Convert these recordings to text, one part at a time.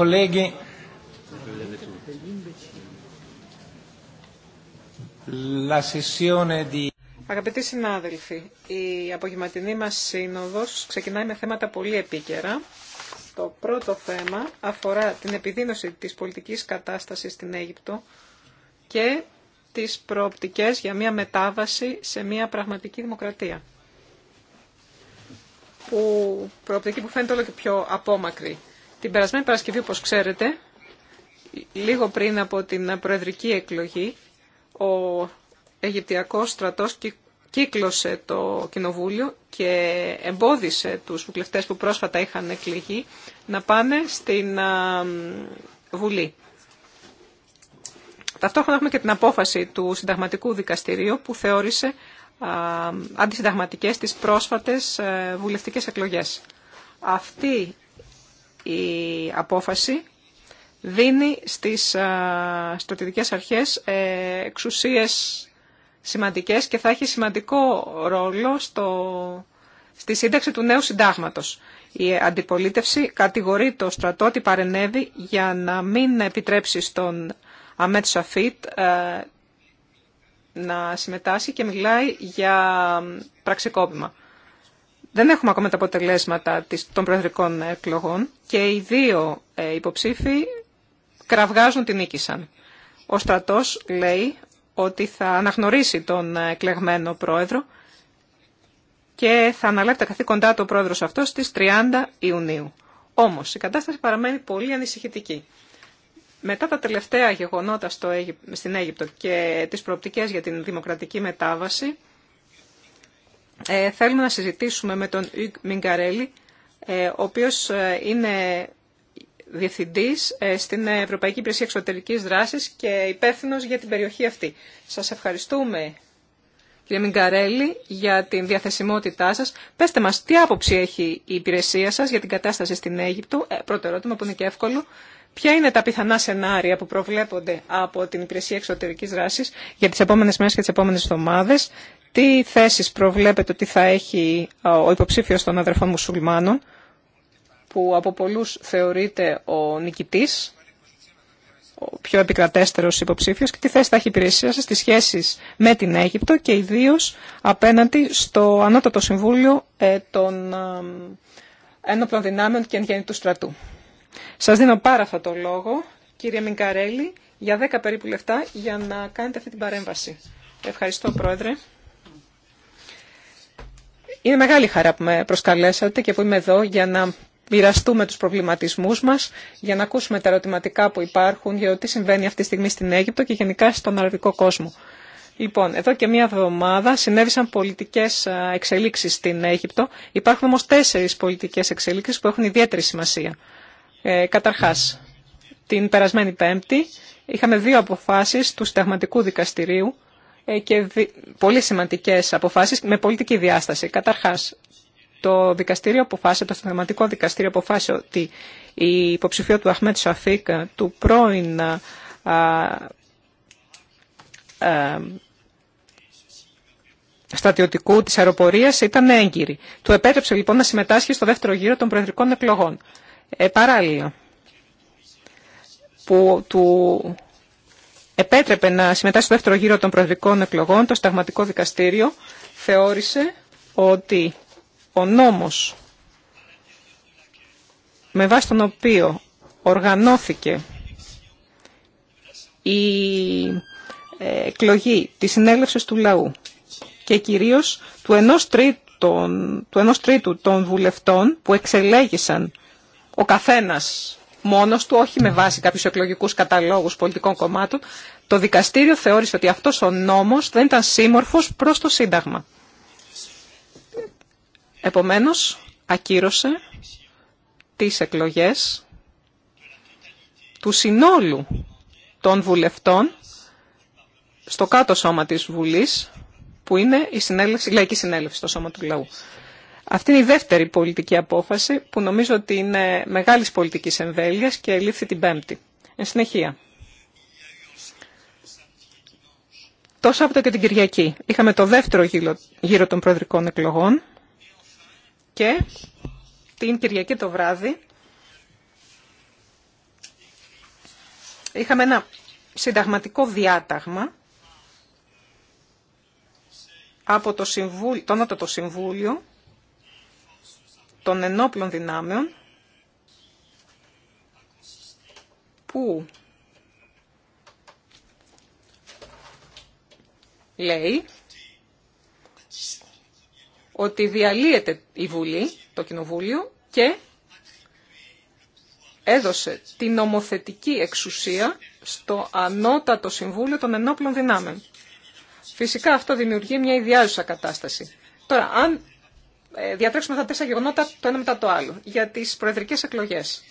colleghi, la sessione di... Αγαπητοί συνάδελφοι, η απογευματινή μας σύνοδος ξεκινάει με θέματα πολύ επίκαιρα. Το πρώτο θέμα αφορά την επιδείνωση της πολιτικής κατάστασης στην Αίγυπτο και τις προοπτικές για μια μετάβαση σε μια πραγματική δημοκρατία. Που, προοπτική που φαίνεται όλο και πιο απόμακρη την περασμένη Παρασκευή, όπως ξέρετε, λίγο πριν από την προεδρική εκλογή, ο Αιγυπτιακός στρατός κύκλωσε το κοινοβούλιο και εμπόδισε τους βουλευτές που πρόσφατα είχαν εκλεγεί να πάνε στην Βουλή. Ταυτόχρονα έχουμε και την απόφαση του Συνταγματικού Δικαστηρίου που θεώρησε αντισυνταγματικές τις πρόσφατες ε, βουλευτικές εκλογές. Αυτή η απόφαση δίνει στις στρατιωτικές αρχές ε, εξουσίες σημαντικές και θα έχει σημαντικό ρόλο στο, στη σύνταξη του νέου συντάγματος. Η αντιπολίτευση κατηγορεί το στρατό ότι παρενέβη για να μην επιτρέψει στον Αμέτ Σαφίτ ε, να συμμετάσχει και μιλάει για πραξικόπημα. Δεν έχουμε ακόμα τα αποτελέσματα των προεδρικών εκλογών και οι δύο ε, υποψήφοι κραυγάζουν την νίκησαν. Ο στρατός λέει ότι θα αναγνωρίσει τον ε, εκλεγμένο πρόεδρο και θα αναλάβει τα καθήκοντά του ο πρόεδρος αυτός στις 30 Ιουνίου. Όμως η κατάσταση παραμένει πολύ ανησυχητική. Μετά τα τελευταία γεγονότα στο στην Αίγυπτο και τις προοπτικές για την δημοκρατική μετάβαση, ε, θέλουμε να συζητήσουμε με τον Ιγκ Μιγκαρέλη, ε, ο οποίος ε, είναι διευθυντής ε, στην Ευρωπαϊκή Υπηρεσία Εξωτερικής Δράσης και υπεύθυνο για την περιοχή αυτή. Σας ευχαριστούμε κύριε Μιγκαρέλη για την διαθεσιμότητά σας. Πέστε μας τι άποψη έχει η υπηρεσία σας για την κατάσταση στην Αίγυπτο, ε, πρώτο ερώτημα που είναι και εύκολο, Ποια είναι τα πιθανά σενάρια που προβλέπονται από την Υπηρεσία Εξωτερική Δράση για τι επόμενε μέρε και τι επόμενε εβδομάδε, τι θέσει προβλέπετε ότι θα έχει ο υποψήφιο των αδερφών μουσουλμάνων, που από πολλού θεωρείται ο νικητή, ο πιο επικρατέστερο υποψήφιο, και τι θέση θα έχει η υπηρεσία σα στι σχέσει με την Αίγυπτο και ιδίω απέναντι στο Ανώτατο Συμβούλιο ε, των Ένοπλων Δυνάμεων και Ενγέννητου Στρατού. Σας δίνω πάρα αυτό το λόγο, κύριε Μικαρέλη, για 10 περίπου λεφτά για να κάνετε αυτή την παρέμβαση. Ευχαριστώ, Πρόεδρε. Είναι μεγάλη χαρά που με προσκαλέσατε και που είμαι εδώ για να μοιραστούμε τους προβληματισμούς μας, για να ακούσουμε τα ερωτηματικά που υπάρχουν για το τι συμβαίνει αυτή τη στιγμή στην Αίγυπτο και γενικά στον αραβικό κόσμο. Λοιπόν, εδώ και μία εβδομάδα συνέβησαν πολιτικές εξελίξεις στην Αίγυπτο. Υπάρχουν όμως τέσσερις πολιτικές εξελίξεις που έχουν ιδιαίτερη σημασία. Ε, καταρχάς, την περασμένη Πέμπτη είχαμε δύο αποφάσεις του Συνταγματικού Δικαστηρίου ε, και πολύ σημαντικές αποφάσεις με πολιτική διάσταση. Καταρχάς, το δικαστήριο αποφάσισε, το συνταγματικό δικαστήριο αποφάσισε ότι η υποψηφία του Αχμέτ Σαφίκ, ε, του πρώην ε, α, α, στρατιωτικού της αεροπορίας, ήταν έγκυρη. Του επέτρεψε λοιπόν να συμμετάσχει στο δεύτερο γύρο των προεδρικών εκλογών. Ε, Παράλληλο, που του επέτρεπε να συμμετάσχει στο δεύτερο γύρο των προεδρικών εκλογών, το Σταγματικό Δικαστήριο θεώρησε ότι ο νόμος με βάση τον οποίο οργανώθηκε η ε, εκλογή της συνέλευσης του λαού και κυρίως του ενός τρίτου του ενός τρίτου των βουλευτών που εξελέγησαν ο καθένας μόνος του, όχι με βάση κάποιους εκλογικούς καταλόγους πολιτικών κομμάτων, το δικαστήριο θεώρησε ότι αυτός ο νόμος δεν ήταν σύμμορφος προς το Σύνταγμα. Επομένως, ακύρωσε τις εκλογές του συνόλου των βουλευτών στο κάτω σώμα της Βουλής, που είναι η, συνέλευση, η Λαϊκή Συνέλευση, το Σώμα του Λαού. Αυτή είναι η δεύτερη πολιτική απόφαση που νομίζω ότι είναι μεγάλης πολιτικής εμβέλειας και λήφθη την Πέμπτη. Εν συνεχεία. Το και την Κυριακή είχαμε το δεύτερο γύρο, γύρο των προεδρικών εκλογών και την Κυριακή το βράδυ είχαμε ένα συνταγματικό διάταγμα από το Συμβούλιο, το Συμβούλιο των ενόπλων δυνάμεων που λέει ότι διαλύεται η Βουλή, το Κοινοβούλιο και έδωσε την νομοθετική εξουσία στο Ανώτατο Συμβούλιο των Ενόπλων Δυνάμεων. Φυσικά αυτό δημιουργεί μια ιδιάζουσα κατάσταση. Τώρα, αν ε, διατρέξουμε τα τέσσερα γεγονότα το ένα μετά το άλλο για τις προεδρικές εκλογές.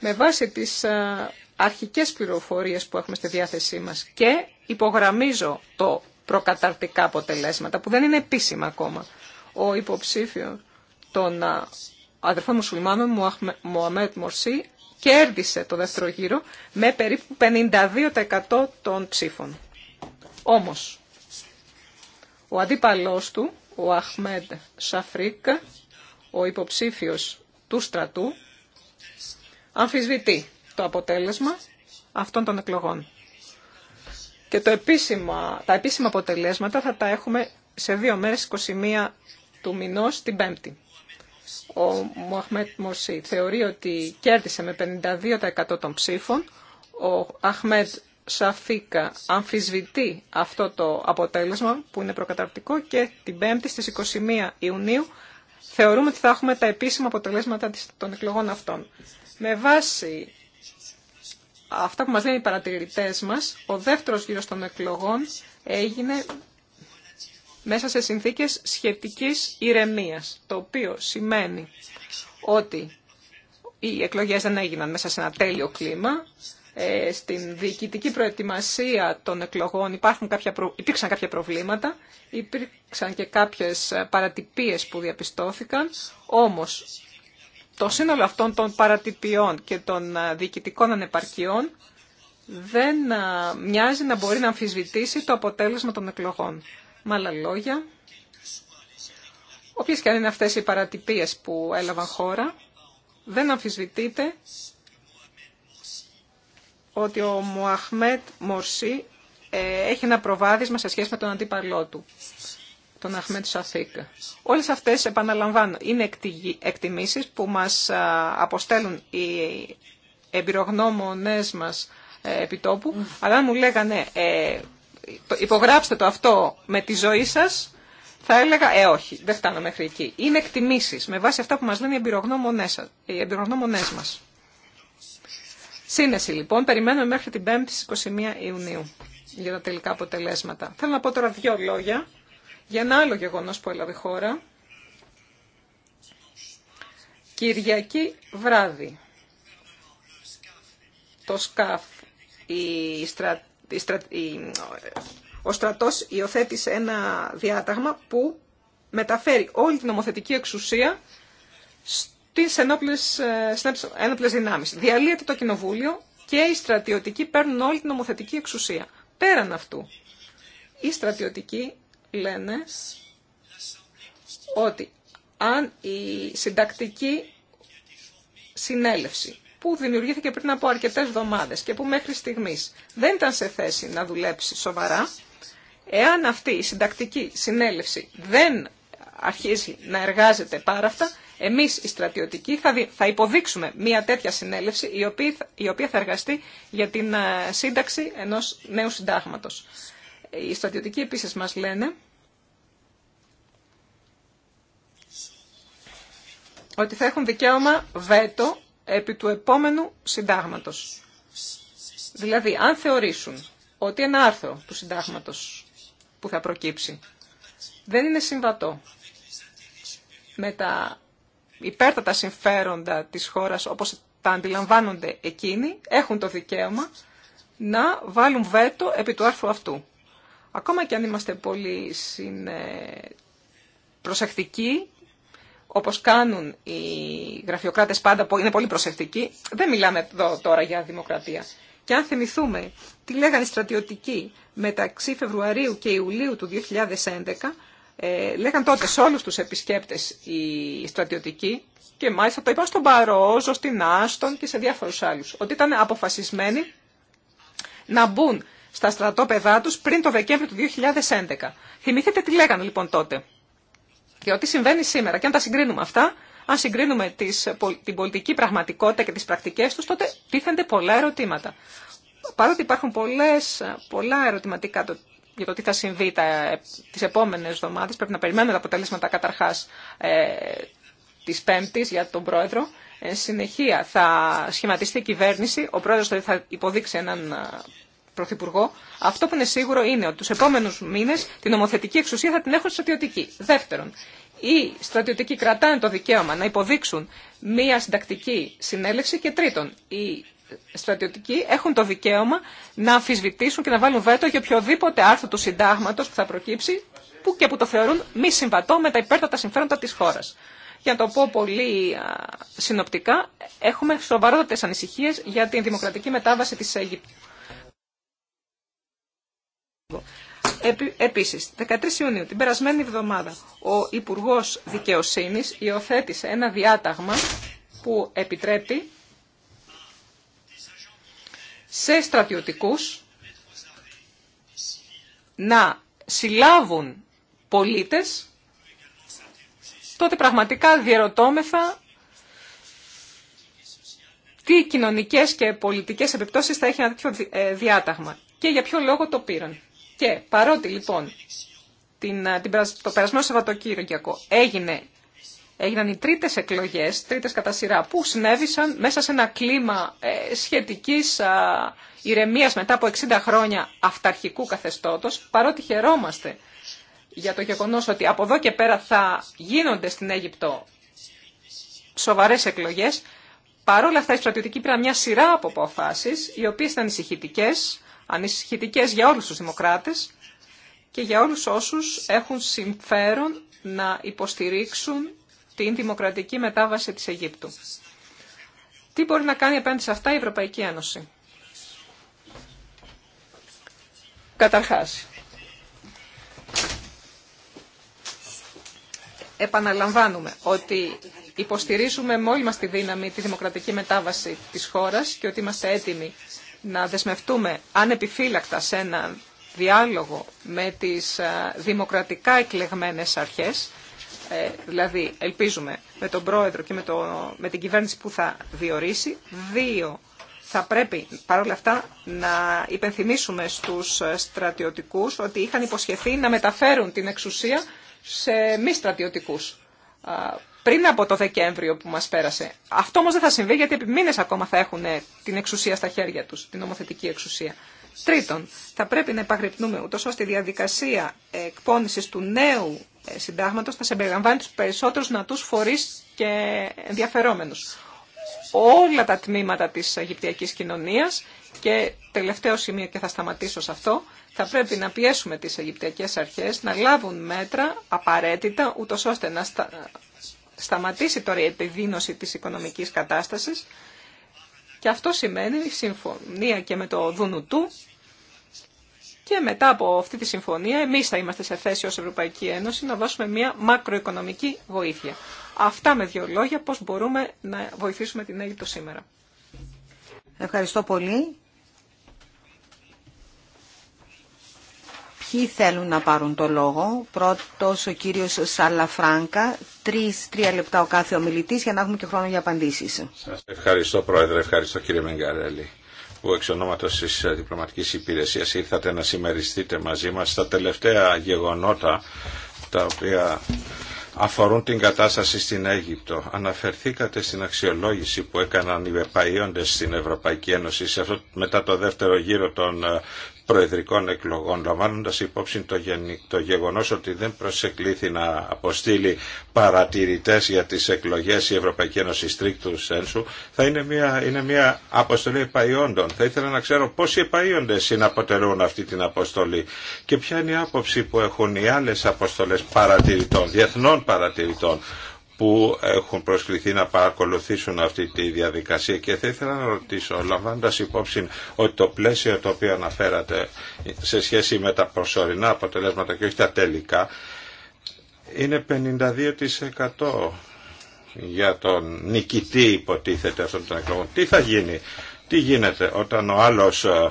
Με βάση τις ε, αρχικές πληροφορίες που έχουμε στη διάθεσή μας και υπογραμμίζω το προκαταρτικά αποτελέσματα που δεν είναι επίσημα ακόμα. Ο υποψήφιο των ε, αδερφών μουσουλμάνων Μωαμέτ Μορσή κέρδισε το δεύτερο γύρο με περίπου 52% των ψήφων. Όμως, ο αντίπαλός του ο Αχμέντ Σαφρίκ, ο υποψήφιος του στρατού, αμφισβητεί το αποτέλεσμα αυτών των εκλογών. Και το επίσημα, τα επίσημα αποτελέσματα θα τα έχουμε σε δύο μέρες, 21 του μηνός, την Πέμπτη. Ο Μοαχμέτ Μορσί θεωρεί ότι κέρδισε με 52% των ψήφων, ο Αχμέτ Σαφίκα αμφισβητεί αυτό το αποτέλεσμα που είναι προκαταρτικό και την 5η στις 21 Ιουνίου θεωρούμε ότι θα έχουμε τα επίσημα αποτελέσματα των εκλογών αυτών. Με βάση αυτά που μας λένε οι παρατηρητές μας, ο δεύτερος γύρος των εκλογών έγινε μέσα σε συνθήκες σχετικής ηρεμίας, το οποίο σημαίνει ότι οι εκλογές δεν έγιναν μέσα σε ένα τέλειο κλίμα, ε, στην διοικητική προετοιμασία των εκλογών υπάρχουν κάποια υπήρξαν κάποια προβλήματα, υπήρξαν και κάποιες παρατυπίες που διαπιστώθηκαν, όμως το σύνολο αυτών των παρατυπιών και των ε, διοικητικών ανεπαρκειών δεν ε, μοιάζει να μπορεί να αμφισβητήσει το αποτέλεσμα των εκλογών. Με άλλα λόγια, όποιες και αν είναι αυτές οι παρατυπίες που έλαβαν χώρα, δεν αμφισβητείται ότι ο Μουαχμέτ Μορσί ε, έχει ένα προβάδισμα σε σχέση με τον αντίπαλό του, τον Αχμέτ Σαθίκ. Όλες αυτές, επαναλαμβάνω, είναι εκτιμήσεις που μας αποστέλουν οι εμπειρογνώμονές μας ε, επιτόπου, αλλά αν μου λέγανε ε, υπογράψτε το αυτό με τη ζωή σας, θα έλεγα, ε όχι, δεν φτάνω μέχρι εκεί. Είναι εκτιμήσεις με βάση αυτά που μας λένε οι εμπειρογνώμονές, οι εμπειρογνώμονές μας. Σύνεση λοιπόν, περιμένουμε μέχρι την 5η 21 Ιουνίου για τα τελικά αποτελέσματα. Θέλω να πω τώρα δύο λόγια για ένα άλλο γεγονός που έλαβε χώρα. Κυριακή βράδυ. Το ΣΚΑΦ, η η ο στρατός υιοθέτησε ένα διάταγμα που μεταφέρει όλη την νομοθετική εξουσία τι ενόπλες, δυνάμει. Ε, δυνάμεις. Διαλύεται το κοινοβούλιο και οι στρατιωτικοί παίρνουν όλη την νομοθετική εξουσία. Πέραν αυτού, οι στρατιωτικοί λένε ότι αν η συντακτική συνέλευση που δημιουργήθηκε πριν από αρκετές εβδομάδες και που μέχρι στιγμής δεν ήταν σε θέση να δουλέψει σοβαρά, εάν αυτή η συντακτική συνέλευση δεν αρχίζει να εργάζεται πάρα αυτά, Εμεί, οι στρατιωτικοί θα υποδείξουμε μια τέτοια συνέλευση η οποία θα εργαστεί για την ε, σύνταξη ενός νέου συντάγματος. Οι στρατιωτικοί επίσης μας λένε ότι θα έχουν δικαίωμα βέτο επί του επόμενου συντάγματος. Δηλαδή, αν θεωρήσουν ότι ένα άρθρο του συντάγματος που θα προκύψει δεν είναι συμβατό με τα υπέρτατα συμφέροντα της χώρας όπως τα αντιλαμβάνονται εκείνοι, έχουν το δικαίωμα να βάλουν βέτο επί του άρθρου αυτού. Ακόμα και αν είμαστε πολύ προσεκτικοί, όπως κάνουν οι γραφειοκράτες πάντα, που είναι πολύ προσεκτικοί, δεν μιλάμε εδώ τώρα για δημοκρατία. Και αν θυμηθούμε τι λέγανε οι στρατιωτικοί μεταξύ Φεβρουαρίου και Ιουλίου του 2011, ε, λέγαν τότε σε όλους τους επισκέπτες οι στρατιωτικοί και μάλιστα το είπαν στον Παρόζο, στην Άστον και σε διάφορους άλλους, ότι ήταν αποφασισμένοι να μπουν στα στρατόπεδά τους πριν το Δεκέμβριο του 2011. Θυμηθείτε τι λέγανε λοιπόν τότε και ό,τι συμβαίνει σήμερα. Και αν τα συγκρίνουμε αυτά, αν συγκρίνουμε τις, την πολιτική πραγματικότητα και τις πρακτικές τους, τότε τίθενται πολλά ερωτήματα. Παρότι υπάρχουν πολλές, πολλά ερωτηματικά για το τι θα συμβεί τα, τις επόμενες εβδομάδες. Πρέπει να περιμένουμε τα αποτελέσματα καταρχάς ε, της Πέμπτης για τον Πρόεδρο. Ε, συνεχεία θα σχηματιστεί η κυβέρνηση, ο Πρόεδρος θα υποδείξει έναν ε, Πρωθυπουργό. Αυτό που είναι σίγουρο είναι ότι τους επόμενους μήνες την νομοθετική εξουσία θα την έχουν στρατιωτική. Δεύτερον, οι στρατιωτικοί κρατάνε το δικαίωμα να υποδείξουν μία συντακτική συνέλευση και τρίτον, στρατιωτικοί έχουν το δικαίωμα να αμφισβητήσουν και να βάλουν βέτο για οποιοδήποτε άρθρο του συντάγματο που θα προκύψει που και που το θεωρούν μη συμβατό με τα υπέρτατα συμφέροντα τη χώρα. Για να το πω πολύ συνοπτικά, έχουμε σοβαρότατε ανησυχίε για την δημοκρατική μετάβαση τη Αίγυπτου. Επίσης, 13 Ιουνίου, την περασμένη εβδομάδα, ο Υπουργός Δικαιοσύνης υιοθέτησε ένα διάταγμα που επιτρέπει σε στρατιωτικούς να συλλάβουν πολίτες, τότε πραγματικά διερωτώμεθα τι κοινωνικές και πολιτικές επιπτώσεις θα έχει ένα τέτοιο ε, διάταγμα και για ποιο λόγο το πήραν. Και παρότι λοιπόν την, ε, την, το περασμένο Σαββατοκύριακο έγινε έγιναν οι τρίτες εκλογές, τρίτες κατά σειρά, που συνέβησαν μέσα σε ένα κλίμα ε, σχετικής ηρεμίας μετά από 60 χρόνια αυταρχικού καθεστώτος, παρότι χαιρόμαστε για το γεγονός ότι από εδώ και πέρα θα γίνονται στην Αίγυπτο σοβαρές εκλογές, παρόλα αυτά η στρατιωτική πήραν μια σειρά από αποφάσει, οι οποίες ήταν ανησυχητικέ, ανησυχητικέ για όλους τους δημοκράτες και για όλους όσους έχουν συμφέρον να υποστηρίξουν την δημοκρατική μετάβαση της Αιγύπτου. Τι μπορεί να κάνει απέναντι σε αυτά η Ευρωπαϊκή Ένωση. Καταρχάς, επαναλαμβάνουμε ότι υποστηρίζουμε με όλη μας τη δύναμη τη δημοκρατική μετάβαση της χώρας και ότι είμαστε έτοιμοι να δεσμευτούμε ανεπιφύλακτα σε ένα διάλογο με τις ε, δημοκρατικά εκλεγμένες αρχές ε, δηλαδή, ελπίζουμε με τον πρόεδρο και με, το, με την κυβέρνηση που θα διορίσει. Δύο, θα πρέπει παρόλα αυτά να υπενθυμίσουμε στους στρατιωτικούς ότι είχαν υποσχεθεί να μεταφέρουν την εξουσία σε μη στρατιωτικούς πριν από το Δεκέμβριο που μας πέρασε. Αυτό όμως δεν θα συμβεί γιατί επί μήνες ακόμα θα έχουν ε, την εξουσία στα χέρια τους, την νομοθετική εξουσία. Τρίτον, θα πρέπει να επαγρυπνούμε ούτως ώστε η διαδικασία εκπώνησης του νέου ε, συντάγματος θα συμπεριλαμβάνει του περισσότερους νατούς φορεί και ενδιαφερόμενου. Όλα τα τμήματα της Αιγυπτιακή κοινωνίας και τελευταίο σημείο και θα σταματήσω σε αυτό, θα πρέπει να πιέσουμε τις Αιγυπτιακές αρχές να λάβουν μέτρα απαραίτητα ούτω ώστε να σταματήσει τώρα η επιδείνωση της οικονομικής κατάστασης και αυτό σημαίνει η συμφωνία και με το Δουνουτού και μετά από αυτή τη συμφωνία, εμείς θα είμαστε σε θέση ως Ευρωπαϊκή Ένωση να δώσουμε μια μακροοικονομική βοήθεια. Αυτά με δύο λόγια, πώς μπορούμε να βοηθήσουμε την Αίγυπτο σήμερα. Ευχαριστώ πολύ. Ποιοι θέλουν να πάρουν το λόγο. Πρώτος ο κύριος Σαλαφράγκα. Τρεις, τρία λεπτά ο κάθε ομιλητής για να έχουμε και χρόνο για απαντήσεις. Σας ευχαριστώ πρόεδρε, ευχαριστώ κύριε Μεγκαρέλη που εξ ονόματος της ε, Διπλωματικής Υπηρεσίας ήρθατε να συμμεριστείτε μαζί μα στα τελευταία γεγονότα τα οποία αφορούν την κατάσταση στην Αίγυπτο. Αναφερθήκατε στην αξιολόγηση που έκαναν οι βεπαΐοντες στην Ευρωπαϊκή Ένωση σε αυτό, μετά το δεύτερο γύρο των ε, προεδρικών εκλογών, λαμβάνοντα υπόψη το, το γεγονός ότι δεν προσεκλήθη να αποστείλει παρατηρητές για τις εκλογές η Ευρωπαϊκή Ένωση στρίκτου σένσου, θα είναι μια, είναι μια αποστολή επαϊόντων. Θα ήθελα να ξέρω πόσοι επαϊόντες συναποτελούν αυτή την αποστολή και ποια είναι η άποψη που έχουν οι άλλες αποστολές παρατηρητών, διεθνών παρατηρητών, που έχουν προσκληθεί να παρακολουθήσουν αυτή τη διαδικασία και θα ήθελα να ρωτήσω, λαμβάνοντα υπόψη ότι το πλαίσιο το οποίο αναφέρατε σε σχέση με τα προσωρινά αποτελέσματα και όχι τα τελικά, είναι 52% για τον νικητή υποτίθεται αυτών των εκλογών. Τι θα γίνει, τι γίνεται όταν ο άλλος ε,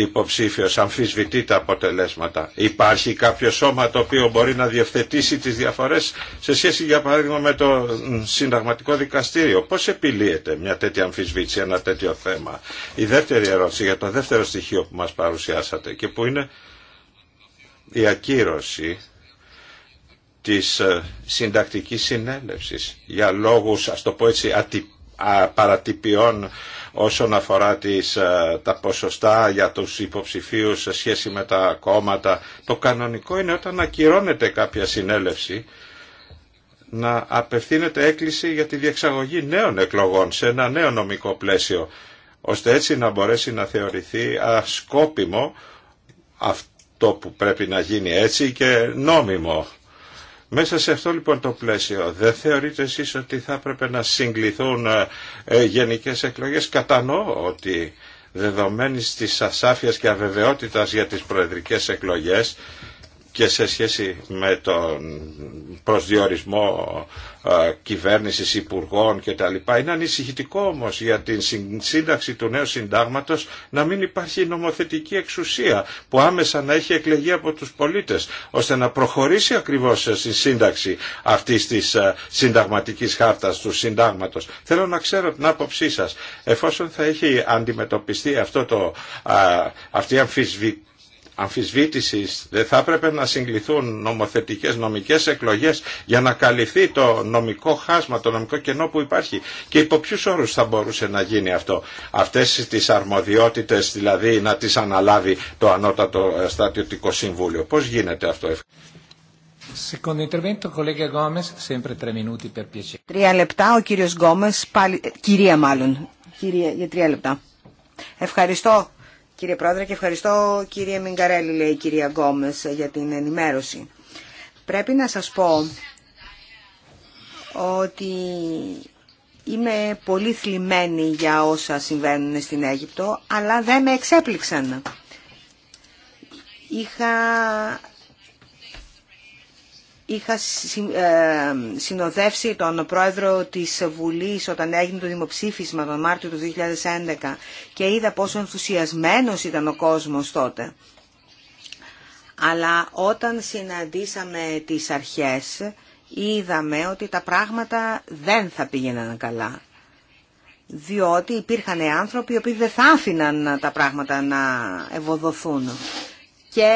υποψήφιος αμφισβητεί τα αποτελέσματα. Υπάρχει κάποιο σώμα το οποίο μπορεί να διευθετήσει τις διαφορές σε σχέση για παράδειγμα με το συνταγματικό δικαστήριο. Πώς επιλύεται μια τέτοια αμφισβήτηση, ένα τέτοιο θέμα. Η δεύτερη ερώτηση για το δεύτερο στοιχείο που μας παρουσιάσατε και που είναι η ακύρωση της ε, συντακτικής συνέλευσης για λόγους, ας το πω έτσι, ατυπ παρατυπιών όσον αφορά τις, τα ποσοστά για τους υποψηφίους σε σχέση με τα κόμματα. Το κανονικό είναι όταν ακυρώνεται κάποια συνέλευση να απευθύνεται έκκληση για τη διεξαγωγή νέων εκλογών σε ένα νέο νομικό πλαίσιο ώστε έτσι να μπορέσει να θεωρηθεί ασκόπιμο αυτό που πρέπει να γίνει έτσι και νόμιμο μέσα σε αυτό λοιπόν το πλαίσιο δεν θεωρείτε εσείς ότι θα έπρεπε να συγκληθούν ε, ε, γενικές εκλογές. Κατανοώ ότι δεδομένης της ασάφειας και αβεβαιότητας για τις προεδρικές εκλογές και σε σχέση με τον προσδιορισμό ε, κυβέρνησης υπουργών και τα λοιπά. Είναι ανησυχητικό όμως για την σύνταξη του νέου συντάγματος να μην υπάρχει νομοθετική εξουσία που άμεσα να έχει εκλεγεί από τους πολίτες ώστε να προχωρήσει ακριβώς στη σύνταξη αυτής της ε, συνταγματικής χάρτας του συντάγματος. Θέλω να ξέρω την άποψή σας. Εφόσον θα έχει αντιμετωπιστεί αυτό το, ε, αυτή η αμφισβητή αμφισβήτησης δεν θα έπρεπε να συγκληθούν νομοθετικές νομικές εκλογές για να καλυφθεί το νομικό χάσμα, το νομικό κενό που υπάρχει και υπό ποιους όρους θα μπορούσε να γίνει αυτό. Αυτές τις αρμοδιότητες δηλαδή να τις αναλάβει το Ανώτατο Στρατιωτικό Συμβούλιο. Πώς γίνεται αυτό. Τρία λεπτά ο κύριος Γκόμες, κυρία μάλλον, για τρία λεπτά. Ευχαριστώ Κύριε Πρόεδρε και ευχαριστώ κύριε Μιγκαρέλη, λέει η κυρία Γκόμες, για την ενημέρωση. Πρέπει να σας πω ότι είμαι πολύ θλιμμένη για όσα συμβαίνουν στην Αίγυπτο, αλλά δεν με εξέπληξαν. Είχα είχα ε, συνοδεύσει τον πρόεδρο της Βουλής όταν έγινε το δημοψήφισμα τον Μάρτιο του 2011 και είδα πόσο ενθουσιασμένος ήταν ο κόσμος τότε. Αλλά όταν συναντήσαμε τις αρχές είδαμε ότι τα πράγματα δεν θα πήγαιναν καλά. Διότι υπήρχαν άνθρωποι οι οποίοι δεν θα άφηναν τα πράγματα να ευοδοθούν. Και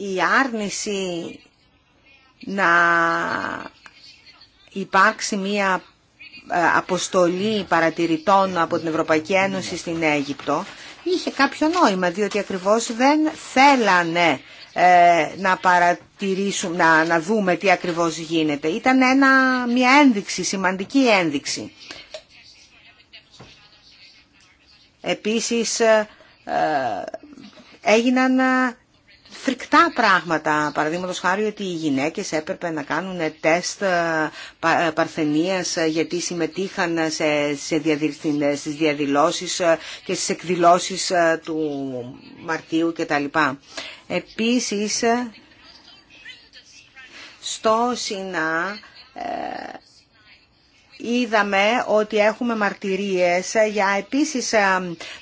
η άρνηση να υπάρξει μία ε, αποστολή παρατηρητών από την Ευρωπαϊκή Ένωση στην Αίγυπτο είχε κάποιο νόημα διότι ακριβώς δεν θέλανε ε, να παρατηρήσουν να, να δούμε τι ακριβώς γίνεται. Ήταν ένα, μια ένδειξη, σημαντική ένδειξη. Επίσης ε, έγιναν φρικτά πράγματα. Παραδείγματο χάρη ότι οι γυναίκες έπρεπε να κάνουν τεστ ε, ε, παρθενίας ε, γιατί συμμετείχαν σε, διαδηλώσει στις διαδηλώσεις και στι εκδηλώσει του Μαρτίου κτλ. Επίσης, στο ΣΥΝΑ είδαμε ότι έχουμε μαρτυρίες για επίσης ε,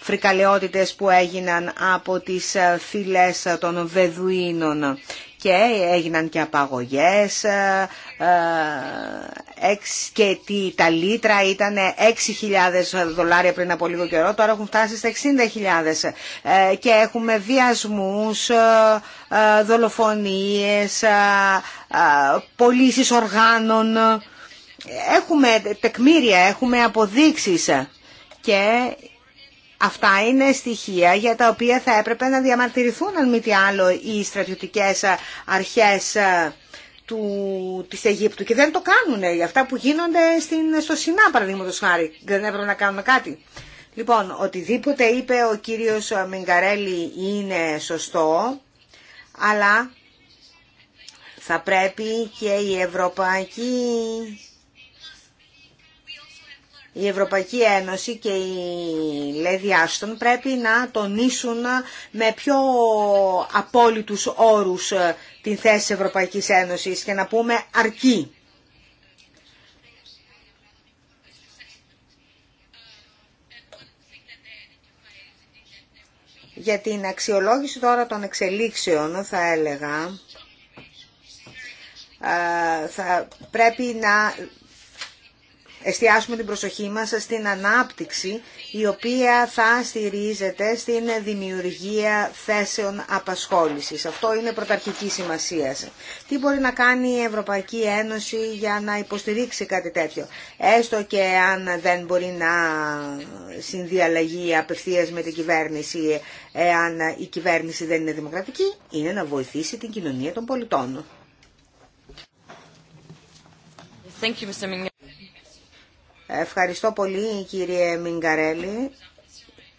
φρικαλαιότητες που έγιναν από τις ε, φυλές των Βεδουίνων και έγιναν και απαγωγές ε, και τι, τα λίτρα ήταν 6.000 δολάρια πριν από λίγο καιρό, τώρα έχουν φτάσει στα 60.000 και έχουμε βιασμούς, δολοφονίες, πωλήσει οργάνων έχουμε τεκμήρια, έχουμε αποδείξεις και αυτά είναι στοιχεία για τα οποία θα έπρεπε να διαμαρτυρηθούν αν μη τι άλλο οι στρατιωτικές αρχές του, της Αιγύπτου και δεν το κάνουν για αυτά που γίνονται στην, στο Σινά παραδείγματο χάρη δεν έπρεπε να κάνουμε κάτι λοιπόν οτιδήποτε είπε ο κύριος Μιγκαρέλη είναι σωστό αλλά θα πρέπει και η Ευρωπαϊκή η Ευρωπαϊκή Ένωση και η Λέδη Άστον πρέπει να τονίσουν με πιο απόλυτους όρους ε, την θέση της Ευρωπαϊκής Ένωσης και να πούμε αρκεί. Για την αξιολόγηση τώρα των εξελίξεων θα έλεγα ε, θα πρέπει να εστιάσουμε την προσοχή μας στην ανάπτυξη η οποία θα στηρίζεται στην δημιουργία θέσεων απασχόλησης. Αυτό είναι πρωταρχική σημασία. Τι μπορεί να κάνει η Ευρωπαϊκή Ένωση για να υποστηρίξει κάτι τέτοιο. Έστω και αν δεν μπορεί να συνδιαλλαγεί απευθείας με την κυβέρνηση, εάν η κυβέρνηση δεν είναι δημοκρατική, είναι να βοηθήσει την κοινωνία των πολιτών. Thank you, Mr. Ευχαριστώ πολύ κύριε Μιγκαρέλη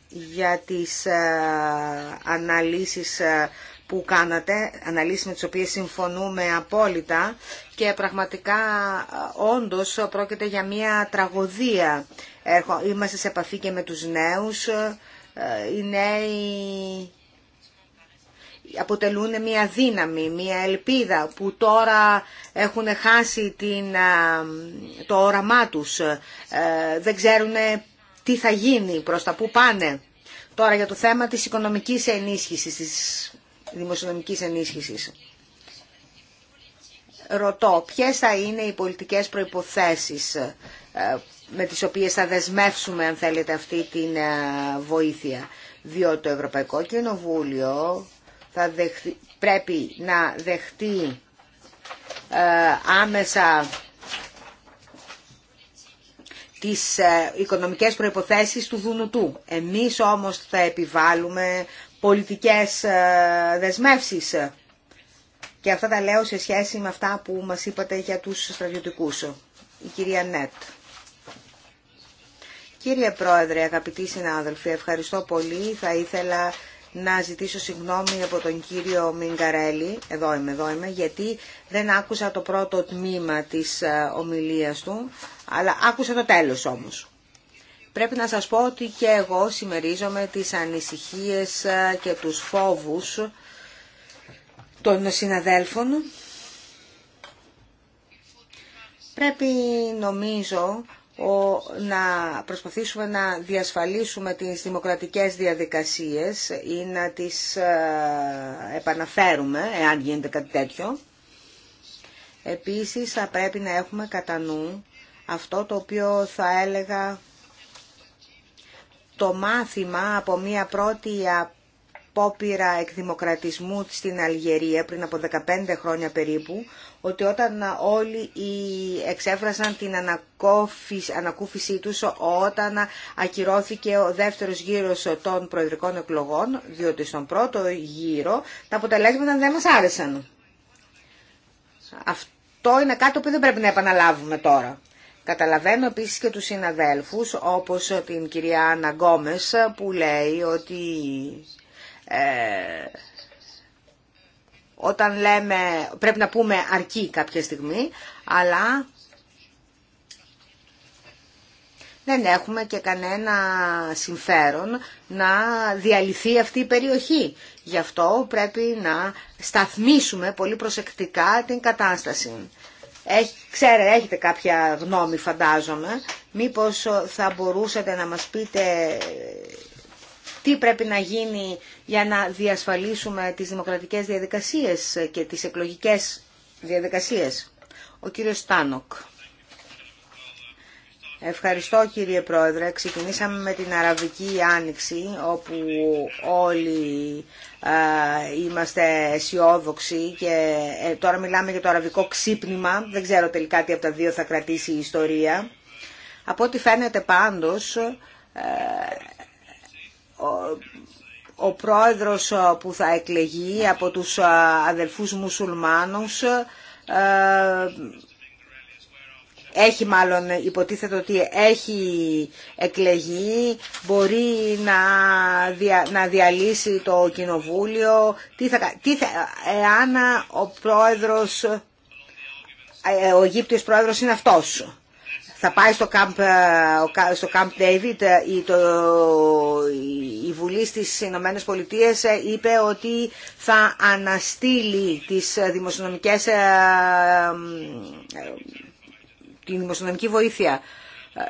για τις ε, αναλύσεις ε, που κάνατε, αναλύσεις με τις οποίες συμφωνούμε απόλυτα και πραγματικά ε, όντως πρόκειται για μια τραγωδία. Είμαστε σε επαφή και με τους νέους, οι νέοι αποτελούν μια δύναμη, μια ελπίδα που τώρα έχουν χάσει την, το όραμά τους, ε, δεν ξέρουν τι θα γίνει, προς τα που πάνε. Τώρα για το θέμα της οικονομικής ενίσχυσης, της δημοσιονομικής ενίσχυσης. Ρωτώ, ποιες θα είναι οι πολιτικές προϋποθέσεις ε, με τις οποίες θα δεσμεύσουμε, αν θέλετε, αυτή την ε, βοήθεια. Διότι το Ευρωπαϊκό Κοινοβούλιο θα πρέπει να δεχτεί ε, άμεσα τις ε, οικονομικές προϋποθέσεις του Δουνουτού. Εμείς όμως θα επιβάλλουμε πολιτικές ε, δεσμεύσεις. Και αυτά τα λέω σε σχέση με αυτά που μας είπατε για τους στρατιωτικούς. Η κυρία Νέτ. Κύριε Πρόεδρε, αγαπητοί συνάδελφοι, ευχαριστώ πολύ. Θα ήθελα να ζητήσω συγγνώμη από τον κύριο Μιγκαρέλη, εδώ είμαι, εδώ είμαι, γιατί δεν άκουσα το πρώτο τμήμα της ε, ομιλίας του, αλλά άκουσα το τέλος όμως. Πρέπει να σας πω ότι και εγώ συμμερίζομαι τις ανησυχίες ε, και τους φόβους των συναδέλφων. Πρέπει νομίζω να προσπαθήσουμε να διασφαλίσουμε τις δημοκρατικές διαδικασίες ή να τις ε, επαναφέρουμε, εάν γίνεται κάτι τέτοιο. Επίσης θα πρέπει να έχουμε κατά νου αυτό το οποίο θα έλεγα το μάθημα από μια πρώτη απόπειρα εκδημοκρατισμού στην Αλγερία πριν από 15 χρόνια περίπου, ότι όταν όλοι οι εξέφρασαν την ανακούφιση τους όταν ακυρώθηκε ο δεύτερος γύρος των προεδρικών εκλογών, διότι στον πρώτο γύρο τα αποτελέσματα δεν μας άρεσαν. Αυτό είναι κάτι που δεν πρέπει να επαναλάβουμε τώρα. Καταλαβαίνω επίσης και τους συναδέλφους, όπως την κυρία Αναγκόμες που λέει ότι ε, όταν λέμε, πρέπει να πούμε αρκεί κάποια στιγμή, αλλά δεν έχουμε και κανένα συμφέρον να διαλυθεί αυτή η περιοχή. Γι' αυτό πρέπει να σταθμίσουμε πολύ προσεκτικά την κατάσταση. Έχ, ξέρε, έχετε κάποια γνώμη φαντάζομαι. Μήπως ε, θα μπορούσατε να μας πείτε τι πρέπει να γίνει για να διασφαλίσουμε τις δημοκρατικές διαδικασίες και τις εκλογικές διαδικασίες. Ο κύριος Τάνοκ. Ευχαριστώ κύριε Πρόεδρε. Ξεκινήσαμε με την Αραβική Άνοιξη όπου όλοι είμαστε αισιόδοξοι και ε, τώρα μιλάμε για το αραβικό ξύπνημα. Δεν ξέρω τελικά τι από τα δύο θα κρατήσει η ιστορία. Από ό,τι φαίνεται πάντως ε, ο πρόεδρος ε, που θα εκλεγεί από τους ε, αδελφούς μουσουλμάνους ε, έχει μάλλον υποτίθεται ότι έχει εκλεγεί, μπορεί να, να διαλύσει το κοινοβούλιο, τι θα, τι θα, εάν ο πρόεδρος, ο Αιγύπτιος πρόεδρος είναι αυτός θα πάει στο Camp, ε, στο Camp David ε, η, η Βουλή στις Ηνωμένες Πολιτείες ε, είπε ότι θα αναστείλει τις δημοσιονομικές τη δημοσιονομική βοήθεια.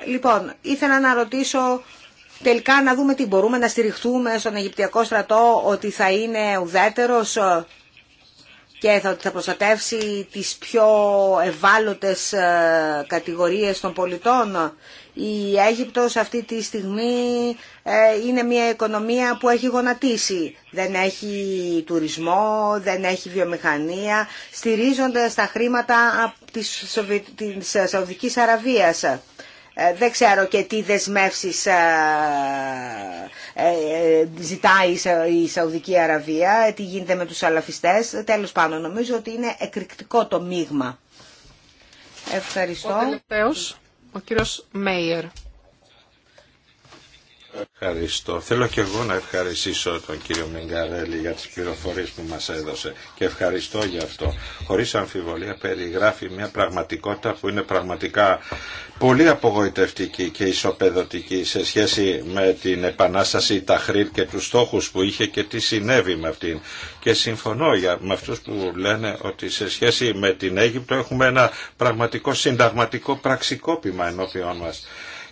Λοιπόν, ήθελα να ρωτήσω τελικά να δούμε τι μπορούμε να στηριχθούμε στον Αιγυπτιακό στρατό ότι θα είναι ουδέτερος και θα, θα προστατεύσει τις πιο ευάλωτες ε, κατηγορίες των πολιτών. Η Αίγυπτος αυτή τη στιγμή ε, είναι μια οικονομία που έχει γονατίσει. Δεν έχει τουρισμό, δεν έχει βιομηχανία, στηρίζονται στα χρήματα της Σαουδικής Αραβίας. Ε, δεν ξέρω και τι δεσμεύσει ε, ε, ζητάει η Σαουδική Αραβία, τι γίνεται με τους σαλαφιστές. Τέλος πάνω, νομίζω ότι είναι εκρηκτικό το μείγμα. Ευχαριστώ. Ο τελευταίος, ο κύριος Μέιερ. Ευχαριστώ. Θέλω και εγώ να ευχαριστήσω τον κύριο Μιγκαρέλη για τις πληροφορίες που μας έδωσε και ευχαριστώ για αυτό. Χωρίς αμφιβολία περιγράφει μια πραγματικότητα που είναι πραγματικά πολύ απογοητευτική και ισοπεδωτική σε σχέση με την επανάσταση Ταχρήρ και τους στόχους που είχε και τι συνέβη με αυτήν. Και συμφωνώ για, με αυτούς που λένε ότι σε σχέση με την Αίγυπτο έχουμε ένα πραγματικό συνταγματικό πραξικόπημα ενώπιόν μας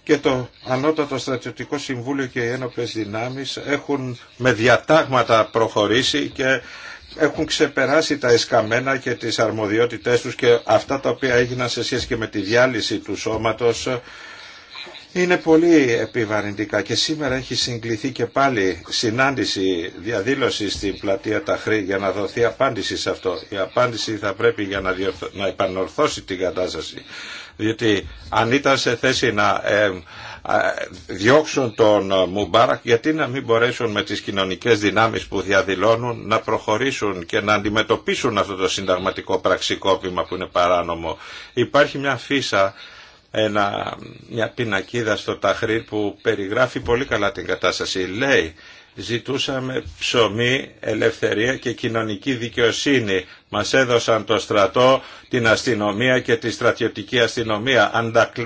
και το Ανώτατο Στρατιωτικό Συμβούλιο και οι Ένωπε δυνάμεις έχουν με διατάγματα προχωρήσει και έχουν ξεπεράσει τα εσκαμμένα και τις αρμοδιότητές τους και αυτά τα οποία έγιναν σε σχέση και με τη διάλυση του σώματος είναι πολύ επιβαρυντικά και σήμερα έχει συγκληθεί και πάλι συνάντηση, διαδήλωση στην πλατεία Ταχρή για να δοθεί απάντηση σε αυτό. Η απάντηση θα πρέπει για να, να επανορθώσει την κατάσταση διότι αν ήταν σε θέση να διώξουν τον ε, Μουμπάρακ γιατί να μην μπορέσουν με τις κοινωνικές δυνάμεις που διαδηλώνουν να προχωρήσουν και να αντιμετωπίσουν αυτό το συνταγματικό πραξικόπημα που είναι παράνομο. Υπάρχει μια φύσα μια πινακίδα στο Ταχρήρ που περιγράφει πολύ καλά την κατάσταση. Λέει, ζητούσαμε ψωμί, ελευθερία και κοινωνική δικαιοσύνη μας έδωσαν το στρατό, την αστυνομία και τη στρατιωτική αστυνομία.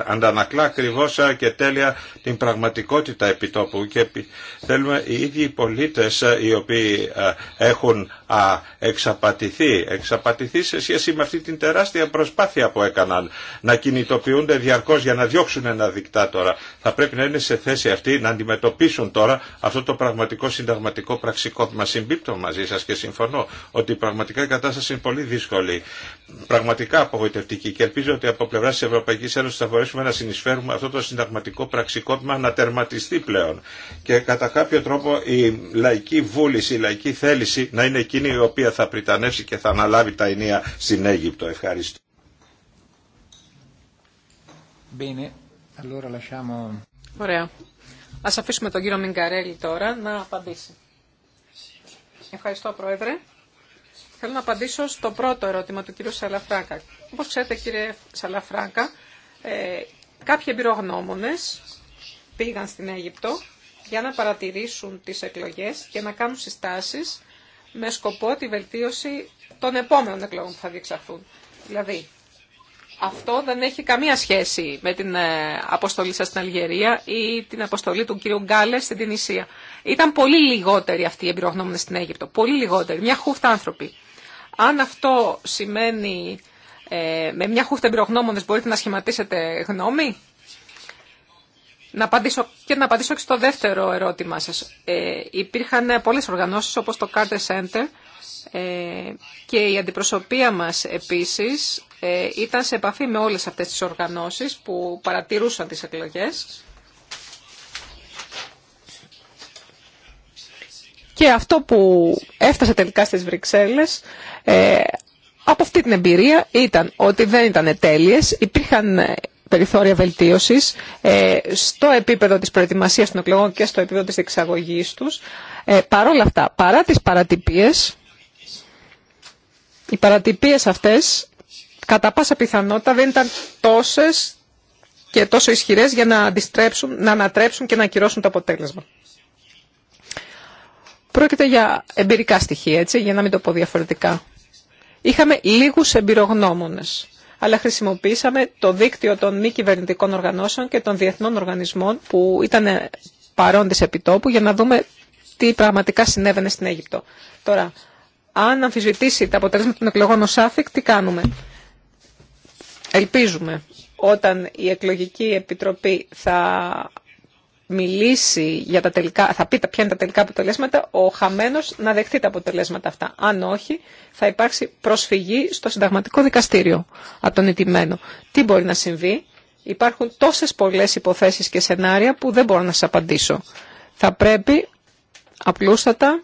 Αντανακλά ακριβώ και τέλεια την πραγματικότητα επιτόπου και θέλουμε οι ίδιοι οι πολίτες οι οποίοι έχουν εξαπατηθεί, εξαπατηθεί σε σχέση με αυτή την τεράστια προσπάθεια που έκαναν να κινητοποιούνται διαρκώς για να διώξουν ένα δικτάτορα. Θα πρέπει να είναι σε θέση αυτή να αντιμετωπίσουν τώρα αυτό το πραγματικό συνταγματικό πραξικό. Μα συμπίπτω μαζί σας και συμφωνώ ότι πραγματικά η κατάσταση είναι πολύ δύσκολη πραγματικά απογοητευτική και ελπίζω ότι από πλευρά τη Ευρωπαϊκή Ένωση θα μπορέσουμε να συνεισφέρουμε αυτό το συνταγματικό πραξικόπημα να τερματιστεί πλέον. Και κατά κάποιο τρόπο η λαϊκή βούληση, η λαϊκή θέληση να είναι εκείνη η οποία θα πριτανεύσει και θα αναλάβει τα ενία στην Αίγυπτο. Ευχαριστώ. Ωραία. Ας αφήσουμε τον κύριο Μιγκαρέλη τώρα να απαντήσει. Ευχαριστώ, Πρόεδρε. Θέλω να απαντήσω στο πρώτο ερώτημα του κυρίου Σαλαφράκα. Όπως ξέρετε κύριε Σαλαφράκα, ε, κάποιοι εμπειρογνώμονες πήγαν στην Αίγυπτο για να παρατηρήσουν τις εκλογές και να κάνουν συστάσεις με σκοπό τη βελτίωση των επόμενων εκλογών που θα διεξαχθούν. Δηλαδή, αυτό δεν έχει καμία σχέση με την ε, αποστολή σας στην Αλγερία ή την αποστολή του κυρίου Γκάλε στην Τινησία. Ήταν πολύ λιγότεροι αυτοί οι εμπειρογνώμονες στην Αίγυπτο. Πολύ λιγότεροι. Μια χούφτα άνθρωποι. Αν αυτό σημαίνει ε, με μια χούφτα εμπειρογνώμονες μπορείτε να σχηματίσετε γνώμη. Να απαντήσω, και να απαντήσω και στο δεύτερο ερώτημά σας. Ε, υπήρχαν πολλές οργανώσεις όπως το Carter Center ε, και η αντιπροσωπεία μας επίσης ε, ήταν σε επαφή με όλες αυτές τις οργανώσεις που παρατηρούσαν τις εκλογές Και αυτό που έφτασε τελικά στις Βρυξέλλες ε, από αυτή την εμπειρία ήταν ότι δεν ήταν τέλειες, υπήρχαν ε, περιθώρια βελτίωσης ε, στο επίπεδο της προετοιμασίας των εκλογών και στο επίπεδο της εξαγωγής τους. παρόλα αυτά, παρά τις παρατυπίες, οι παρατυπίες αυτές κατά πάσα πιθανότητα δεν ήταν τόσες και τόσο ισχυρές για να να ανατρέψουν και να ακυρώσουν το αποτέλεσμα. Πρόκειται για εμπειρικά στοιχεία, έτσι, για να μην το πω διαφορετικά. Είχαμε λίγους εμπειρογνώμονες, αλλά χρησιμοποίησαμε το δίκτυο των μη κυβερνητικών οργανώσεων και των διεθνών οργανισμών που ήταν παρόντες επιτόπου για να δούμε τι πραγματικά συνέβαινε στην Αίγυπτο. Τώρα, αν αμφισβητήσει τα αποτελέσματα των εκλογών ο Σάφικ, τι κάνουμε. Ελπίζουμε όταν η εκλογική επιτροπή θα μιλήσει για τα τελικά, θα πει ποια είναι τα τελικά αποτελέσματα, ο χαμένος να δεχτεί τα αποτελέσματα αυτά. Αν όχι, θα υπάρξει προσφυγή στο συνταγματικό δικαστήριο από τον Τι μπορεί να συμβεί. Υπάρχουν τόσες πολλές υποθέσεις και σενάρια που δεν μπορώ να σας απαντήσω. Θα πρέπει απλούστατα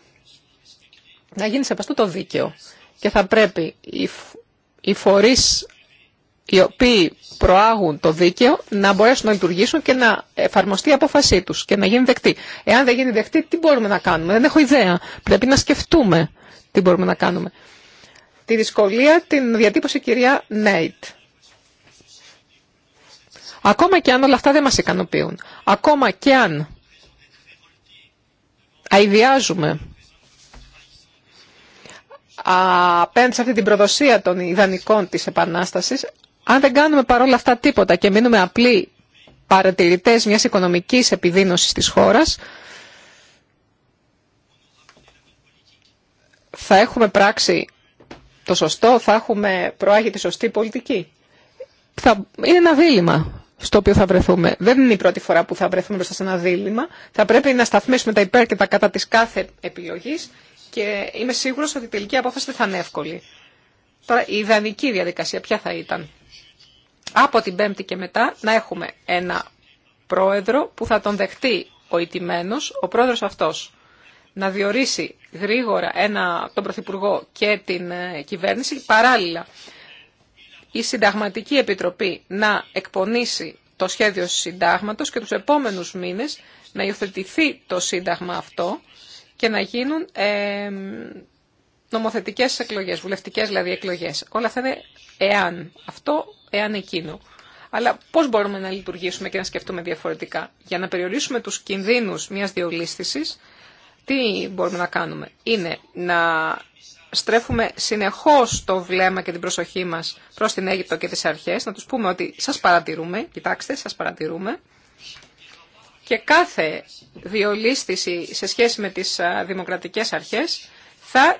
να γίνει σεβαστό το δίκαιο και θα πρέπει οι, οι οι οποίοι προάγουν το δίκαιο να μπορέσουν να λειτουργήσουν και να εφαρμοστεί η απόφασή τους και να γίνει δεκτή. Εάν δεν γίνει δεκτή, τι μπορούμε να κάνουμε. Δεν έχω ιδέα. Πρέπει να σκεφτούμε τι μπορούμε να κάνουμε. Τη δυσκολία την διατύπωσε η κυρία Νέιτ. Ακόμα και αν όλα αυτά δεν μας ικανοποιούν. Ακόμα και αν αηδιάζουμε απέναντι σε αυτή την προδοσία των ιδανικών της Επανάστασης, αν δεν κάνουμε παρόλα αυτά τίποτα και μείνουμε απλοί παρατηρητές μιας οικονομικής επιδείνωσης της χώρας, θα έχουμε πράξει το σωστό, θα έχουμε προάγει τη σωστή πολιτική. Θα... Είναι ένα δίλημα στο οποίο θα βρεθούμε. Δεν είναι η πρώτη φορά που θα βρεθούμε μπροστά σε ένα δίλημα. Θα πρέπει να σταθμίσουμε τα υπέρ και τα κατά της κάθε επιλογής και είμαι σίγουρος ότι η τελική απόφαση δεν θα είναι εύκολη. Τώρα, η ιδανική διαδικασία ποια θα ήταν από την Πέμπτη και μετά να έχουμε ένα πρόεδρο που θα τον δεχτεί ο ιτημένος, ο πρόεδρος αυτός να διορίσει γρήγορα ένα, τον Πρωθυπουργό και την ε, κυβέρνηση, παράλληλα η Συνταγματική Επιτροπή να εκπονήσει το σχέδιο συντάγματος και τους επόμενους μήνες να υιοθετηθεί το σύνταγμα αυτό και να γίνουν ε, Νομοθετικέ εκλογέ, βουλευτικέ δηλαδή εκλογέ. Όλα αυτά είναι εάν αυτό, εάν εκείνο. Αλλά πώ μπορούμε να λειτουργήσουμε και να σκεφτούμε διαφορετικά. Για να περιορίσουμε του κινδύνους μια διολίσθησης, τι μπορούμε να κάνουμε. Είναι να στρέφουμε συνεχώ το βλέμμα και την προσοχή μα προ την Αίγυπτο και τι αρχέ, να του πούμε ότι σα παρατηρούμε, κοιτάξτε, σα παρατηρούμε. Και κάθε διολίσθηση σε σχέση με τις δημοκρατικές αρχές θα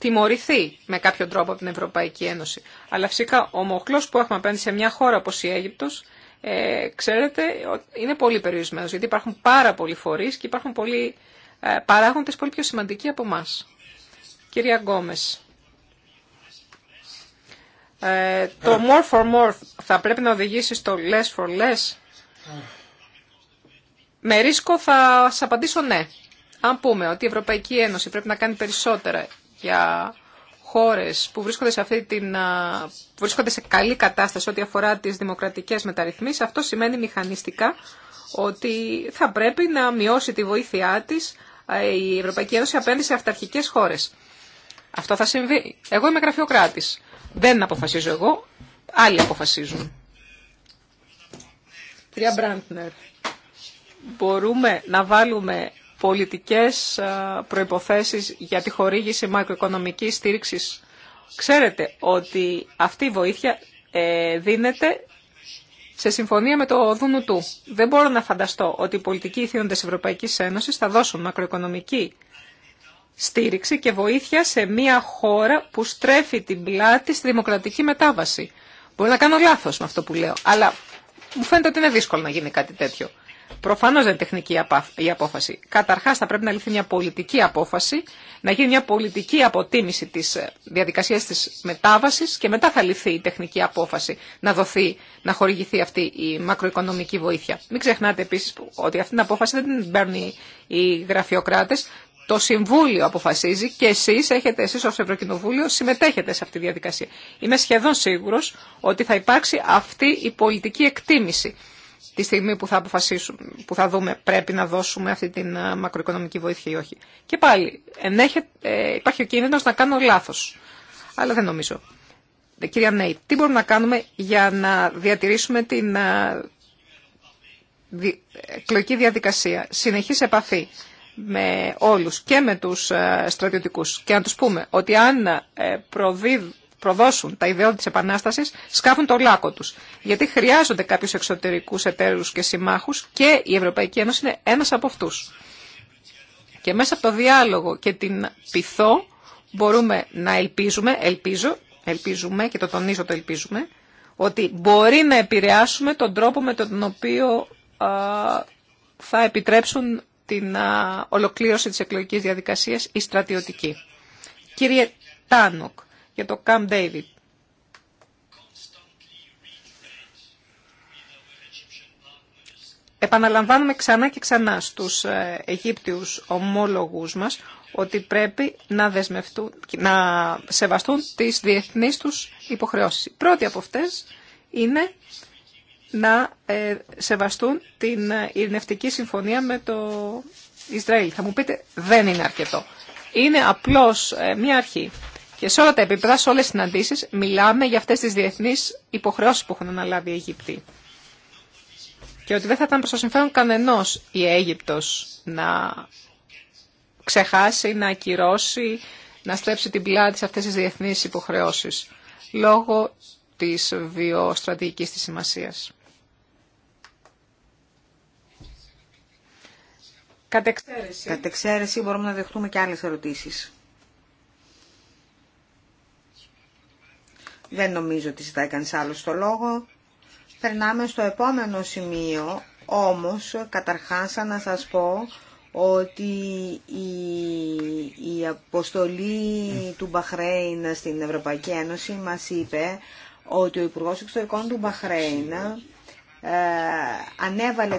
τιμωρηθεί με κάποιο τρόπο από την Ευρωπαϊκή Ένωση. Αλλά φυσικά ο μοχλός που έχουμε απέναντι σε μια χώρα όπως η Αίγυπτος, ε, ξέρετε, είναι πολύ περιορισμένος, γιατί υπάρχουν πάρα πολλοί φορείς και υπάρχουν πολλοί ε, παράγοντες πολύ πιο σημαντικοί από εμά. Κυρία Γκόμες, ε, το more for more θα πρέπει να οδηγήσει στο less for less. Με ρίσκο θα σας απαντήσω ναι. Αν πούμε ότι η Ευρωπαϊκή Ένωση πρέπει να κάνει περισσότερα για χώρες που βρίσκονται σε, αυτή την, που βρίσκονται σε καλή κατάσταση ό,τι αφορά τις δημοκρατικές μεταρρυθμίσεις, αυτό σημαίνει μηχανιστικά ότι θα πρέπει να μειώσει τη βοήθειά της η Ευρωπαϊκή Ένωση απέναντι σε αυταρχικές χώρες. Αυτό θα συμβεί. Εγώ είμαι γραφειοκράτης. Δεν αποφασίζω εγώ, άλλοι αποφασίζουν. Κυρία Μπραντνερ, μπορούμε να βάλουμε πολιτικές ε, προϋποθέσεις για τη χορήγηση μακροοικονομικής στήριξης. Ξέρετε ότι αυτή η βοήθεια ε, δίνεται σε συμφωνία με το Δούνου του. Δεν μπορώ να φανταστώ ότι οι πολιτικοί ηθήνοντες Ευρωπαϊκής Ένωσης θα δώσουν μακροοικονομική στήριξη και βοήθεια σε μια χώρα που στρέφει την πλάτη στη δημοκρατική μετάβαση. Μπορεί να κάνω λάθος με αυτό που λέω, αλλά μου φαίνεται ότι είναι δύσκολο να γίνει κάτι τέτοιο. Προφανώ δεν είναι τεχνική η απόφαση. Καταρχά θα πρέπει να ληφθεί μια πολιτική απόφαση, να γίνει μια πολιτική αποτίμηση τη ε, διαδικασία τη μετάβαση και μετά θα ληφθεί η τεχνική απόφαση να δοθεί, να χορηγηθεί αυτή η μακροοικονομική βοήθεια. Μην ξεχνάτε επίση ότι αυτή την απόφαση δεν την παίρνουν οι γραφειοκράτε. το Συμβούλιο αποφασίζει και εσείς έχετε, εσείς ως Ευρωκοινοβούλιο συμμετέχετε σε αυτή τη διαδικασία. Είμαι σχεδόν σίγουρος ότι θα υπάρξει αυτή η πολιτική εκτίμηση τη στιγμή που θα αποφασίσουμε, που θα δούμε πρέπει να δώσουμε αυτή την ε, μακροοικονομική βοήθεια ή όχι. Και πάλι, ενέχε, ε, υπάρχει ο κίνδυνος να κάνω λάθος. Αλλά δεν νομίζω. Ε, κυρία Νέη, τι μπορούμε να κάνουμε για να διατηρήσουμε την εκλογική διαδικασία, συνεχής επαφή με όλους και με τους στρατιωτικούς και να τους πούμε ότι αν προδώσουν τα ιδεώδη της Επανάστασης, σκάφουν το λάκκο τους. Γιατί χρειάζονται κάποιου εξωτερικούς εταίρους και συμμάχους και η Ευρωπαϊκή Ένωση είναι ένας από αυτούς. Και μέσα από το διάλογο και την πειθό μπορούμε να ελπίζουμε, ελπίζω, ελπίζουμε και το τονίζω το ελπίζουμε, ότι μπορεί να επηρεάσουμε τον τρόπο με τον οποίο θα επιτρέψουν την ολοκλήρωση της εκλογικής διαδικασίας η στρατιωτική. Κύριε Τάνοκ, για το Camp David. Επαναλαμβάνουμε ξανά και ξανά στους ε, Αιγύπτιους ομόλογους μας ότι πρέπει να, δεσμευτούν, να σεβαστούν τις διεθνείς τους υποχρεώσεις. πρώτη από αυτές είναι να ε, σεβαστούν την ε, ειρηνευτική συμφωνία με το Ισραήλ. Θα μου πείτε δεν είναι αρκετό. Είναι απλώς μια αρχή. Και σε όλα τα επίπεδα, σε όλες τις συναντήσεις, μιλάμε για αυτές τις διεθνείς υποχρεώσεις που έχουν αναλάβει οι Αιγυπτοί. Και ότι δεν θα ήταν προς το συμφέρον κανενός η Αίγυπτος να ξεχάσει, να ακυρώσει, να στρέψει την πλάτη σε αυτές τις διεθνείς υποχρεώσεις, λόγω της βιοστρατηγικής της σημασίας. Κατ' εξαίρεση. Κατ' εξαίρεση μπορούμε να δεχτούμε και άλλες ερωτήσεις. Δεν νομίζω ότι ζητάει κανείς άλλο το λόγο. Περνάμε στο επόμενο σημείο, όμως καταρχάς να σας πω ότι η, η αποστολή του Μπαχρέιν στην Ευρωπαϊκή Ένωση μας είπε ότι ο Υπουργός Εξωτερικών του Μπαχρέιν ε, ανέβαλε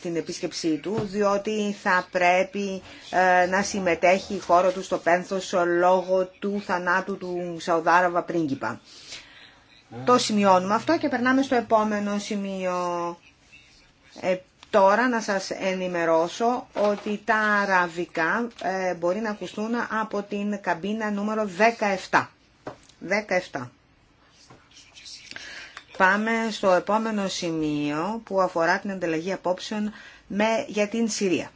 την επίσκεψή του διότι θα πρέπει ε, να συμμετέχει η χώρα του στο πένθος λόγω του θανάτου του Σαουδάραβα πρίγκιπα. Το σημειώνουμε αυτό και περνάμε στο επόμενο σημείο. Ε, τώρα να σας ενημερώσω ότι τα αραβικά μπορεί να ακουστούν από την καμπίνα νούμερο 17. 17. Πάμε στο επόμενο σημείο που αφορά την ανταλλαγή απόψεων με, για την Συρία.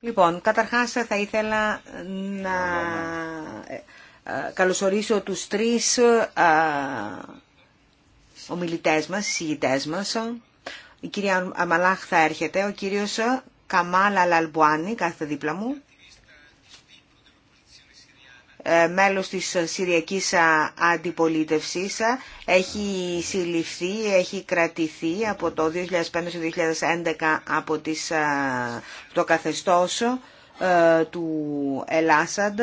Λοιπόν, καταρχάς θα ήθελα να ε, ε, καλωσορίσω τους τρεις ε, ομιλητές μας, συγητές μας. Η κυρία Αμαλάχ θα έρχεται, ο κύριος Καμάλα Λαλμπουάνη, κάθε δίπλα μου, ε, μέλος της Συριακής Αντιπολίτευσης έχει συλληφθεί, έχει κρατηθεί από το 2005 2011 από τις, ε, το καθεστώς ε, του Ελάσαντ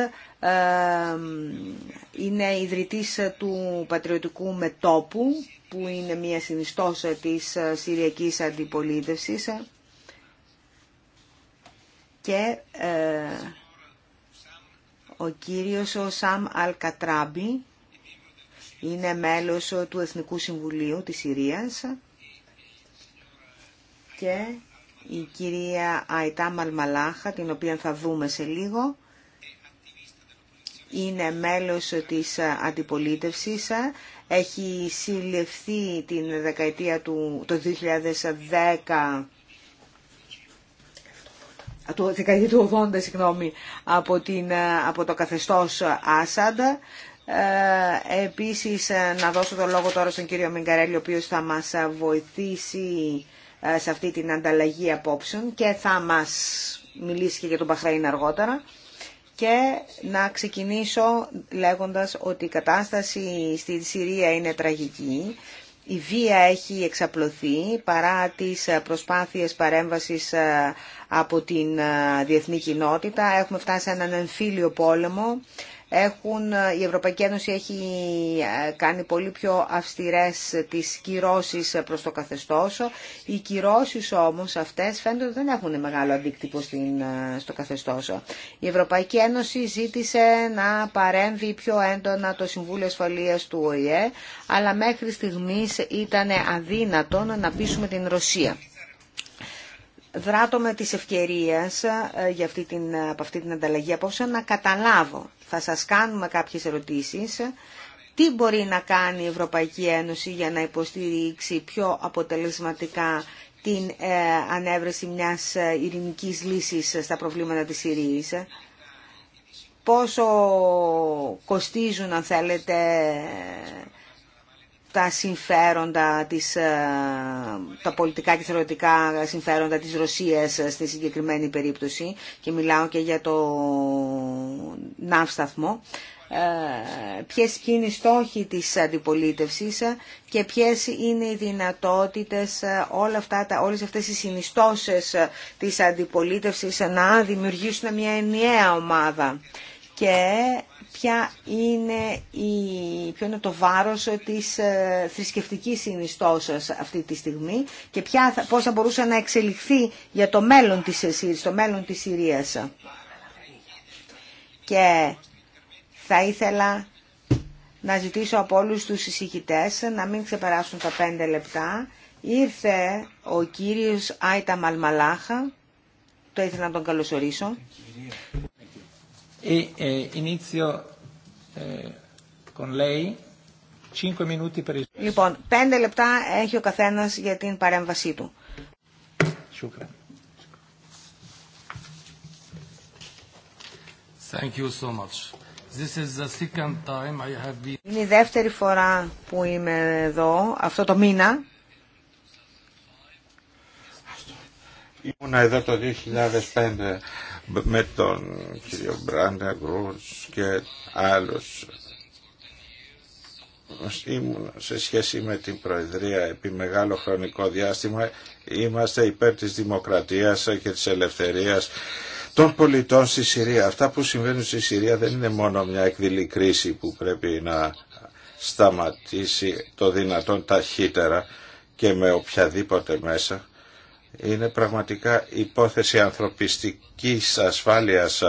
είναι ιδρυτής του Πατριωτικού Μετόπου που είναι μια συνιστόσα της Συριακής Αντιπολίτευσης και ο κύριος ο Σαμ Αλκατράμπη είναι μέλος του Εθνικού Συμβουλίου της Συρίας και η κυρία Αϊτά Μαλμαλάχα, την οποία θα δούμε σε λίγο, είναι μέλος της αντιπολίτευσης, έχει συλλευθεί την δεκαετία του, το 2010 του του 80, συγγνώμη, από, την, ε, από το καθεστώς Άσαντα Ε, επίσης, ε, να δώσω το λόγο τώρα στον κύριο Μιγκαρέλη, ο οποίος θα μας βοηθήσει ε, σε αυτή την ανταλλαγή απόψεων και θα μας μιλήσει και για τον Παχραήν αργότερα. Και να ξεκινήσω λέγοντας ότι η κατάσταση στην Συρία είναι τραγική. Η βία έχει εξαπλωθεί παρά τις προσπάθειες παρέμβασης από την ε, διεθνή κοινότητα. Έχουμε φτάσει σε έναν εμφύλιο πόλεμο. Έχουν, ε, η Ευρωπαϊκή Ένωση έχει ε, κάνει πολύ πιο αυστηρές τις κυρώσεις προς το καθεστώς. Οι κυρώσεις όμως αυτές φαίνεται ότι δεν έχουν μεγάλο αντίκτυπο στην, στο καθεστώς. Η Ευρωπαϊκή Ένωση ζήτησε να παρέμβει πιο έντονα το Συμβούλιο Ασφαλείας του ΟΗΕ, αλλά μέχρι στιγμής ήταν αδύνατο να πείσουμε την Ρωσία δράτω με της ευκαιρίας ε, για αυτή την, από αυτή την ανταλλαγή απόψε να καταλάβω. Θα σας κάνουμε κάποιες ερωτήσεις. Τι μπορεί να κάνει η Ευρωπαϊκή Ένωση για να υποστηρίξει πιο αποτελεσματικά την ε, ανέβρεση μιας ε, ειρηνικής λύσης στα προβλήματα της Συρίας. Πόσο κοστίζουν, αν θέλετε, τα συμφέροντα, της, ε, τα πολιτικά και θεωρητικά συμφέροντα της Ρωσίας ε, στη συγκεκριμένη περίπτωση και μιλάω και για το ναύσταθμο. Ε, ποιες είναι οι στόχοι της αντιπολίτευσης και ποιες είναι οι δυνατότητες όλα αυτά, όλες αυτές οι συνιστώσεις της αντιπολίτευσης να δημιουργήσουν μια ενιαία ομάδα και ποια είναι η, ποιο είναι το βάρος της ε, θρησκευτικής συνιστώσας αυτή τη στιγμή και ποια, πώς θα μπορούσε να εξελιχθεί για το μέλλον της, το μέλλον της Συρίας. Και θα ήθελα να ζητήσω από όλους τους συζητητές να μην ξεπεράσουν τα πέντε λεπτά. Ήρθε ο κύριος Άιτα Μαλμαλάχα, το ήθελα να τον καλωσορίσω. E eh, inizio eh, con lei. Cinque minuti per... Λοιπόν, πέντε λεπτά έχει ο καθένας για την παρέμβασή του. Σούκρα. Thank you so much. This is the second time I have been... Είναι η δεύτερη φορά που είμαι εδώ, αυτό το μήνα. Ήμουνα εδώ το 2005 με τον κύριο Μπράντα και άλλους ήμουν σε σχέση με την Προεδρία επί μεγάλο χρονικό διάστημα είμαστε υπέρ της δημοκρατίας και της ελευθερίας των πολιτών στη Συρία. Αυτά που συμβαίνουν στη Συρία δεν είναι μόνο μια εκδηλή κρίση που πρέπει να σταματήσει το δυνατόν ταχύτερα και με οποιαδήποτε μέσα είναι πραγματικά υπόθεση ανθρωπιστικής ασφάλειας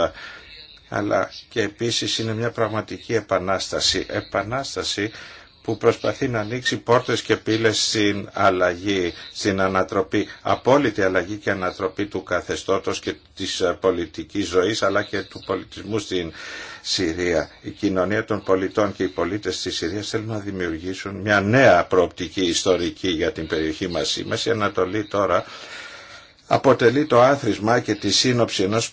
αλλά και επίσης είναι μια πραγματική επανάσταση. Επανάσταση που προσπαθεί να ανοίξει πόρτες και πύλες στην αλλαγή, στην ανατροπή, απόλυτη αλλαγή και ανατροπή του καθεστώτος και της πολιτικής ζωής, αλλά και του πολιτισμού στην Συρία. Η κοινωνία των πολιτών και οι πολίτες της Συρίας θέλουν να δημιουργήσουν μια νέα προοπτική ιστορική για την περιοχή μας. Η Μέση Ανατολή τώρα αποτελεί το άθροισμα και τη σύνοψη ενός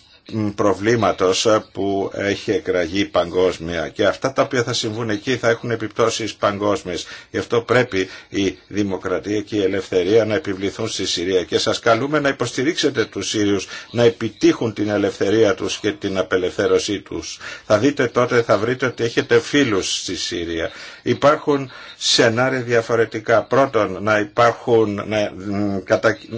προβλήματος που έχει εκραγεί παγκόσμια και αυτά τα οποία θα συμβούν εκεί θα έχουν επιπτώσεις παγκόσμιες. Γι' αυτό πρέπει η δημοκρατία και η ελευθερία να επιβληθούν στη Συρία και σας καλούμε να υποστηρίξετε τους Σύριους να επιτύχουν την ελευθερία τους και την απελευθέρωσή τους. Θα δείτε τότε, θα βρείτε ότι έχετε φίλους στη Συρία. Υπάρχουν σενάρια διαφορετικά. Πρώτον, να υπάρχουν, να,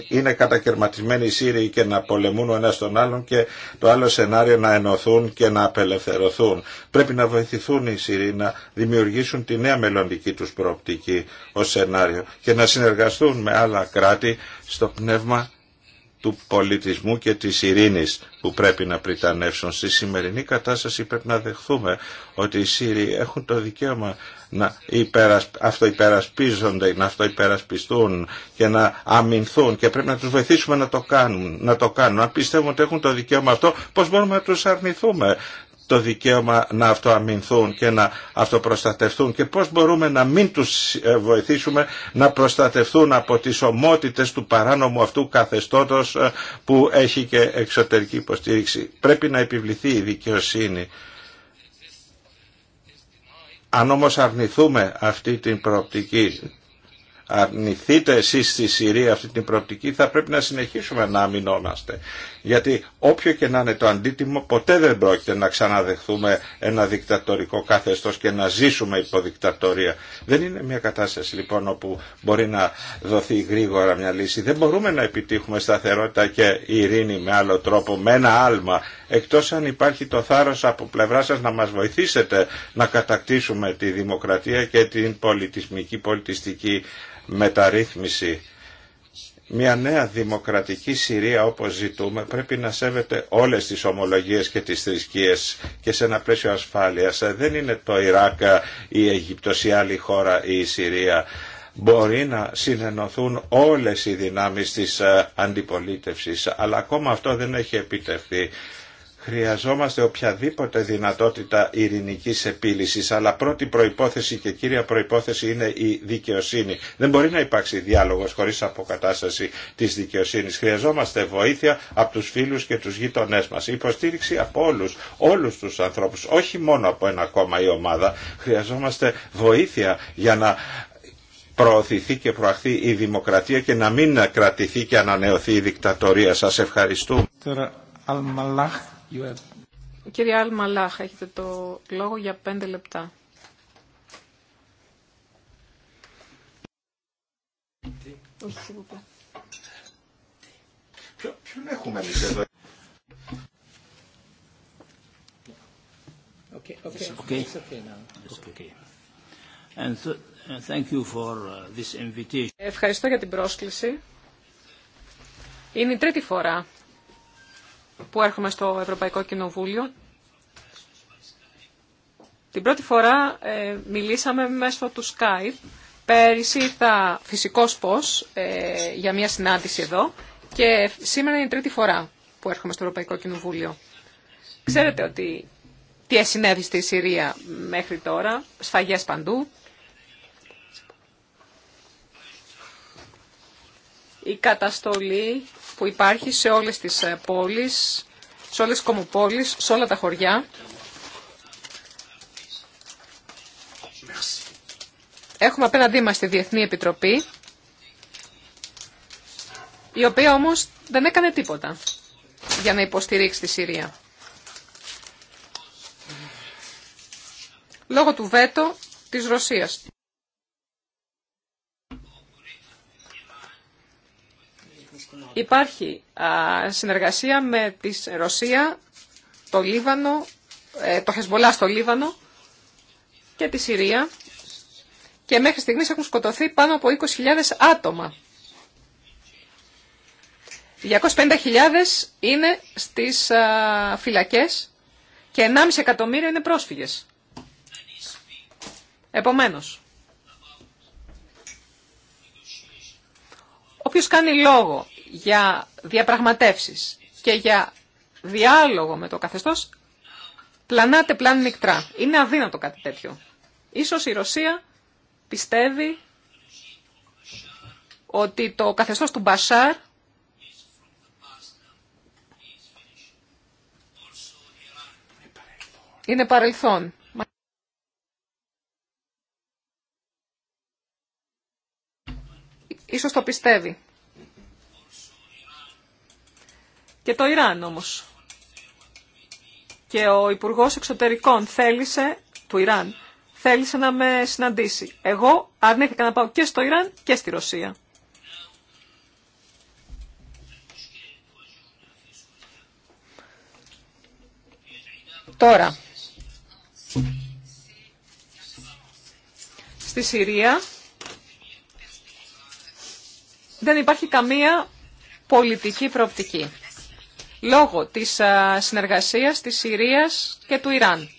είναι κατακαιρματισμένοι οι Σύριοι και να πολεμούν ο ένας τον άλλον και το άλλο σενάριο να ενωθούν και να απελευθερωθούν. Πρέπει να βοηθηθούν οι Σύριοι να δημιουργήσουν τη νέα μελλοντική τους προοπτική ως σενάριο και να συνεργαστούν με άλλα κράτη στο πνεύμα του πολιτισμού και της ειρήνης που πρέπει να πριτανεύσουν. Στη σημερινή κατάσταση πρέπει να δεχθούμε ότι οι Σύριοι έχουν το δικαίωμα να αυτοϊπερασπίζονται, να αυτοϊπερασπιστούν και να αμυνθούν και πρέπει να τους βοηθήσουμε να το κάνουν. Να, το κάνουν. να πιστεύουν ότι έχουν το δικαίωμα αυτό, πώς μπορούμε να τους αρνηθούμε το δικαίωμα να αυτοαμυνθούν και να αυτοπροστατευτούν και πώς μπορούμε να μην τους ε, βοηθήσουμε να προστατευτούν από τις ομότητες του παράνομου αυτού καθεστώτος ε, που έχει και εξωτερική υποστήριξη. Πρέπει να επιβληθεί η δικαιοσύνη. Αν όμως αρνηθούμε αυτή την προοπτική αρνηθείτε εσείς στη Συρία αυτή την προοπτική θα πρέπει να συνεχίσουμε να αμυνόμαστε. Γιατί όποιο και να είναι το αντίτιμο ποτέ δεν πρόκειται να ξαναδεχθούμε ένα δικτατορικό καθεστώ και να ζήσουμε υποδικτατορία Δεν είναι μια κατάσταση λοιπόν όπου μπορεί να δοθεί γρήγορα μια λύση. Δεν μπορούμε να επιτύχουμε σταθερότητα και ειρήνη με άλλο τρόπο, με ένα άλμα εκτός αν υπάρχει το θάρρος από πλευρά σας να μας βοηθήσετε να κατακτήσουμε τη δημοκρατία και την πολιτισμική πολιτιστική μεταρρύθμιση. Μια νέα δημοκρατική Συρία όπως ζητούμε πρέπει να σέβεται όλες τις ομολογίες και τις θρησκείες και σε ένα πλαίσιο ασφάλειας. Δεν είναι το Ιράκ, η Αιγύπτος, η άλλη χώρα ή η Συρία. Μπορεί να συνενωθούν όλες οι δυνάμεις της αντιπολίτευσης, αλλά ακόμα αυτό δεν έχει επιτευχθεί. Χρειαζόμαστε οποιαδήποτε δυνατότητα ειρηνικής επίλυσης, αλλά πρώτη προϋπόθεση και κύρια προϋπόθεση είναι η δικαιοσύνη. Δεν μπορεί να υπάρξει διάλογος χωρίς αποκατάσταση της δικαιοσύνης. Χρειαζόμαστε βοήθεια από τους φίλους και τους γείτονές μας. Υποστήριξη από όλους, όλους τους ανθρώπους, όχι μόνο από ένα κόμμα ή ομάδα. Χρειαζόμαστε βοήθεια για να προωθηθεί και προαχθεί η δημοκρατία και να μην κρατηθεί και ανανεωθεί η δικτατορία. Σας ευχαριστούμε. Κύριε Αλμαλάχ, έχετε το λόγο για πέντε λεπτά. Ευχαριστώ για την πρόσκληση. Είναι η τρίτη φορά που έρχομαι στο Ευρωπαϊκό Κοινοβούλιο. Την πρώτη φορά ε, μιλήσαμε μέσω του Skype. Πέρυσι ήρθα φυσικός πώς ε, για μια συνάντηση εδώ και σήμερα είναι η τρίτη φορά που έρχομαι στο Ευρωπαϊκό Κοινοβούλιο. Ξέρετε ότι τι συνέβη στη Συρία μέχρι τώρα, σφαγές παντού. Η καταστολή που υπάρχει σε όλες τις ε, πόλεις, σε όλες τις κομμουπόλεις, σε όλα τα χωριά. Έχουμε απέναντί μας τη Διεθνή Επιτροπή, η οποία όμως δεν έκανε τίποτα για να υποστηρίξει τη Συρία. Λόγω του βέτο της Ρωσίας. Υπάρχει συνεργασία με τη Ρωσία, το Λίβανο, ε, το Χεσμολά στο Λίβανο και τη Συρία και μέχρι στιγμής έχουν σκοτωθεί πάνω από 20.000 άτομα. 250.000 είναι στις φυλακές και 1,5 εκατομμύριο είναι πρόσφυγες. Επομένως, όποιος κάνει λόγο για διαπραγματεύσεις και για διάλογο με το καθεστώς, πλανάτε πλάνη Είναι αδύνατο κάτι τέτοιο. Ίσως η Ρωσία πιστεύει ότι το καθεστώς του Μπασάρ είναι παρελθόν. Ίσως το πιστεύει. και το Ιράν όμως. Και ο Υπουργός Εξωτερικών θέλησε, του Ιράν, θέλησε να με συναντήσει. Εγώ αρνήθηκα να πάω και στο Ιράν και στη Ρωσία. Τώρα, στη Συρία δεν υπάρχει καμία πολιτική προοπτική λόγω της συνεργασίας της Συρίας και του Ιράν.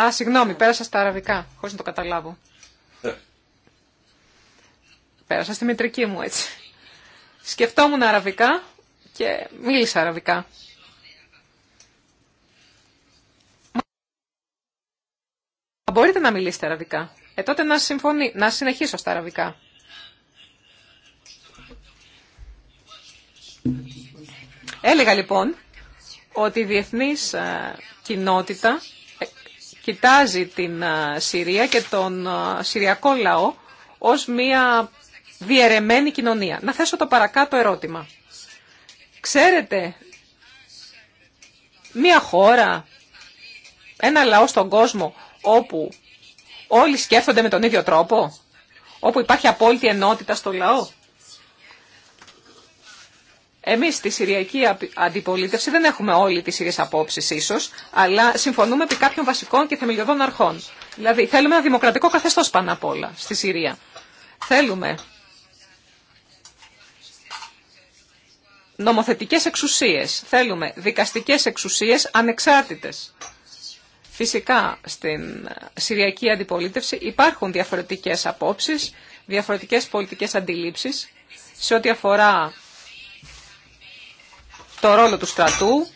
Α, συγγνώμη, πέρασα στα αραβικά, χωρίς να το καταλάβω. Πέρασα στη μητρική μου έτσι. Σκεφτόμουν αραβικά και μίλησα αραβικά. Μπορείτε να μιλήσετε αραβικά. Ε, τότε να, συμφωνεί, να συνεχίσω στα αραβικά. Έλεγα λοιπόν ότι η διεθνής ε, κοινότητα ε, κοιτάζει την ε, Συρία και τον Συριακό λαό ως μια διαιρεμένη κοινωνία. Να θέσω το παρακάτω ερώτημα. Ξέρετε μια χώρα, ένα λαό στον κόσμο όπου όλοι σκέφτονται με τον ίδιο τρόπο, όπου υπάρχει απόλυτη ενότητα στο λαό. Εμείς στη Συριακή Αντιπολίτευση δεν έχουμε όλοι τις ίδιες απόψεις ίσως, αλλά συμφωνούμε επί κάποιων βασικών και θεμελιωδών αρχών. Δηλαδή θέλουμε ένα δημοκρατικό καθεστώς πάνω απ' όλα στη Συρία. Θέλουμε νομοθετικές εξουσίες. Θέλουμε δικαστικές εξουσίες ανεξάρτητες. Φυσικά στην Συριακή Αντιπολίτευση υπάρχουν διαφορετικές απόψεις, διαφορετικές πολιτικές αντιλήψεις σε ό,τι αφορά το ρόλο του στρατού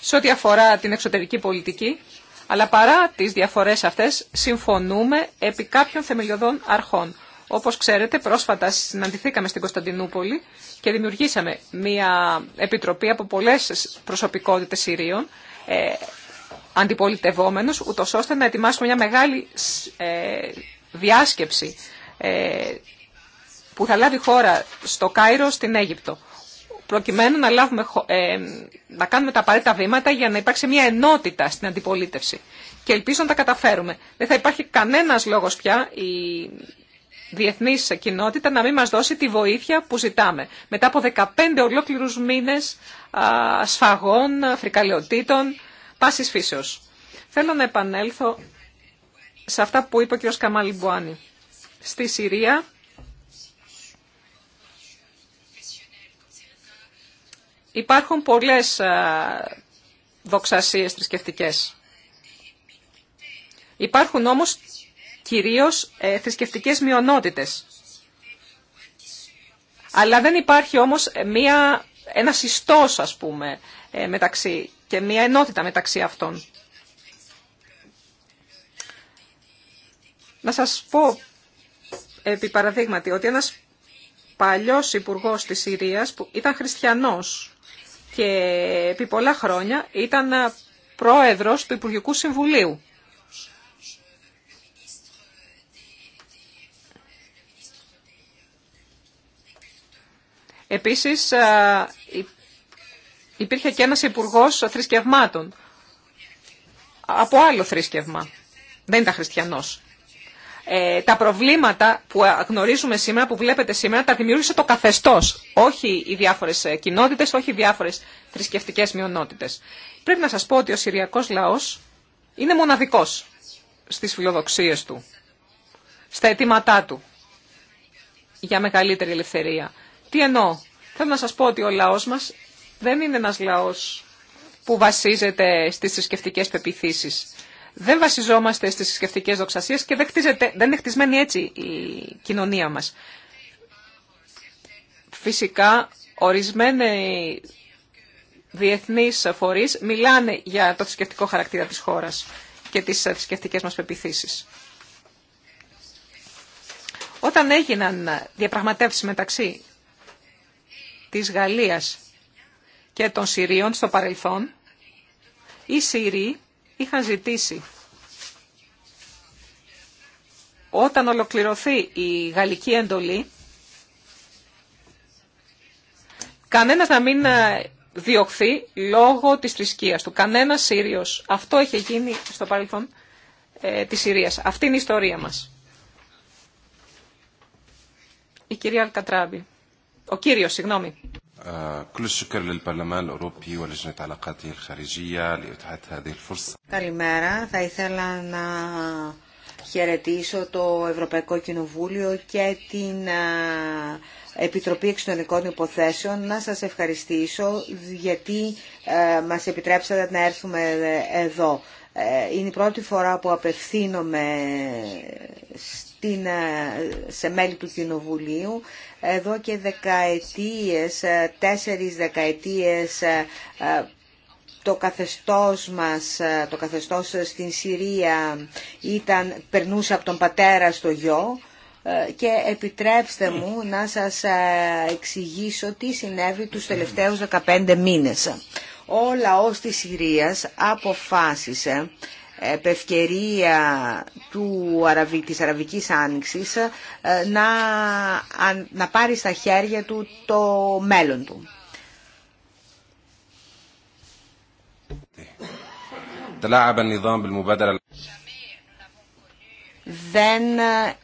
σε ό,τι αφορά την εξωτερική πολιτική, αλλά παρά τις διαφορές αυτές συμφωνούμε επί κάποιων θεμελιωδών αρχών. Όπως ξέρετε, πρόσφατα συναντηθήκαμε στην Κωνσταντινούπολη και δημιουργήσαμε μια επιτροπή από πολλές προσωπικότητες Συρίων, ε, αντιπολιτευόμενους, ούτως ώστε να ετοιμάσουμε μια μεγάλη ε, διάσκεψη ε, που θα λάβει χώρα στο Κάιρο, στην Αίγυπτο προκειμένου να, λάβουμε, ε, να κάνουμε τα απαραίτητα βήματα για να υπάρξει μια ενότητα στην αντιπολίτευση. Και ελπίζω να τα καταφέρουμε. Δεν θα υπάρχει κανένας λόγος πια η διεθνής κοινότητα να μην μας δώσει τη βοήθεια που ζητάμε. Μετά από 15 ολόκληρους μήνες σφαγών, φρικαλαιοτήτων, πάσης φύσεως. Θέλω να επανέλθω σε αυτά που είπε ο κ. Καμάλι Στη Συρία Υπάρχουν πολλές δοξασίες θρησκευτικέ. Υπάρχουν όμως κυρίως ε, θρησκευτικές Αλλά δεν υπάρχει όμως ε, μία, ένας ιστός, ας πούμε, ε, μεταξύ, και μία ενότητα μεταξύ αυτών. Να σας πω, επί παραδείγματι, ότι ένας παλιός υπουργός της Συρίας, που ήταν χριστιανός, και επί πολλά χρόνια ήταν πρόεδρος του Υπουργικού Συμβουλίου. Επίσης υπήρχε και ένας υπουργός θρησκευμάτων από άλλο θρησκευμά. Δεν ήταν χριστιανός. Ε, τα προβλήματα που γνωρίζουμε σήμερα, που βλέπετε σήμερα, τα δημιούργησε το καθεστώς, όχι οι διάφορες ε, κοινότητες, όχι οι διάφορες θρησκευτικές μειονότητες. Πρέπει να σας πω ότι ο Συριακός λαός είναι μοναδικός στις φιλοδοξίες του, στα αιτήματά του για μεγαλύτερη ελευθερία. Τι εννοώ. Θέλω να σας πω ότι ο λαός μας δεν είναι ένας λαός που βασίζεται στις θρησκευτικέ πεπιθήσεις. Δεν βασιζόμαστε στις θρησκευτικέ δοξασίες και δεν, δεν είναι χτισμένη έτσι η κοινωνία μας. Φυσικά, ορισμένοι διεθνείς φορείς μιλάνε για το θρησκευτικό χαρακτήρα της χώρας και τις θρησκευτικέ μας πεπιθήσεις. Όταν έγιναν διαπραγματεύσεις μεταξύ της Γαλλίας και των Συρίων στο παρελθόν, οι Σύριοι είχα ζητήσει όταν ολοκληρωθεί η γαλλική εντολή, κανένας να μην ε, διωχθεί λόγω της θρησκείας του. Κανένας Σύριος. Αυτό έχει γίνει στο παρελθόν ε, της Συρίας. Αυτή είναι η ιστορία μας. Η κυρία Αλκατράμπη. Ο κύριος, συγγνώμη. Καλημέρα. Θα ήθελα να χαιρετήσω το Ευρωπαϊκό Κοινοβούλιο και την Επιτροπή Εξωτερικών Υποθέσεων. Να σας ευχαριστήσω γιατί μας επιτρέψατε να έρθουμε εδώ. Ε, είναι η πρώτη φορά που απευθύνομαι την, ε, σε μέλη του Κοινοβουλίου. Εδώ και δεκαετίες, ε, τέσσερις δεκαετίες ε, το καθεστώς μας, το καθεστώς στην Συρία ήταν, περνούσε από τον πατέρα στο γιο και επιτρέψτε μου να σας εξηγήσω τι συνέβη τους τελευταίους 15 μήνες. Ο λαός της Συρίας αποφάσισε επευκαιρία του, της Αραβικής Άνοιξης ε, να, να πάρει στα χέρια του το μέλλον του. Δεν ε,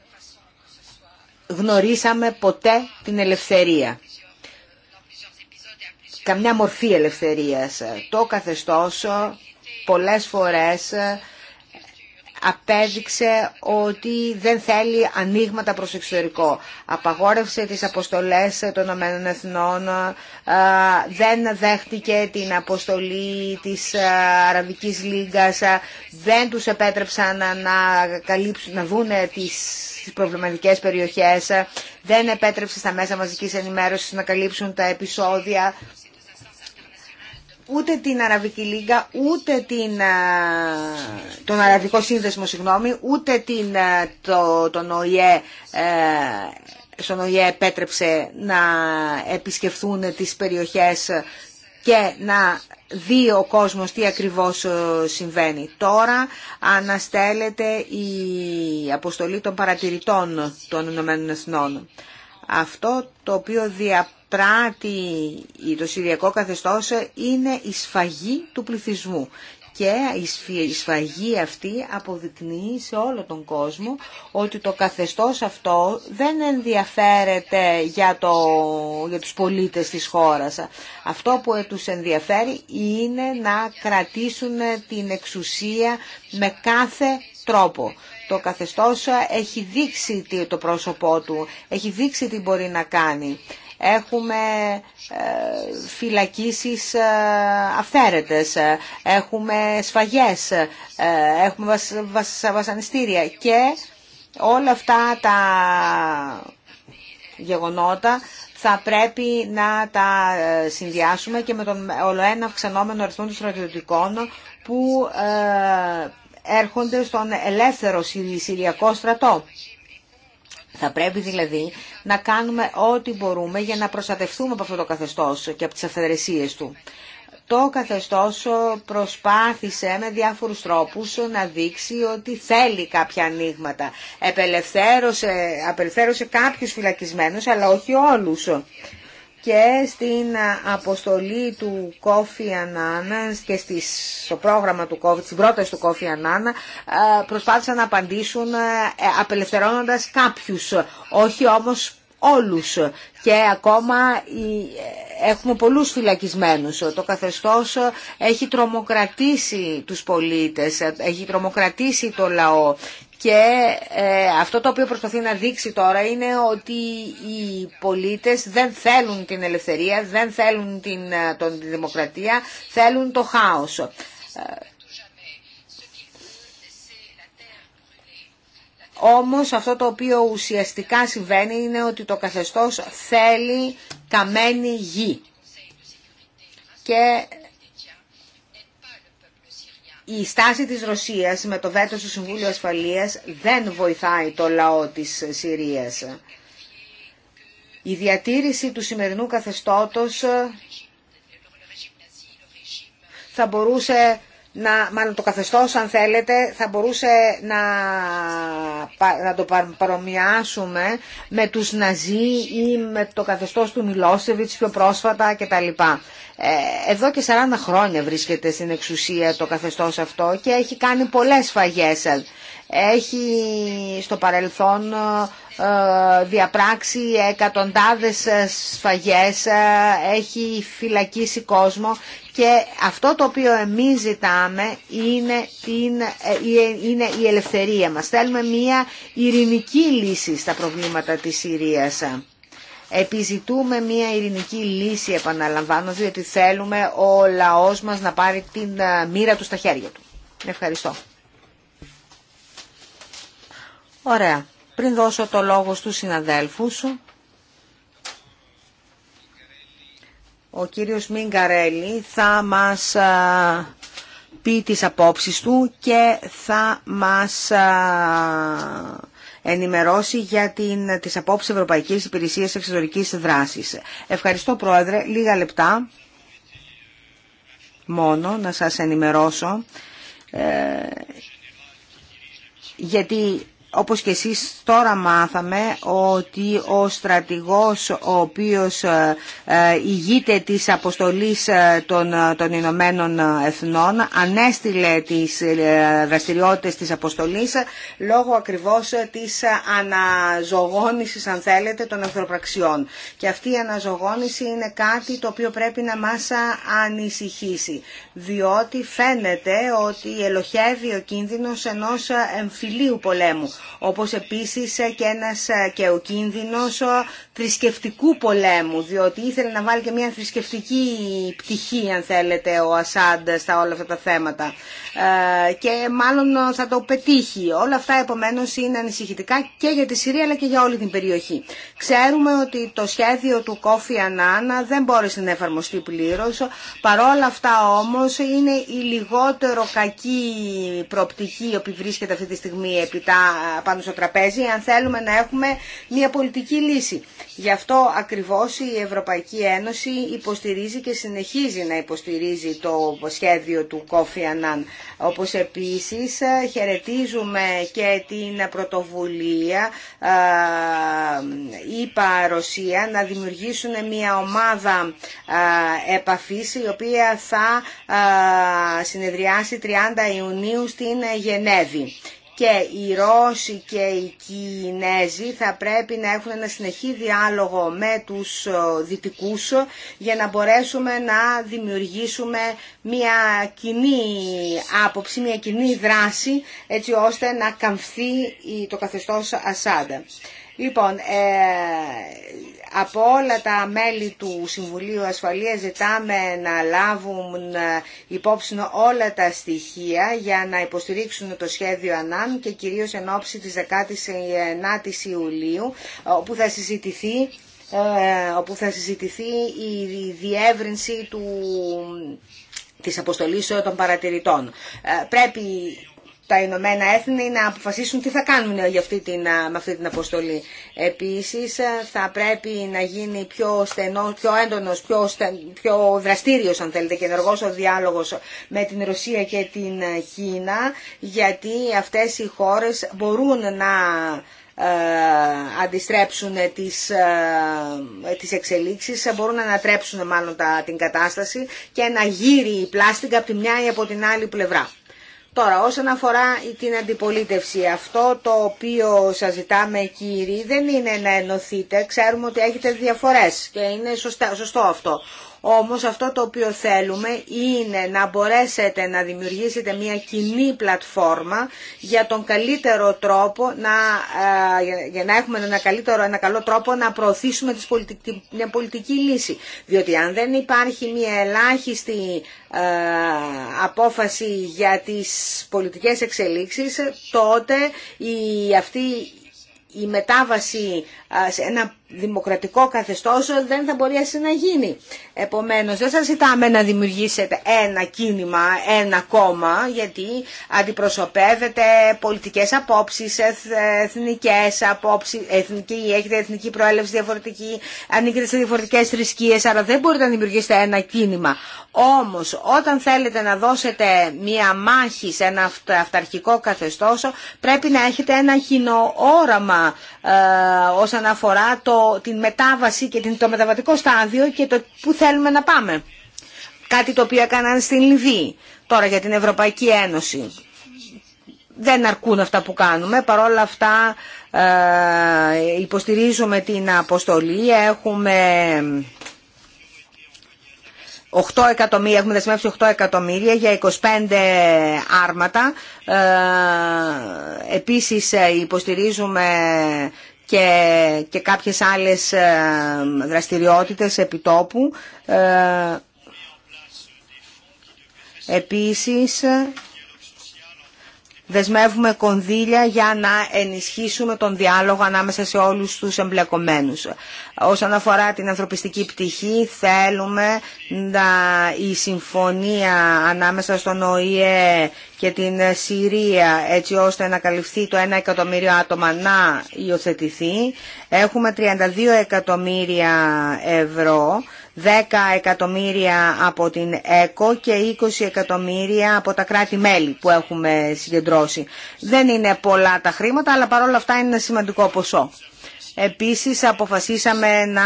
γνωρίσαμε ποτέ την ελευθερία. Καμιά μορφή ελευθερίας. Το καθεστώς πολλές φορές ε, απέδειξε ότι δεν θέλει ανοίγματα προς εξωτερικό. Απαγόρευσε τις αποστολές των ΗΕ, δεν δέχτηκε την αποστολή της ε, Αραβικής Λίγκας, ε, δεν τους επέτρεψαν να, καλύψουν, να δούνε τις προβληματικές περιοχές, δεν επέτρεψε στα μέσα μαζικής ενημέρωσης να καλύψουν τα επεισόδια ούτε την Αραβική Λίγκα, ούτε την, τον Αραβικό Σύνδεσμο, συγγνώμη, ούτε την, το, τον ΟΗΕ, ε, στον ΟΗΕ επέτρεψε να επισκεφθούν τις περιοχές και να δει ο κόσμος τι ακριβώς ε, συμβαίνει. Τώρα αναστέλλεται η αποστολή των παρατηρητών των ΗΕ. Αυτό το οποίο διαπράττει το Συριακό καθεστώς είναι η σφαγή του πληθυσμού και η σφαγή αυτή αποδεικνύει σε όλο τον κόσμο ότι το καθεστώς αυτό δεν ενδιαφέρεται για, το, για τους πολίτες της χώρας. Αυτό που τους ενδιαφέρει είναι να κρατήσουν την εξουσία με κάθε τρόπο. Το καθεστώς έχει δείξει το πρόσωπό του, έχει δείξει τι μπορεί να κάνει. Έχουμε ε, φυλακίσεις ε, αυθαίρετες, ε, έχουμε σφαγές, έχουμε βασανιστήρια και όλα αυτά τα γεγονότα θα πρέπει να τα συνδυάσουμε και με τον ολοένα αυξανόμενο αριθμό των στρατιωτικών που έρχονται στον ελεύθερο Συριακό στρατό. Θα πρέπει δηλαδή να κάνουμε ό,τι μπορούμε για να προστατευτούμε από αυτό το καθεστώς και από τις αυθαιρεσίες του. Το καθεστώς προσπάθησε με διάφορους τρόπους να δείξει ότι θέλει κάποια ανοίγματα. Επελευθέρωσε, απελευθέρωσε κάποιους φυλακισμένους, αλλά όχι όλους και στην αποστολή του Κόφι Ανάνα και στις, στο πρόγραμμα του Κόφι, στην πρόταση του Κόφη Ανάνα ε, προσπάθησαν να απαντήσουν ε, απελευθερώνοντας κάποιους, όχι όμως όλους και ακόμα ε, έχουμε πολλούς φυλακισμένους. Το καθεστώς έχει τρομοκρατήσει τους πολίτες, έχει τρομοκρατήσει το λαό και ε, αυτό το οποίο προσπαθεί να δείξει τώρα είναι ότι οι πολίτες δεν θέλουν την ελευθερία, δεν θέλουν την, ε, τον, δημοκρατία, θέλουν το χάος. Ε, όμως αυτό το οποίο ουσιαστικά συμβαίνει είναι ότι το καθεστώς θέλει καμένη γη η στάση της Ρωσίας με το βέτο του Συμβούλιο Ασφαλείας δεν βοηθάει το λαό της Συρίας. Η διατήρηση του σημερινού καθεστώτος ε, θα μπορούσε να, μάλλον το καθεστώς αν θέλετε, θα μπορούσε να, να το παρομοιάσουμε με τους Ναζί ή με το καθεστώς του Μιλόσεβιτς πιο πρόσφατα κτλ. Ε, εδώ και 40 χρόνια βρίσκεται στην εξουσία το καθεστώς αυτό και έχει κάνει πολλές σφαγές. Έχει στο παρελθόν ε, ε, διαπράξει εκατοντάδες σφαγές, έχει φυλακίσει κόσμο και αυτό το οποίο εμείς ζητάμε είναι, την, η ελευθερία μας. Θέλουμε μια ειρηνική λύση στα προβλήματα της Συρίας. Επιζητούμε μια ειρηνική λύση, επαναλαμβάνω, διότι θέλουμε ο λαός μας να πάρει την ε, μοίρα του στα χέρια του. Ευχαριστώ. Ωραία. Πριν δώσω το λόγο στους συναδέλφους, ο κύριος Μιγκαρέλη θα μας ε, πει τις απόψεις του και θα μας ε, ενημερώσει για την, τις απόψεις Ευρωπαϊκής Υπηρεσίας Εξωτερικής Δράσης. Ευχαριστώ Πρόεδρε. Λίγα λεπτά μόνο να σας ενημερώσω ε, γιατί όπως και εσείς τώρα μάθαμε ότι ο στρατηγός ο οποίος ε, ε, ηγείται της αποστολής ε, των, των Ηνωμένων Εθνών ανέστηλε τις δραστηριότητες της αποστολής λόγω ακριβώς της αναζωγόνησης αν θέλετε των ανθρωπραξιών και αυτή η αναζωγόνηση είναι κάτι το οποίο πρέπει να μας ανησυχήσει διότι φαίνεται ότι ελοχεύει ο κίνδυνος ενός εμφυλίου πολέμου όπως επίσης και ένας ε, και ο κίνδυνος θρησκευτικού πολέμου, διότι ήθελε να βάλει και μια θρησκευτική πτυχή, αν θέλετε, ο Ασάντ στα όλα αυτά τα θέματα. Ε, και μάλλον θα το πετύχει. Όλα αυτά, επομένως, είναι ανησυχητικά και για τη Συρία, αλλά και για όλη την περιοχή. Ξέρουμε ότι το σχέδιο του Κόφη Ανάνα δεν μπόρεσε να εφαρμοστεί πλήρως. Παρόλα αυτά, όμως, είναι η λιγότερο κακή προπτυχή η βρίσκεται αυτή τη στιγμή τα πάνω στο τραπέζι αν θέλουμε να έχουμε μια πολιτική λύση. Γι' αυτό ακριβώς η Ευρωπαϊκή Ένωση υποστηρίζει και συνεχίζει να υποστηρίζει το σχέδιο του Κόφι Ανάν. Όπως επίσης ε, χαιρετίζουμε και την πρωτοβουλία ε, η παρουσία να δημιουργήσουν μια ομάδα ε, επαφής η οποία θα συνεδριάσει 30 Ιουνίου στην Γενέβη και οι Ρώσοι και οι Κινέζοι θα πρέπει να έχουν ένα συνεχή διάλογο με τους ε, Δυτικούς για να μπορέσουμε να δημιουργήσουμε μια κοινή άποψη, μια κοινή δράση έτσι ώστε να καμφθεί το καθεστώς Ασάντα. Λοιπόν, ε, από όλα τα μέλη του Συμβουλίου Ασφαλείας ζητάμε να λάβουν ε, υπόψη όλα τα στοιχεία για να υποστηρίξουν το σχέδιο ΑΝΑΜ και κυρίως εν ώψη της 19 η Ιουλίου ε, όπου θα συζητηθεί ε, όπου θα συζητηθεί η διεύρυνση του, της αποστολής των παρατηρητών. πρέπει τα Ηνωμένα Έθνη να αποφασίσουν τι θα κάνουν ε, για αυτή την, με αυτή την αποστολή. Επίσης ε, θα πρέπει να γίνει πιο στενό, πιο έντονος, πιο, πιο δραστήριος αν θέλετε και ενεργός ο διάλογος με την Ρωσία και την Κίνα ε, γιατί αυτές οι χώρες μπορούν να αντιστρέψουν τις, τις εξελίξεις, μπορούν να ανατρέψουν μάλλον τα, την κατάσταση και να γύρει η πλάστικα από τη μια ή από την άλλη πλευρά. Τώρα, όσον αφορά την αντιπολίτευση, αυτό το οποίο σας ζητάμε κύριοι δεν είναι να ενωθείτε, ξέρουμε ότι έχετε διαφορές και είναι σωστό αυτό. Όμως αυτό το οποίο θέλουμε είναι να μπορέσετε να δημιουργήσετε μια κοινή πλατφόρμα για τον καλύτερο τρόπο να, ε, για να έχουμε ένα, καλύτερο, ένα καλό τρόπο να προωθήσουμε τις μια πολιτική λύση. Διότι αν δεν υπάρχει μια ελάχιστη ε, απόφαση για τις πολιτικές εξελίξεις τότε η, αυτή η μετάβαση ε, σε ένα δημοκρατικό καθεστώς δεν θα μπορέσει να γίνει. Επομένως δεν σας ζητάμε να δημιουργήσετε ένα κίνημα, ένα κόμμα γιατί αντιπροσωπεύετε πολιτικές απόψεις, εθνικές απόψεις, εθνική, έχετε εθνική προέλευση διαφορετική, ανήκετε σε διαφορετικές θρησκείες, άρα δεν μπορείτε να δημιουργήσετε ένα κίνημα. Όμως όταν θέλετε να δώσετε μία μάχη σε ένα αυταρχικό καθεστώς πρέπει να έχετε ένα κοινό όραμα ε, όσον αφορά το την μετάβαση και το μεταβατικό στάδιο και το που θέλουμε να πάμε. Κάτι το οποίο έκαναν στην Λιβύη, τώρα για την Ευρωπαϊκή Ένωση. Δεν αρκούν αυτά που κάνουμε, παρόλα αυτά ε, υποστηρίζουμε την αποστολή, έχουμε... 8 εκατομμύρια, έχουμε δεσμεύσει 8 εκατομμύρια για 25 άρματα. Ε, επίσης ε, υποστηρίζουμε και, και κάποιες άλλες ε, δραστηριότητες επιτόπου. Ε, επίσης δεσμεύουμε κονδύλια για να ενισχύσουμε τον διάλογο ανάμεσα σε όλους τους εμπλεκομένους. Όσον αφορά την ανθρωπιστική πτυχή, θέλουμε να, η συμφωνία ανάμεσα στον ΟΗΕ και την Συρία, έτσι ώστε να καλυφθεί το 1 εκατομμύριο άτομα να υιοθετηθεί. Έχουμε 32 εκατομμύρια ευρώ 10 εκατομμύρια από την ΕΚΟ και 20 εκατομμύρια από τα κράτη-μέλη που έχουμε συγκεντρώσει. Δεν είναι πολλά τα χρήματα, αλλά παρόλα αυτά είναι ένα σημαντικό ποσό. Επίσης αποφασίσαμε να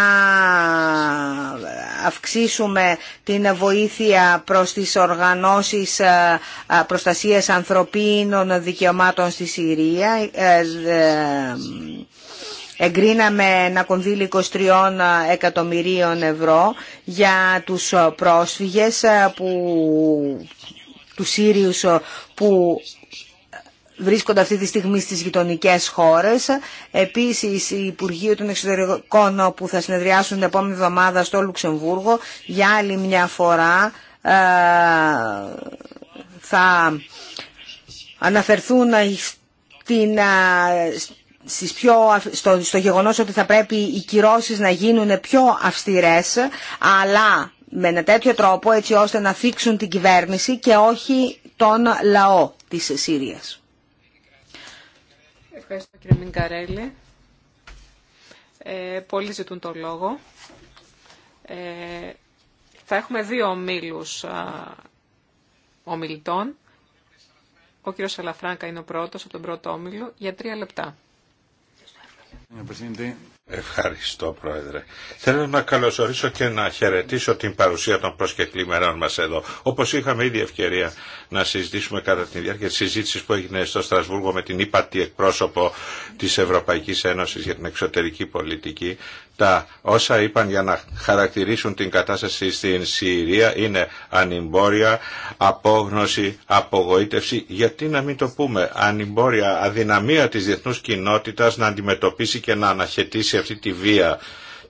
αυξήσουμε την βοήθεια προς τις οργανώσεις ε, προστασίας ανθρωπίνων δικαιωμάτων στη Συρία ε, ε, Εγκρίναμε ένα κονδύλι 23 εκατομμυρίων ευρώ για τους πρόσφυγες που, του Σύριους που βρίσκονται αυτή τη στιγμή στις γειτονικές χώρες. Επίσης, η Υπουργείο των Εξωτερικών που θα συνεδριάσουν την επόμενη εβδομάδα στο Λουξεμβούργο, για άλλη μια φορά ε, θα αναφερθούν στην, ε, στις στο, στο γεγονός ότι θα πρέπει οι κυρώσεις να γίνουν πιο αυστηρές, αλλά με ένα τέτοιο τρόπο έτσι ώστε να θίξουν την κυβέρνηση και όχι τον λαό της Συρίας. Ευχαριστώ κύριε Μιγκαρέλη. Ε, πολλοί ζητούν το λόγο. Ε, θα έχουμε δύο ομίλους ομιλητών. Ο κύριος Σαλαφράγκα είναι ο πρώτος από τον πρώτο όμιλο για τρία λεπτά. Ευχαριστώ Πρόεδρε. Θέλω να καλωσορίσω και να χαιρετήσω την παρουσία των προσκεκλημένων μας εδώ. Όπως είχαμε ήδη ευκαιρία να συζητήσουμε κατά τη διάρκεια της συζήτησης που έγινε στο Στρασβούργο με την ύπατη εκπρόσωπο της Ευρωπαϊκής Ένωσης για την εξωτερική πολιτική, τα όσα είπαν για να χαρακτηρίσουν την κατάσταση στην Συρία είναι ανυμπόρια, απόγνωση, απογοήτευση. Γιατί να μην το πούμε, ανυμπόρια, αδυναμία της διεθνούς κοινότητας να αντιμετωπίσει και να αναχαιτήσει αυτή τη βία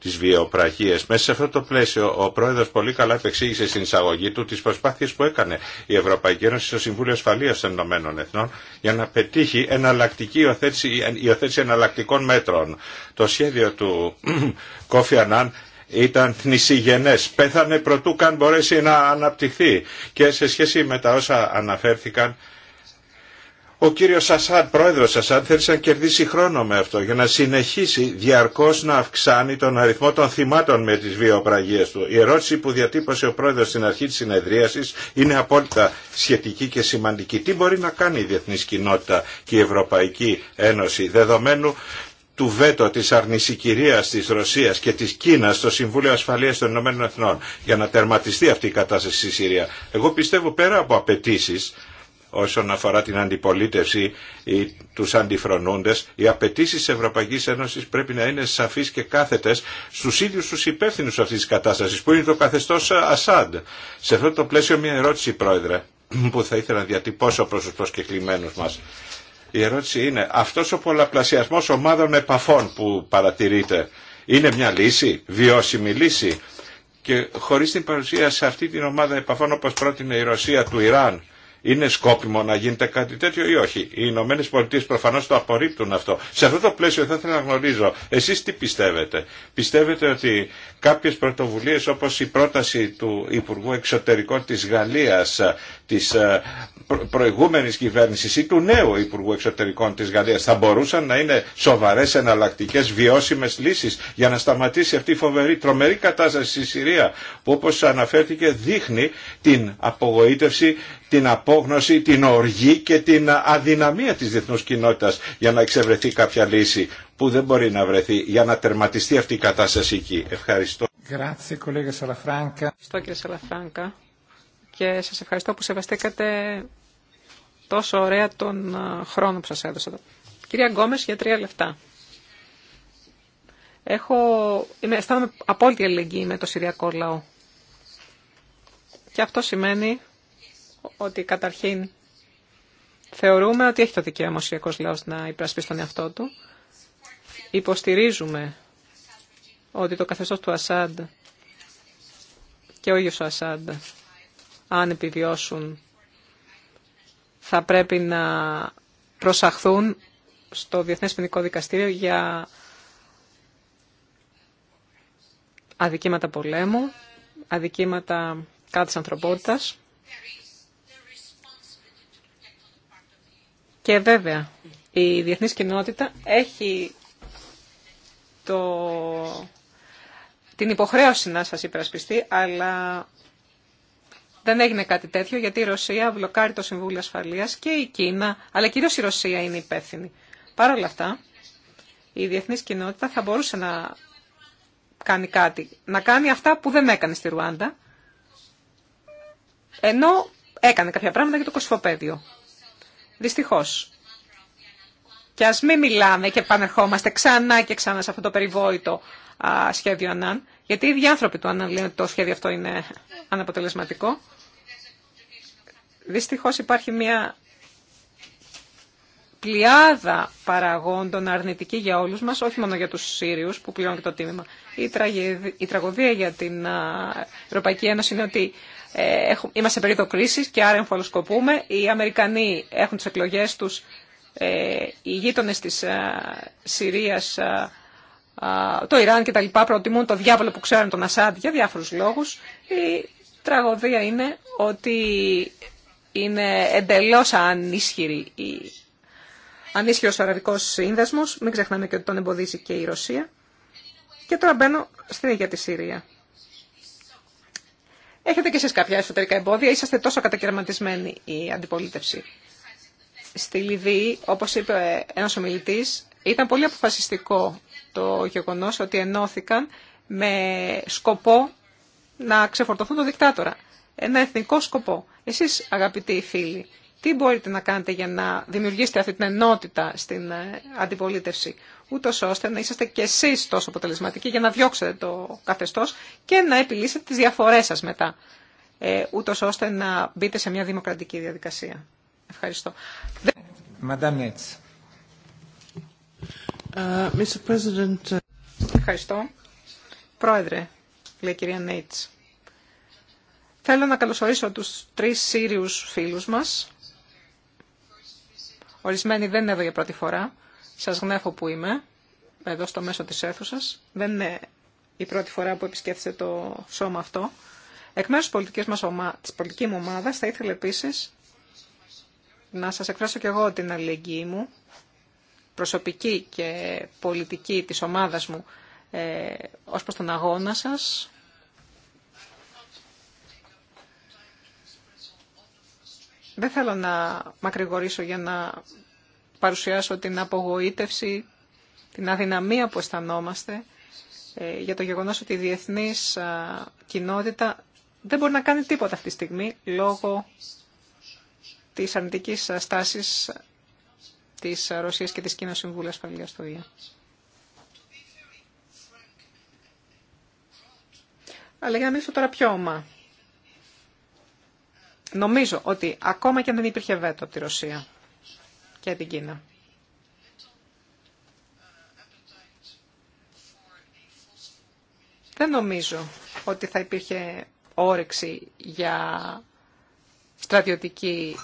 τις βιοπραγίες. Μέσα σε αυτό το πλαίσιο ο Πρόεδρος πολύ καλά επεξήγησε στην εισαγωγή του τις προσπάθειες που έκανε η Ευρωπαϊκή Ένωση στο Συμβούλιο Ασφαλείας των Ηνωμένων Εθνών για να πετύχει εναλλακτική υιοθέτηση, υιοθέτηση εναλλακτικών μέτρων. Το σχέδιο του Κόφι Ανάν ήταν θνησιγενές. Πέθανε προτού καν μπορέσει να αναπτυχθεί. Και σε σχέση με τα όσα αναφέρθηκαν ο κύριος Ασάντ, πρόεδρος Ασάντ, θέλησε να κερδίσει χρόνο με αυτό για να συνεχίσει διαρκώς να αυξάνει τον αριθμό των θυμάτων με τις βιοπραγίες του. Η ερώτηση που διατύπωσε ο πρόεδρος στην αρχή της συνεδρίασης είναι απόλυτα σχετική και σημαντική. Τι μπορεί να κάνει η διεθνή κοινότητα και η Ευρωπαϊκή Ένωση δεδομένου του βέτο της αρνησικυρίας της Ρωσίας και της Κίνας στο Συμβούλιο Ασφαλείας των Ηνωμένων Εθνών για να τερματιστεί αυτή η κατάσταση στη Συρία. Εγώ πιστεύω πέρα από απαιτήσει όσον αφορά την αντιπολίτευση ή τους αντιφρονούντες, οι απαιτήσει της Ευρωπαϊκής Ένωσης πρέπει να είναι σαφείς και κάθετες στους ίδιους τους υπεύθυνους αυτής της κατάστασης, που είναι το καθεστώς Ασάντ. Σε αυτό το πλαίσιο μια ερώτηση, Πρόεδρε, που θα ήθελα να διατυπώσω προς τους προσκεκλημένους μας. Η ερώτηση είναι, αυτός ο πολλαπλασιασμός ομάδων επαφών που παρατηρείται, είναι μια λύση, βιώσιμη λύση. Και χωρίς την παρουσία σε αυτή την ομάδα επαφών όπως πρότεινε η Ρωσία του Ιράν, είναι σκόπιμο να γίνεται κάτι τέτοιο ή όχι. Οι Ηνωμένε Πολιτείε προφανώ το απορρίπτουν αυτό. Σε αυτό το πλαίσιο θα ήθελα να γνωρίζω εσεί τι πιστεύετε. Πιστεύετε ότι κάποιε πρωτοβουλίε όπω η πρόταση του Υπουργού Εξωτερικών τη Γαλλία, τη ε, προηγούμενη κυβέρνηση ή του νέου Υπουργού Εξωτερικών τη Γαλλία θα μπορούσαν να είναι σοβαρέ εναλλακτικέ βιώσιμε λύσει για να σταματήσει αυτή η φοβερή, τρομερή κατάσταση στη Συρία που όπω αναφέρθηκε δείχνει την απογοήτευση την απόγνωση, την οργή και την αδυναμία της διεθνούς κοινότητας για να εξευρεθεί κάποια λύση που δεν μπορεί να βρεθεί για να τερματιστεί αυτή η κατάσταση εκεί. Ευχαριστώ. Ευχαριστώ κύριε Σαλαφράνκα και σας ευχαριστώ που σεβαστήκατε τόσο ωραία τον ε, χρόνο που σας έδωσα. Κυρία Γκόμες για τρία λεπτά. Έχω, αισθάνομαι απόλυτη αλληλεγγύη με το Συριακό λαό. Και αυτό σημαίνει ότι καταρχήν θεωρούμε ότι έχει το δικαίωμα ο Συριακός λαός να υπερασπίσει τον εαυτό του. Υποστηρίζουμε ότι το καθεστώς του Ασάντ και ο ίδιος ο Ασάντ, αν επιβιώσουν, θα πρέπει να προσαχθούν στο Διεθνές Ποινικό Δικαστήριο για αδικήματα πολέμου, αδικήματα κάτω ανθρωπότητας. Και βέβαια, η διεθνής κοινότητα έχει το... την υποχρέωση να σας υπερασπιστεί, αλλά δεν έγινε κάτι τέτοιο γιατί η Ρωσία βλοκάρει το Συμβούλιο Ασφαλείας και η Κίνα, αλλά κυρίως η Ρωσία είναι υπεύθυνη. Παρ' όλα αυτά, η διεθνής κοινότητα θα μπορούσε να κάνει κάτι, να κάνει αυτά που δεν έκανε στη Ρουάντα, ενώ έκανε κάποια πράγματα για το κοσφοπέδιο. Δυστυχώς. Και ας μην μιλάμε και επανερχόμαστε ξανά και ξανά σε αυτό το περιβόητο σχέδιο ΑΝΑΝ, γιατί οι ίδιοι άνθρωποι του ΑΝΑΝ λένε ότι το σχέδιο αυτό είναι αναποτελεσματικό. Δυστυχώς υπάρχει μια πλειάδα παραγόντων αρνητική για όλους μας, όχι μόνο για τους Σύριους που πληρώνουν και το τίμημα. Η, τραγεδ... η τραγωδία για την Ευρωπαϊκή Ένωση είναι ότι ε, είμαστε σε περίοδο κρίσης και άρα εμφαλοσκοπούμε. Οι Αμερικανοί έχουν τις εκλογές τους, ε, οι γείτονε της ε, Συρίας, το Ιράν κτλ. προτιμούν το διάβολο που ξέρουν τον Ασάντ για διάφορους λόγους. Η τραγωδία είναι ότι είναι εντελώς ανίσχυρη η ανίσχυρος ο Αραβικός Σύνδεσμος, μην ξεχνάμε και ότι τον εμποδίζει και η Ρωσία. Και τώρα μπαίνω στην Αίγυπτο τη Συρία. Έχετε και εσείς κάποια εσωτερικά εμπόδια, είσαστε τόσο κατακαιρματισμένοι η αντιπολίτευση. Στη Λιβύη, όπως είπε ένας ομιλητής, ήταν πολύ αποφασιστικό το γεγονός ότι ενώθηκαν με σκοπό να ξεφορτωθούν τον δικτάτορα. Ένα εθνικό σκοπό. Εσείς, αγαπητοί φίλοι, τι μπορείτε να κάνετε για να δημιουργήσετε αυτή την ενότητα στην ε, αντιπολίτευση, ούτω ώστε να είσαστε κι εσεί τόσο αποτελεσματικοί για να διώξετε το καθεστώ και να επιλύσετε τι διαφορέ σα μετά, ε, ούτω ώστε να μπείτε σε μια δημοκρατική διαδικασία. Ευχαριστώ. Mr. Uh, President... Uh, Ευχαριστώ. Πρόεδρε, λέει η κυρία Νέιτς. Θέλω να καλωσορίσω τους τρεις Σύριους φίλους μας Ορισμένοι δεν είναι εδώ για πρώτη φορά. Σας γνέφω που είμαι, εδώ στο μέσο της αίθουσας. Δεν είναι η πρώτη φορά που επισκέφθησε το σώμα αυτό. Εκ μέρους τη πολιτικής, μου ομάδα θα ήθελα επίση να σα εκφράσω και εγώ την αλληλεγγύη μου, προσωπική και πολιτική της ομάδας μου, ε, ως προς τον αγώνα σας, Δεν θέλω να μακρηγορήσω για να παρουσιάσω την απογοήτευση, την αδυναμία που αισθανόμαστε ε, για το γεγονός ότι η διεθνής κοινότητα δεν μπορεί να κάνει τίποτα αυτή τη στιγμή λόγω της αρνητικής στάσης της Ρωσίας και της Κίνας Συμβούλου Ασφαλείας στο ΙΑ. Αλλά για να μιλήσω τώρα πιο ομά. Νομίζω ότι ακόμα και αν δεν υπήρχε βέτο από τη Ρωσία και την Κίνα, δεν νομίζω ότι θα υπήρχε όρεξη για στρατιωτική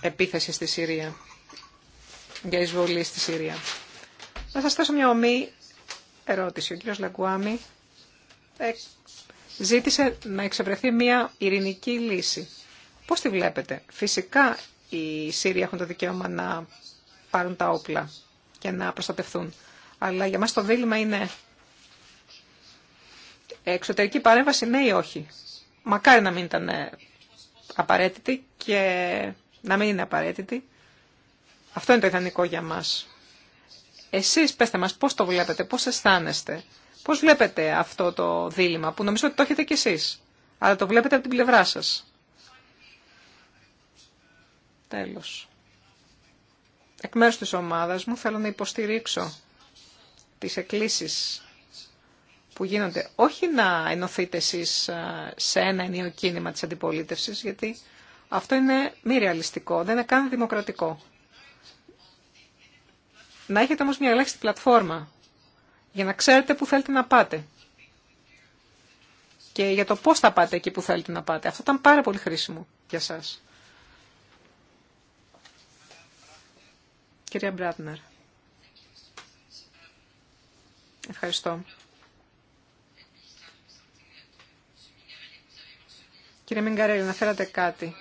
επίθεση στη Συρία, για εισβολή στη Συρία. Να σας θέσω μια ομή ερώτηση. Ο κύριος Λαγκουάμι ε, ζήτησε να εξευρεθεί μια ειρηνική λύση. Πώς τη βλέπετε. Φυσικά οι Σύριοι έχουν το δικαίωμα να πάρουν τα όπλα και να προστατευτούν. Αλλά για μας το δίλημα είναι εξωτερική παρέμβαση ναι ή όχι. Μακάρι να μην ήταν απαραίτητη και να μην είναι απαραίτητη. Αυτό είναι το ιδανικό για μας. Εσείς πέστε μας πώς το βλέπετε, πώς αισθάνεστε, πώς βλέπετε αυτό το δίλημα που νομίζω ότι το έχετε κι εσείς, αλλά το βλέπετε από την πλευρά σας. Τέλος. Εκ μέρους της ομάδας μου θέλω να υποστηρίξω τις εκκλήσεις που γίνονται. Όχι να ενωθείτε εσείς ε, σε ένα ενίο κίνημα της αντιπολίτευσης, γιατί αυτό είναι μη ρεαλιστικό, δεν είναι καν δημοκρατικό. Να έχετε όμως μια ελάχιστη πλατφόρμα για να ξέρετε που θέλετε να πάτε και για το πώς θα πάτε εκεί που θέλετε να πάτε. Αυτό ήταν πάρα πολύ χρήσιμο για σας. Κυρία Μπράτνερ. Ευχαριστώ. Κύριε Μιγκαρέλη, φέρατε κάτι.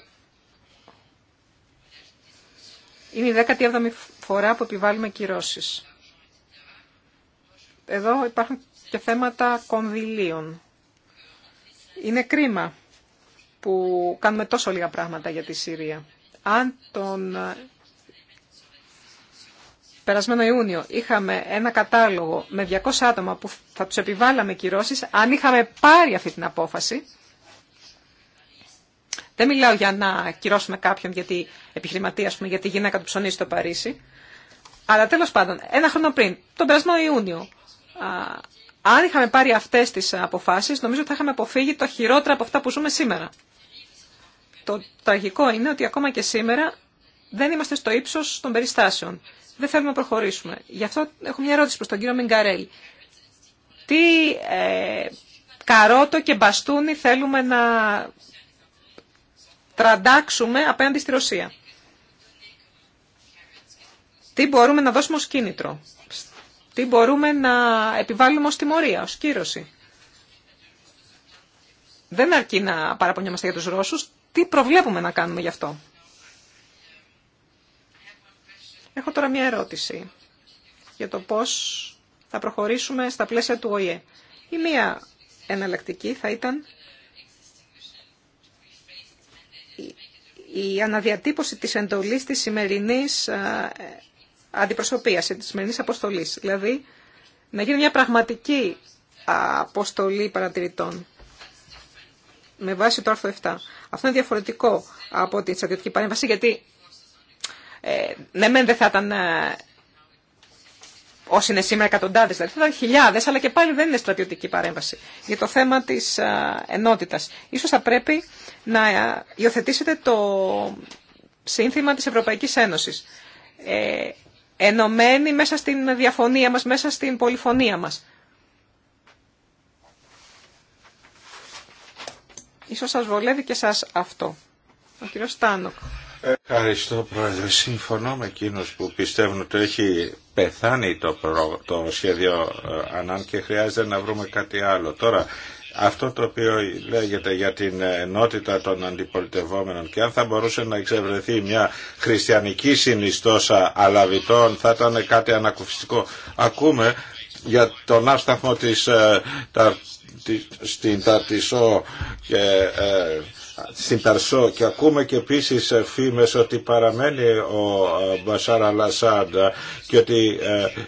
Είναι η 17η φορά που επιβάλλουμε κυρώσεις. Εδώ υπάρχουν και θέματα κονδυλίων. Είναι κρίμα που κάνουμε τόσο λίγα πράγματα για τη Συρία. Αν τον περασμένο Ιούνιο είχαμε ένα κατάλογο με 200 άτομα που θα τους επιβάλαμε κυρώσεις, αν είχαμε πάρει αυτή την απόφαση, δεν μιλάω για να κυρώσουμε κάποιον γιατί επιχειρηματία, πούμε, γιατί γυναίκα του ψωνίζει στο Παρίσι. Αλλά τέλος πάντων, ένα χρόνο πριν, τον περασμένο Ιούνιο, α, αν είχαμε πάρει αυτές τις αποφάσεις, νομίζω ότι θα είχαμε αποφύγει το χειρότερο από αυτά που ζούμε σήμερα. Το τραγικό είναι ότι ακόμα και σήμερα δεν είμαστε στο ύψο των περιστάσεων. Δεν θέλουμε να προχωρήσουμε. Γι' αυτό έχω μια ερώτηση προ τον κύριο Μιγκαρέλ. Τι ε, καρότο και μπαστούνι θέλουμε να τραντάξουμε απέναντι στη Ρωσία. Τι μπορούμε να δώσουμε ως κίνητρο. Τι μπορούμε να επιβάλλουμε ως τιμωρία, ως κύρωση. Δεν αρκεί να παραπονιόμαστε για τους Ρώσους. Τι προβλέπουμε να κάνουμε γι' αυτό. Έχω τώρα μια ερώτηση για το πώς θα προχωρήσουμε στα πλαίσια του ΟΗΕ. Η μία εναλλακτική θα ήταν η αναδιατύπωση της εντολής της σημερινής ε, αντιπροσωπείας, της σημερινής αποστολής. Δηλαδή, να γίνει μια πραγματική αποστολή παρατηρητών με βάση το άρθρο 7. Αυτό είναι διαφορετικό από την στρατιωτική παρέμβαση, γιατί ε, ναι, μεν δεν θα ήταν ε, όσοι είναι σήμερα εκατοντάδε, δηλαδή θα ήταν χιλιάδε, αλλά και πάλι δεν είναι στρατιωτική παρέμβαση. Για το θέμα τη ε, ενότητα. Ίσως θα πρέπει να υιοθετήσετε το σύνθημα τη Ευρωπαϊκή Ένωση. Ε, ενωμένοι μέσα στην διαφωνία μας, μέσα στην πολυφωνία μας. Ίσως σας βολεύει και σας αυτό. Ο κύριος Στάνοκ. Ευχαριστώ Πρόεδρε. Συμφωνώ με εκείνους που πιστεύουν ότι έχει πεθάνει το, το σχέδιο ε, Ανάν και χρειάζεται να βρούμε κάτι άλλο. Τώρα αυτό το οποίο λέγεται για την ενότητα των αντιπολιτευόμενων και αν θα μπορούσε να εξευρεθεί μια χριστιανική συνιστόσα αλαβητών θα ήταν κάτι ανακουφιστικό. Ακούμε για τον άσταθμο της, ε, στην Ταρτισό και ε, στην και ακούμε και επίσης ε, φήμες ότι παραμένει ο ε, Μπασάρα Λασάντ και ότι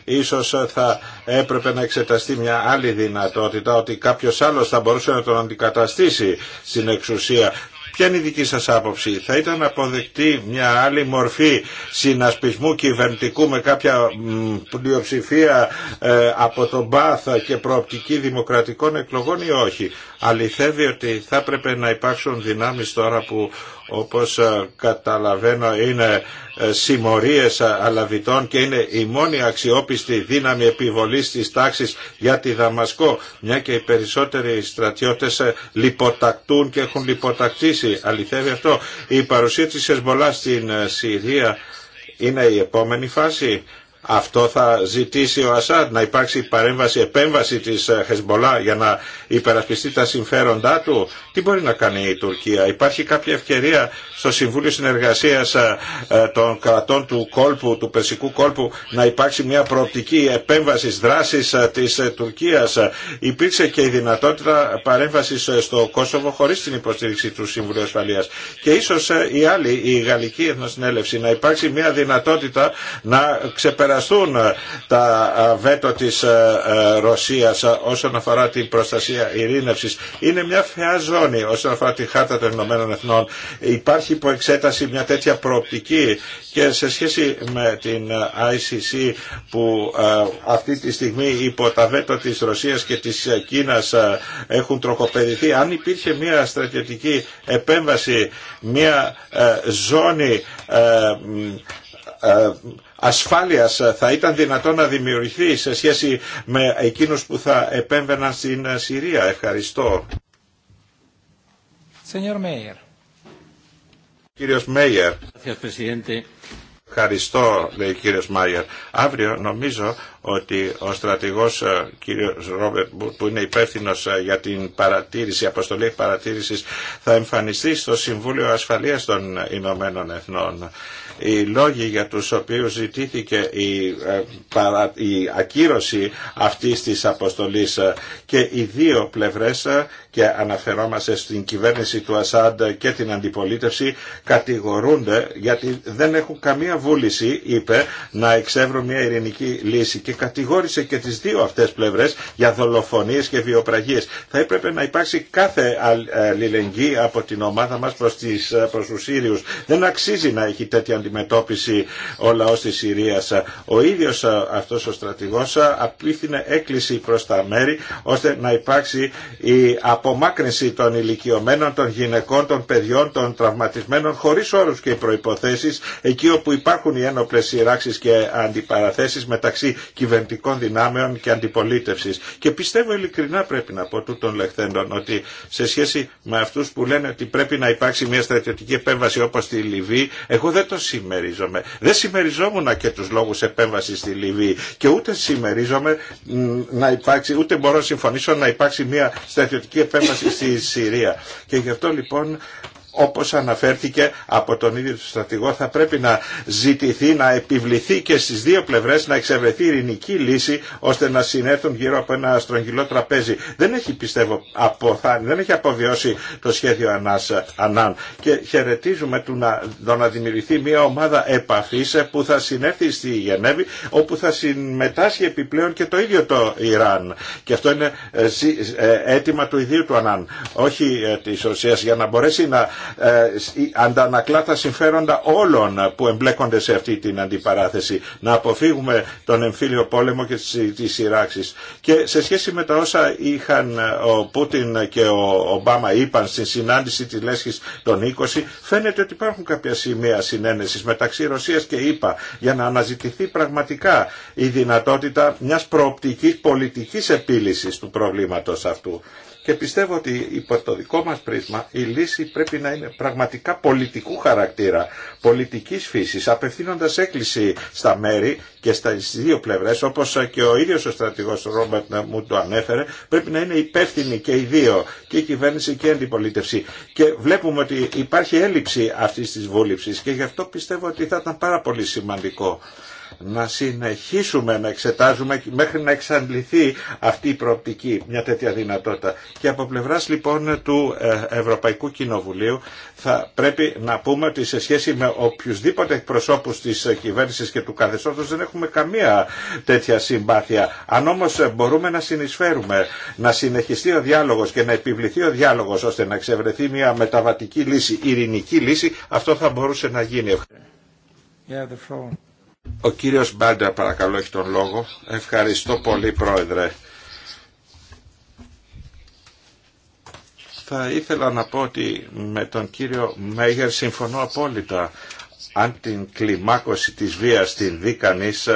ε, ίσως θα έπρεπε να εξεταστεί μια άλλη δυνατότητα ότι κάποιος άλλος θα μπορούσε να τον αντικαταστήσει στην εξουσία Ποια είναι η δική σας άποψη. Θα ήταν αποδεκτή μια άλλη μορφή συνασπισμού κυβερνητικού με κάποια πλειοψηφία ε, από τον Πάθα και προοπτική δημοκρατικών εκλογών ή όχι. Αληθεύει ότι θα έπρεπε να υπάρξουν δυνάμεις τώρα που όπως ε, καταλαβαίνω είναι ε, συμμορίες ε, αλαβητών και είναι η μόνη αξιόπιστη δύναμη επιβολής της τάξης για τη Δαμασκό μια και οι περισσότεροι στρατιώτες λιποτακτούν και έχουν λιποτακτήσει αληθεύει αυτό η παρουσία της Εσμπολά στην Συρία είναι η επόμενη φάση αυτό θα ζητήσει ο Ασάντ να υπάρξει παρέμβαση, επέμβαση της ε, Χεσμολά για να υπερασπιστεί τα συμφέροντά του. Τι μπορεί να κάνει η Τουρκία. Υπάρχει κάποια ευκαιρία στο Συμβούλιο Συνεργασίας ε, ε, των κρατών του κόλπου, του Περσικού κόλπου να υπάρξει μια προοπτική επέμβαση δράσης της Τουρκίας. Υπήρξε και η δυνατότητα παρέμβασης στο Κόσοβο χωρίς την υποστήριξη του Συμβουλίου ασφαλεία. Και ίσως η άλλη, η Γαλλική Εθνοσυνέλευση, να υπάρξει μια δυνατότητα να ξεπεράσει ξεπεραστούν ε, τα ε, βέτο της ε, Ρωσίας όσον αφορά την προστασία ειρήνευσης. Είναι μια φαιά ζώνη όσον αφορά τη Χάρτα των Ηνωμένων Εθνών. Υπάρχει υπό εξέταση μια τέτοια προοπτική και σε σχέση με την ICC που αυτή τη στιγμή υπό τα βέτο της Ρωσίας και της Κίνας έχουν τροχοπεδηθεί. Αν υπήρχε μια στρατιωτική επέμβαση, μια ζώνη ασφάλειας ε, θα ήταν δυνατόν να δημιουργηθεί σε σχέση με εκείνους που θα επέμβαιναν στην ε, Συρία. Ευχαριστώ. Μέιερ. Κύριος Μέιερ. Ευχαριστώ, λέει ο κύριος Μάιερ. Αύριο νομίζω ότι ο στρατηγός ε, κ. Ρόμπερτ που είναι υπεύθυνο ε, για την παρατήρηση, αποστολή παρατήρησης θα εμφανιστεί στο Συμβούλιο Ασφαλείας των Ηνωμένων Εθνών. Οι λόγοι για τους οποίους ζητήθηκε η, ε, η ακύρωση αυτής της αποστολής και οι δύο πλευρές και αναφερόμαστε στην κυβέρνηση του Ασάντ και την αντιπολίτευση κατηγορούνται γιατί δεν έχουν καμία βούληση, είπε, να εξεύρουν μια ειρηνική λύση και κατηγόρησε και τις δύο αυτές πλευρές για δολοφονίες και βιοπραγίες. Θα έπρεπε να υπάρξει κάθε ε, αλληλεγγύη από την ομάδα μας προς, τις, ε, προς τους Σύριους. Δεν αξίζει να έχει τέτοια αντιμετώπιση ο λαός της Συρίας. Ο ίδιος ε, αυτός ο στρατηγός απίθυνε έκκληση προς τα μέρη ώστε να υπάρξει η απομάκρυνση των ηλικιωμένων, των γυναικών, των παιδιών, των τραυματισμένων χωρίς όρους και προϋποθέσεις εκεί όπου υπάρχουν οι ένοπλες σειράξεις και αντιπαραθέσεις μεταξύ κυβερνητικών δυνάμεων και αντιπολίτευσης. Και πιστεύω ειλικρινά πρέπει να πω τούτων λεχθέντων ότι σε σχέση με αυτούς που λένε ότι πρέπει να υπάρξει μια στρατιωτική επέμβαση όπως στη Λιβύη, εγώ δεν το συμμερίζομαι. Δεν συμμεριζόμουν και του λόγους επέμβαση στη Λιβύη και ούτε συμμερίζομαι να υπάρξει, ούτε μπορώ να συμφωνήσω να υπάρξει μια στρατιωτική επέμβαση επέμβαση στη Συρία. Και γι' αυτό λοιπόν όπως αναφέρθηκε από τον ίδιο του στρατηγό θα πρέπει να ζητηθεί να επιβληθεί και στις δύο πλευρές να εξευρεθεί ειρηνική λύση ώστε να συνέρθουν γύρω από ένα στρογγυλό τραπέζι. Δεν έχει πιστεύω δεν έχει αποβιώσει το σχέδιο Ανάς, Ανάν και χαιρετίζουμε του να, το δημιουργηθεί μια ομάδα επαφής ε, που θα συνέρθει στη Γενέβη όπου θα συμμετάσχει επιπλέον και το ίδιο το Ιράν και αυτό είναι ε, ε, αίτημα του ιδίου του Ανάν όχι της ουσίας για να μπορέσει να ε, αντανακλά τα συμφέροντα όλων που εμπλέκονται σε αυτή την αντιπαράθεση. Να αποφύγουμε τον εμφύλιο πόλεμο και τις σειράξεις. Και σε σχέση με τα όσα είχαν ε, ο Πούτιν και ο Ομπάμα είπαν στη συνάντηση της Λέσχης των 20, φαίνεται ότι υπάρχουν κάποια σημεία συνένεσης μεταξύ Ρωσίας και ΗΠΑ για να αναζητηθεί πραγματικά η δυνατότητα μιας προοπτικής πολιτικής επίλυσης του προβλήματος αυτού. Και πιστεύω ότι υπό το δικό μας πρίσμα η λύση πρέπει να είναι πραγματικά πολιτικού χαρακτήρα, πολιτικής φύσης, απευθύνοντας έκκληση στα μέρη και στις δύο πλευρές, όπως και ο ίδιος ο στρατηγός Ρόμπερτ μου το ανέφερε, πρέπει να είναι υπεύθυνοι και οι δύο, και η κυβέρνηση και η αντιπολίτευση. Και βλέπουμε ότι υπάρχει έλλειψη αυτής της βούληψης και γι' αυτό πιστεύω ότι θα ήταν πάρα πολύ σημαντικό να συνεχίσουμε να εξετάζουμε μέχρι να εξαντληθεί αυτή η προοπτική, μια τέτοια δυνατότητα. Και από πλευράς λοιπόν του ε, Ευρωπαϊκού Κοινοβουλίου θα πρέπει να πούμε ότι σε σχέση με οποιουσδήποτε εκπροσώπους της κυβέρνησης και του καθεστώτος δεν έχουμε καμία τέτοια συμπάθεια. Αν όμως μπορούμε να συνεισφέρουμε, να συνεχιστεί ο διάλογος και να επιβληθεί ο διάλογος ώστε να εξευρεθεί μια μεταβατική λύση, ειρηνική λύση, αυτό θα μπορούσε να γίνει. Ο κύριος Μπάντα παρακαλώ έχει τον λόγο. Ευχαριστώ πολύ πρόεδρε. Θα ήθελα να πω ότι με τον κύριο Μέγερ συμφωνώ απόλυτα. Αν την κλιμάκωση της βίας την δει κανείς,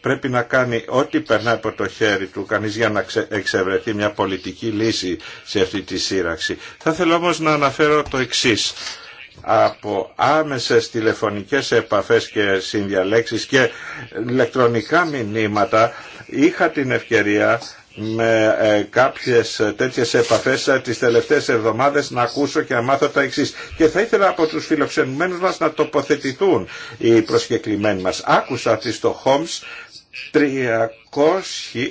πρέπει να κάνει ό,τι περνά από το χέρι του κανείς για να εξευρεθεί μια πολιτική λύση σε αυτή τη σύραξη. Θα θέλω όμως να αναφέρω το εξής από άμεσες τηλεφωνικές επαφές και συνδιαλέξεις και ηλεκτρονικά μηνύματα είχα την ευκαιρία με ε, κάποιες τέτοιες επαφές ε, τις τελευταίες εβδομάδες να ακούσω και να μάθω τα εξής. Και θα ήθελα από τους φιλοξενουμένους μας να τοποθετηθούν οι προσκεκλημένοι μας. Άκουσα ότι στο Homs 300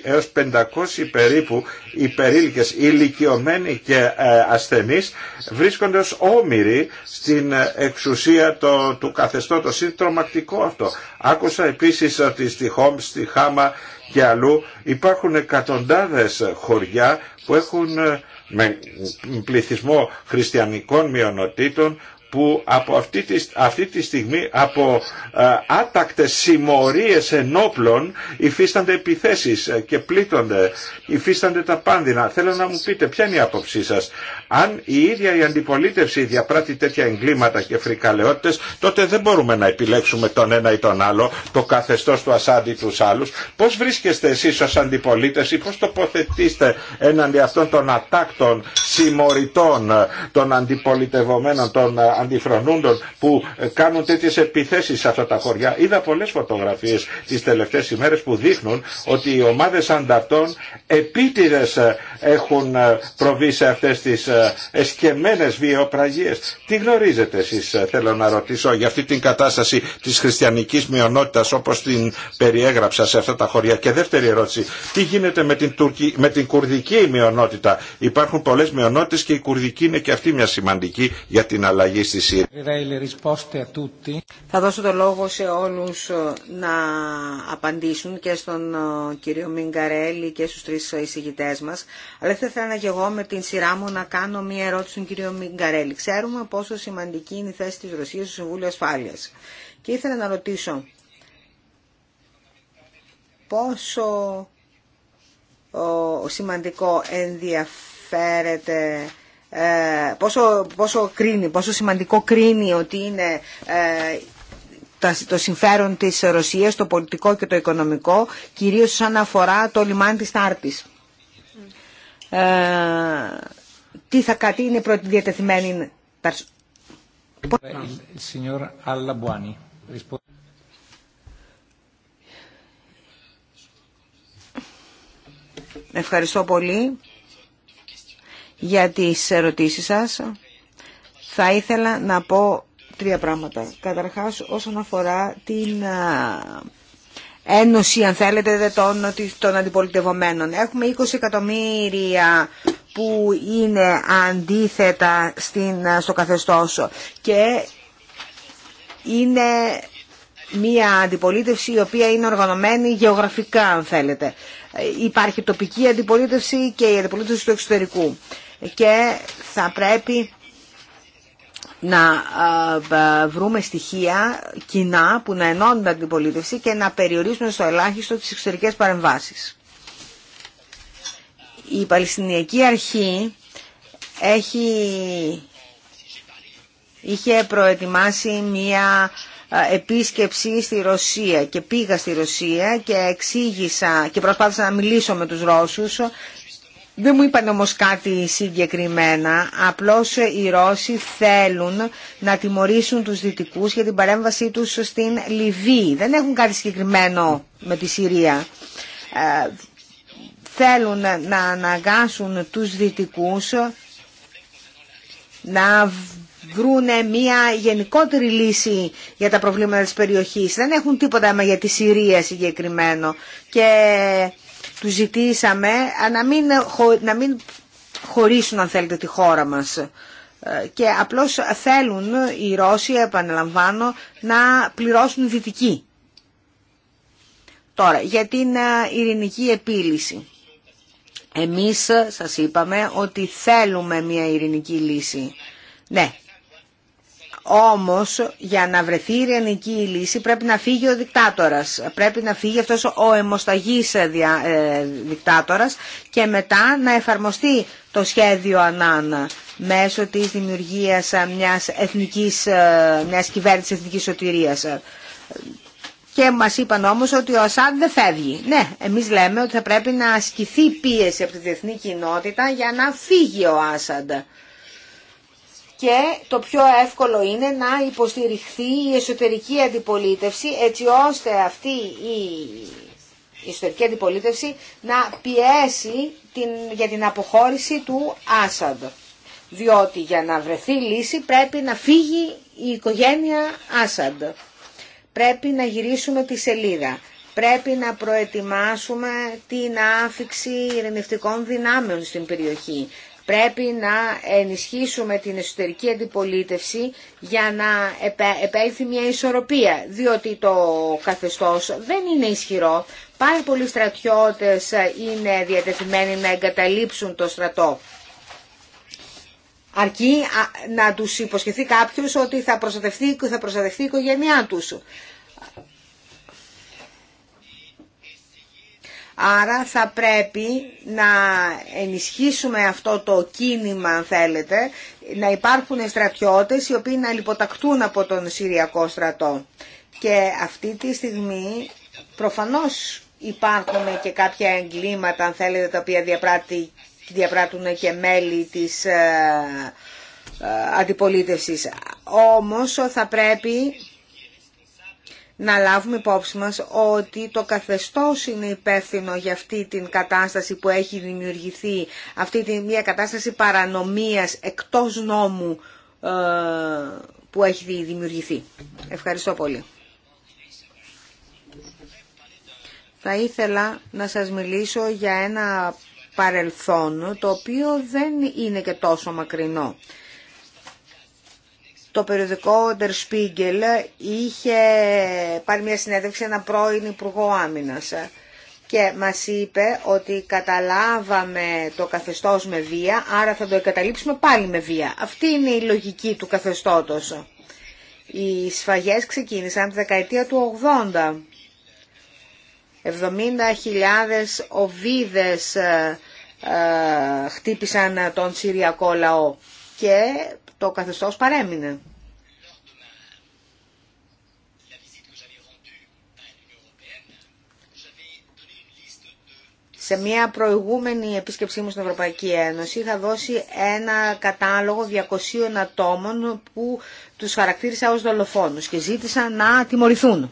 έως 500 περίπου υπερήλικες ηλικιωμένοι και ε, ασθενείς βρίσκονται ως όμοιροι στην ε, εξουσία του καθεστώτος. Είναι τρομακτικό αυτό. Άκουσα επίσης ότι στη Χόμ, στη Χάμα και αλλού υπάρχουν εκατοντάδες χωριά που έχουν ε, με πληθυσμό χριστιανικών μειονοτήτων που από αυτή τη, στιγμή από ε, άτακτες συμμορίες ενόπλων υφίστανται επιθέσεις ε, και πλήττονται, υφίστανται τα πάνδυνα. Θέλω να μου πείτε ποια είναι η άποψή σας. Αν η ίδια η αντιπολίτευση διαπράττει τέτοια εγκλήματα και φρικαλαιότητες, τότε δεν μπορούμε να επιλέξουμε τον ένα ή τον άλλο, το καθεστώς του Ασάντη ή τους άλλους. Πώς βρίσκεστε εσείς ως αντιπολίτευση, πώς τοποθετήστε έναντι αυτών των ατάκτων συμμοριτών ε, των αντιπολιτευομένων, των ε, αντιφρονούντων που ε, κάνουν τέτοιες επιθέσεις σε αυτά τα χωριά. Είδα πολλές φωτογραφίες τις τελευταίες ημέρες που δείχνουν ότι οι ομάδες ανταρτών επίτηδες έχουν προβεί σε αυτές τις εσκεμμένες βιοπραγίες. Τι γνωρίζετε εσείς θέλω να ρωτήσω για αυτή την κατάσταση της χριστιανικής μειονότητας όπως την περιέγραψα σε αυτά τα χωριά. Και δεύτερη ερώτηση, τι γίνεται με την, Τουρκη... με την κουρδική μειονότητα. Υπάρχουν πολλές μειονότητες μειονότητες και η κουρδική είναι και αυτή μια σημαντική για την αλλαγή στη Σύρια. Θα δώσω το λόγο σε όλους ε, να απαντήσουν και στον ε, κύριο Μιγκαρέλη και στους τρεις εισηγητές μας. Αλλά θα ήθελα και εγώ με την σειρά μου να κάνω μια ερώτηση στον κύριο Μιγκαρέλη. Ξέρουμε πόσο σημαντική είναι η θέση της Ρωσίας στο Συμβούλιο Ασφάλειας. Και ήθελα να ρωτήσω πόσο σημαντικό ενδιαφέρον ε, πόσο, πόσο, κρίνει, πόσο σημαντικό κρίνει ότι είναι ε, το συμφέρον της Ρωσίας, το πολιτικό και το οικονομικό, κυρίως σαν αφορά το λιμάνι της Τάρτης. Ε, τι θα κάτι είναι πρώτη διατεθειμένη... Ευχαριστώ πολύ για τις ερωτήσεις σας. Θα ήθελα να πω τρία πράγματα. Καταρχάς όσον αφορά την ένωση, αν θέλετε, των, των αντιπολιτευομένων. Έχουμε 20 εκατομμύρια που είναι αντίθετα στην, στο καθεστώς και είναι μια αντιπολίτευση η οποία είναι οργανωμένη γεωγραφικά αν θέλετε. Υπάρχει τοπική αντιπολίτευση και η αντιπολίτευση του εξωτερικού και θα πρέπει να ε, βρούμε στοιχεία κοινά που να ενώνουν την αντιπολίτευση και να περιορίσουμε στο ελάχιστο τις εξωτερικές παρεμβάσεις. Η Παλαιστινιακή Αρχή έχει, είχε προετοιμάσει μία ε, επίσκεψη στη Ρωσία και πήγα στη Ρωσία και εξήγησα και προσπάθησα να μιλήσω με τους Ρώσους δεν μου είπαν όμως κάτι συγκεκριμένα, απλώς οι Ρώσοι θέλουν να τιμωρήσουν τους Δυτικούς για την παρέμβασή τους στην Λιβύη. Δεν έχουν κάτι συγκεκριμένο με τη Συρία. Ε, θέλουν να αναγκάσουν τους Δυτικούς να βρούνε μια γενικότερη λύση για τα προβλήματα της περιοχής. Δεν έχουν τίποτα για τη Συρία συγκεκριμένο. Και τους ζητήσαμε να μην, ε, να μην χωρίσουν αν θέλετε τη χώρα μας ε, και απλώς θέλουν οι Ρώσοι, επαναλαμβάνω, να πληρώσουν δυτική. Τώρα, για την ε, ειρηνική επίλυση. Εμείς σας είπαμε ότι θέλουμε μια ειρηνική λύση. Ναι, όμως για να βρεθεί η ειρηνική λύση πρέπει να φύγει ο δικτάτορας, πρέπει να φύγει αυτός ο αιμοσταγής ε, ε, δικτάτορας και μετά να εφαρμοστεί το σχέδιο Ανάν μέσω της δημιουργίας μιας, εθνικής, ε, μιας κυβέρνησης εθνικής σωτηρίας. Και μας είπαν όμως ότι ο Ασάντ δεν φεύγει. Ναι, εμείς λέμε ότι θα πρέπει να ασκηθεί πίεση από τη διεθνή κοινότητα για να φύγει ο Ασάντ και το πιο εύκολο είναι να υποστηριχθεί η εσωτερική αντιπολίτευση έτσι ώστε αυτή η εσωτερική αντιπολίτευση να πιέσει την, για την αποχώρηση του Άσαντ. Διότι για να βρεθεί λύση πρέπει να φύγει η οικογένεια Άσαντ. Πρέπει να γυρίσουμε τη σελίδα. Πρέπει να προετοιμάσουμε την άφηξη ειρηνευτικών δυνάμεων στην περιοχή. Πρέπει να ενισχύσουμε την εσωτερική αντιπολίτευση για να επέλθει μια ισορροπία, διότι το καθεστώς δεν είναι ισχυρό. Πάρα πολλοί στρατιώτες είναι διατεθειμένοι να εγκαταλείψουν το στρατό. Αρκεί να τους υποσχεθεί κάποιος ότι θα προστατευτεί, θα προστατευτεί η οικογένειά τους. Άρα θα πρέπει να ενισχύσουμε αυτό το κίνημα, αν θέλετε, να υπάρχουν στρατιώτες οι οποίοι να λιποτακτούν από τον Συριακό στρατό. Και αυτή τη στιγμή προφανώς υπάρχουν και κάποια εγκλήματα, αν θέλετε, τα οποία διαπράττουν και μέλη της ε, ε, αντιπολίτευσης. Όμως θα πρέπει να λάβουμε υπόψη μας ότι το καθεστώς είναι υπεύθυνο για αυτή την κατάσταση που έχει δημιουργηθεί, αυτή τη μια κατάσταση παρανομίας εκτός νόμου ε, που έχει δημιουργηθεί. Ευχαριστώ πολύ. Θα ήθελα να σας μιλήσω για ένα παρελθόν το οποίο δεν είναι και τόσο μακρινό το περιοδικό Der Spiegel είχε πάρει μια συνέντευξη έναν πρώην Υπουργό Άμυνας και μας είπε ότι καταλάβαμε το καθεστώς με βία, άρα θα το εγκαταλείψουμε πάλι με βία. Αυτή είναι η λογική του καθεστώτος. Οι σφαγές ξεκίνησαν τη δεκαετία του 80. 70.000 οβίδες ε, ε, χτύπησαν τον Συριακό λαό και το καθεστώς παρέμεινε. Σε μια προηγούμενη επίσκεψή μου στην Ευρωπαϊκή Ένωση είχα δώσει ένα κατάλογο 200 ατόμων που τους χαρακτήρισα ως δολοφόνους και ζήτησα να τιμωρηθούν.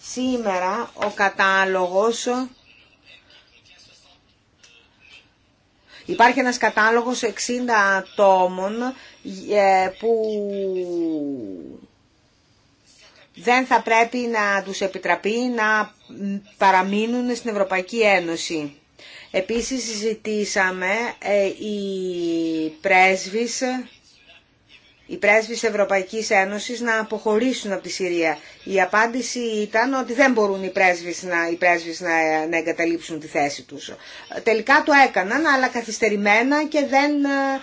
Σήμερα ο κατάλογος Υπάρχει ένας κατάλογος 60 ατόμων ε, που δεν θα πρέπει να τους επιτραπεί να παραμείνουν στην Ευρωπαϊκή Ένωση. Επίσης συζητήσαμε ε, οι πρέσβεις οι πρέσβεις Ευρωπαϊκής Ένωσης να αποχωρήσουν από τη Συρία. Η απάντηση ήταν ότι δεν μπορούν οι πρέσβεις να, να, εγκαταλείψουν τη θέση τους. Τελικά το έκαναν, αλλά καθυστερημένα και δεν, ε,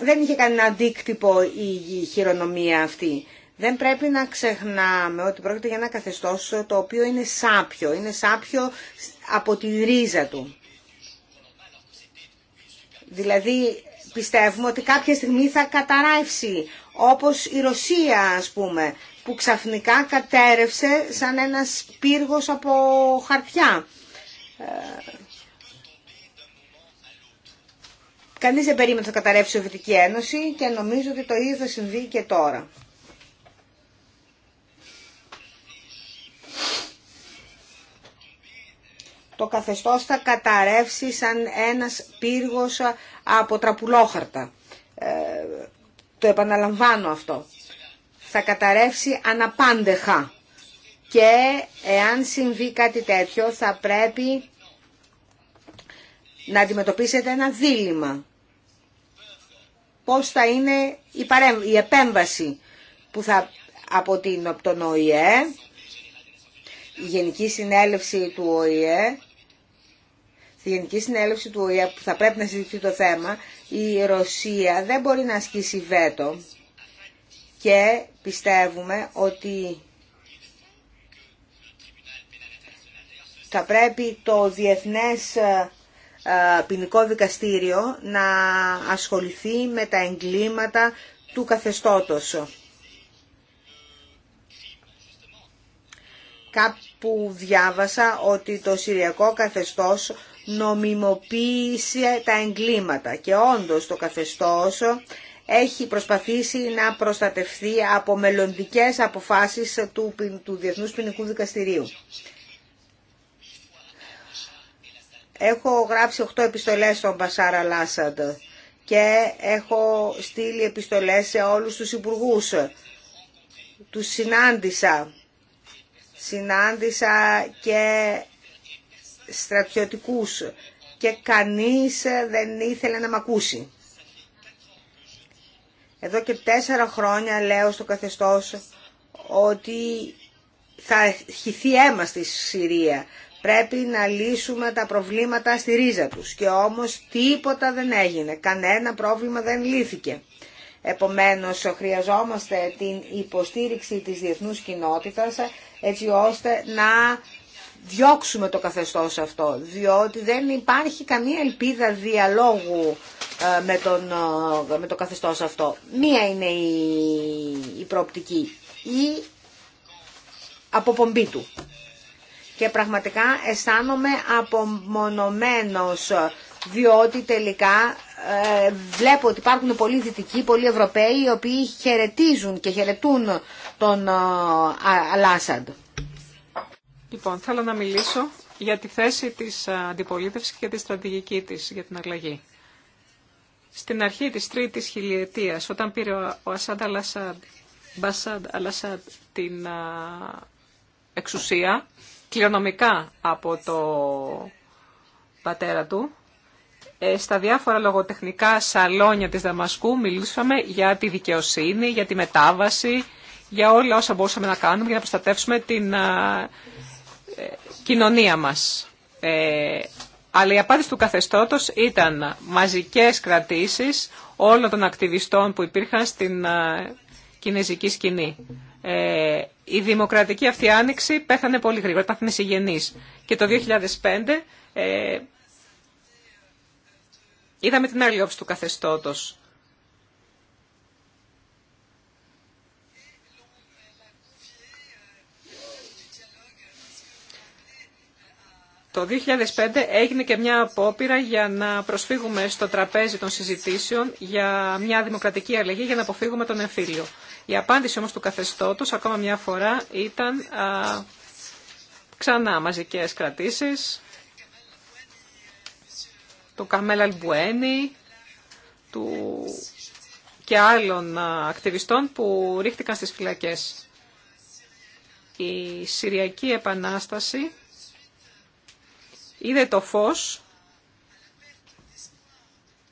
δεν είχε κανένα αντίκτυπο η χειρονομία αυτή. Δεν πρέπει να ξεχνάμε ότι πρόκειται για ένα καθεστώς το οποίο είναι σάπιο, είναι σάπιο από τη ρίζα του. Δηλαδή πιστεύουμε ότι κάποια στιγμή θα καταρρεύσει όπως η Ρωσία ας πούμε, που ξαφνικά κατέρευσε σαν ένας πύργος από χαρτιά. Ε, κανείς δεν περίμενε να καταρρεύσει η Ένωση και νομίζω ότι το ίδιο θα συμβεί και τώρα. Το καθεστώς θα καταρρεύσει σαν ένας πύργος από τραπουλόχαρτα. Ε, το επαναλαμβάνω αυτό. Θα καταρρεύσει αναπάντεχα. Και εάν συμβεί κάτι τέτοιο θα πρέπει να αντιμετωπίσετε ένα δίλημα. Πώς θα είναι η, παρέμ... η επέμβαση που θα από την, τον ΟΗΕ, η Γενική Συνέλευση του ΟΗΕ, στη Γενική Συνέλευση του ΟΗΕ που θα πρέπει να συζητηθεί το θέμα, η Ρωσία δεν μπορεί να ασκήσει βέτο και πιστεύουμε ότι θα πρέπει το Διεθνές ε, ε, Ποινικό Δικαστήριο να ασχοληθεί με τα εγκλήματα του καθεστώτος. Κάπου διάβασα ότι το Συριακό καθεστώς νομιμοποίησε τα εγκλήματα και όντως το καθεστώς έχει προσπαθήσει να προστατευθεί από μελλοντικές αποφάσεις του, του Διεθνούς Ποινικού Δικαστηρίου. Έχω γράψει 8 επιστολές στον Μπασάρα Λάσαντ και έχω στείλει επιστολές σε όλους τους υπουργούς. Τους συνάντησα. Συνάντησα και στρατιωτικούς και κανείς ε, δεν ήθελε να μ' ακούσει. Εδώ και τέσσερα χρόνια λέω στο καθεστώς ότι θα χυθεί αίμα στη Συρία. Πρέπει να λύσουμε τα προβλήματα στη ρίζα τους. Και όμως τίποτα δεν έγινε. Κανένα πρόβλημα δεν λύθηκε. Επομένως χρειαζόμαστε την υποστήριξη της διεθνούς κοινότητας έτσι ώστε να διώξουμε το καθεστώς αυτό, διότι δεν υπάρχει καμία ελπίδα διαλόγου ε, με, τον, ε, με το καθεστώς αυτό. Μία είναι η, η προοπτική, η αποπομπή του. Και πραγματικά αισθάνομαι απομονωμένος, διότι τελικά ε, βλέπω ότι υπάρχουν πολλοί δυτικοί, πολλοί Ευρωπαίοι, οι οποίοι χαιρετίζουν και χαιρετούν τον ε, Λοιπόν, θέλω να μιλήσω για τη θέση της αντιπολίτευσης και τη στρατηγική της για την αλλαγή. Στην αρχή της τρίτης χιλιετίας, όταν πήρε ο Ασάντ Αλασάντ, Μπασάντ Αλασάντ την εξουσία, κληρονομικά από το πατέρα του, ε, στα διάφορα λογοτεχνικά σαλόνια της Δαμασκού μιλούσαμε για τη δικαιοσύνη, για τη μετάβαση, για όλα όσα μπορούσαμε να κάνουμε για να προστατεύσουμε την κοινωνία μας. Ε, αλλά η απάντηση του καθεστώτος ήταν μαζικές κρατήσεις όλων των ακτιβιστών που υπήρχαν στην ε, κινέζικη σκηνή. Ε, η δημοκρατική αυτή άνοιξη πέθανε πολύ γρήγορα, ήταν θνησιγενής. Και το 2005 είδαμε την άλλη όψη του καθεστώτος Το 2005 έγινε και μια απόπειρα για να προσφύγουμε στο τραπέζι των συζητήσεων για μια δημοκρατική αλλαγή για να αποφύγουμε τον εμφύλιο. Η απάντηση όμως του καθεστώτος ακόμα μια φορά ήταν ξανά μαζικές κρατήσεις του Καμέλα Αλμπουένι του... και άλλων ακτιβιστών που ρίχτηκαν στις φυλακές. Η Συριακή Επανάσταση είδε το φως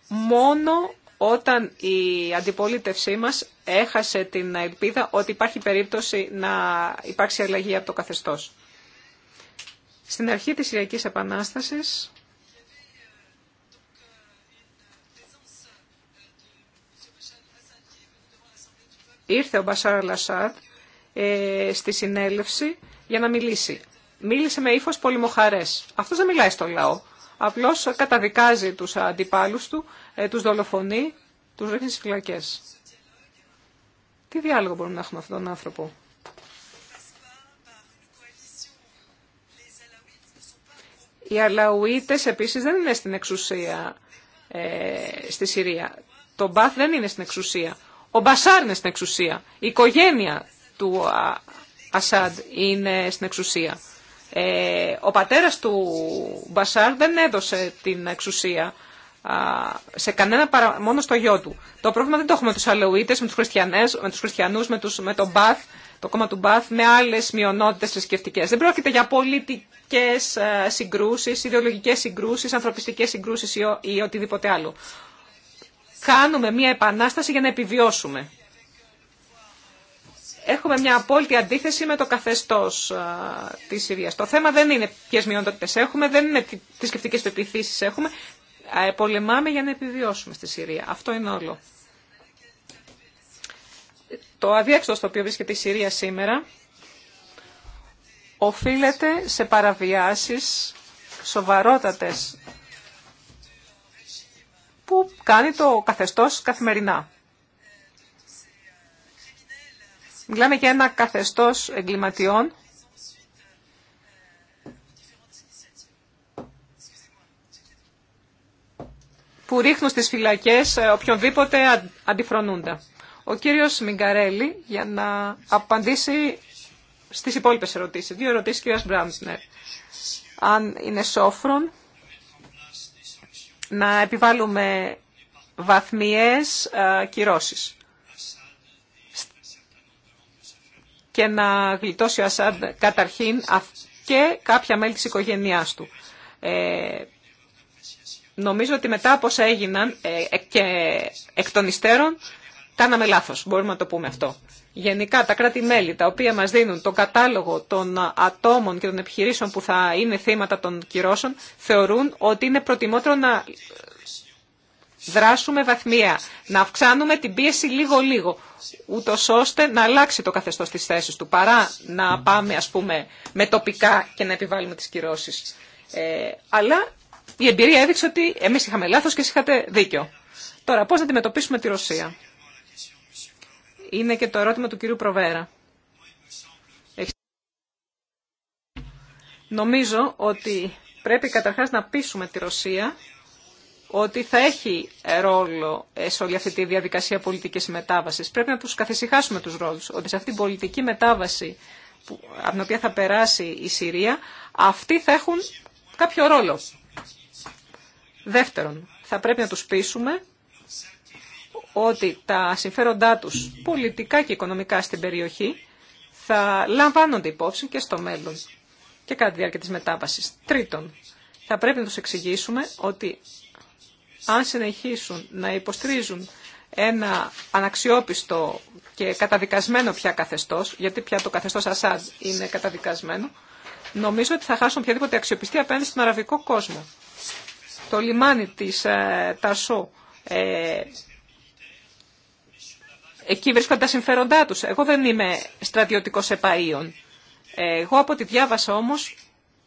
μόνο όταν η αντιπολίτευσή μας έχασε την ελπίδα ότι υπάρχει περίπτωση να υπάρξει αλλαγή από το καθεστώς. Στην αρχή της Ιριακής Επανάστασης ήρθε ο Μπασάρα Λασάτ ε, στη συνέλευση για να μιλήσει μίλησε με ύφο πολυμοχαρέ. Αυτό δεν μιλάει στο λαό. Απλώ καταδικάζει τους αντιπάλους του, ε, τους δολοφονεί, τους ρίχνει στι φυλακέ. Τι διάλογο μπορούμε να έχουμε αυτόν τον άνθρωπο. Οι Αλαουίτες επίσης δεν είναι στην εξουσία ε, στη Συρία. Το Μπαθ δεν είναι στην εξουσία. Ο Μπασάρ είναι στην εξουσία. Η οικογένεια του Ασάντ είναι στην εξουσία. Ε, ο πατέρας του Μπασάρ δεν έδωσε την εξουσία σε κανένα παρά μόνο στο γιο του. Το πρόβλημα δεν το έχουμε με τους Αλεουίτες, με τους, χριστιανές, με τους χριστιανούς, με, τους, με τον Μπαθ, το κόμμα του Μπαθ, με άλλες μειονότητες θρησκευτικέ. Δεν πρόκειται για πολιτικές ε, συγκρούσεις, ιδεολογικές συγκρούσεις, ανθρωπιστικές συγκρούσεις ή οτιδήποτε άλλο. Κάνουμε μια επανάσταση για να επιβιώσουμε έχουμε μια απόλυτη αντίθεση με το καθεστώς τη της Συρίας. Το θέμα δεν είναι ποιε μειονότητε έχουμε, δεν είναι τι σκεφτικές πεπιθήσει έχουμε. πολεμάμε για να επιβιώσουμε στη Συρία. Αυτό είναι όλο. Το αδιέξοδο στο οποίο βρίσκεται η Συρία σήμερα οφείλεται σε παραβιάσεις σοβαρότατες που κάνει το καθεστώς καθημερινά. Μιλάμε για ένα καθεστώς εγκληματιών που ρίχνουν στις φυλακές ε, οποιονδήποτε αντιφρονούντα. Ο κύριος Μιγκαρέλη για να απαντήσει στις υπόλοιπες ερωτήσεις. Δύο ερωτήσεις κυρίας Μπραντνερ. Αν είναι σόφρον να επιβάλλουμε βαθμιές ε, κυρώσεις. και να γλιτώσει ο Ασάντ καταρχήν και κάποια μέλη της οικογένειάς του. Ε, νομίζω ότι μετά από όσα έγιναν ε, και εκ των υστέρων, κάναμε λάθος, μπορούμε να το πούμε αυτό. Γενικά τα κράτη-μέλη τα οποία μας δίνουν τον κατάλογο των ατόμων και των επιχειρήσεων που θα είναι θύματα των κυρώσεων θεωρούν ότι είναι προτιμότερο να δράσουμε βαθμία, να αυξάνουμε την πίεση λίγο-λίγο, ούτω ώστε να αλλάξει το καθεστώ τη θέση του, παρά να πάμε, ας πούμε, με τοπικά και να επιβάλλουμε τι κυρώσει. Ε, αλλά η εμπειρία έδειξε ότι εμεί είχαμε λάθο και εσεί είχατε δίκιο. Τώρα, πώ να αντιμετωπίσουμε τη Ρωσία. Είναι και το ερώτημα του κυρίου Προβέρα. Νομίζω ότι πρέπει καταρχάς να πείσουμε τη Ρωσία ότι θα έχει ρόλο ε, σε όλη αυτή τη διαδικασία πολιτικής μετάβασης. Πρέπει να τους καθησυχάσουμε τους ρόλους, ότι σε αυτή την πολιτική μετάβαση από την οποία θα περάσει η Συρία, αυτοί θα έχουν κάποιο ρόλο. Δεύτερον, θα πρέπει να τους πείσουμε ότι τα συμφέροντά τους πολιτικά και οικονομικά στην περιοχή θα λαμβάνονται υπόψη και στο μέλλον και κατά τη διάρκεια της μετάβασης. Τρίτον, θα πρέπει να τους εξηγήσουμε ότι αν συνεχίσουν να υποστρίζουν ένα αναξιόπιστο και καταδικασμένο πια καθεστώς, γιατί πια το καθεστώς Ασάντ είναι καταδικασμένο, νομίζω ότι θα χάσουν οποιαδήποτε αξιοπιστία απέναντι στον αραβικό κόσμο. Το λιμάνι της ε, Τασό, ε, εκεί βρίσκονται τα συμφέροντά τους. Εγώ δεν είμαι στρατιωτικός επαΐων. Εγώ από τη διάβασα όμως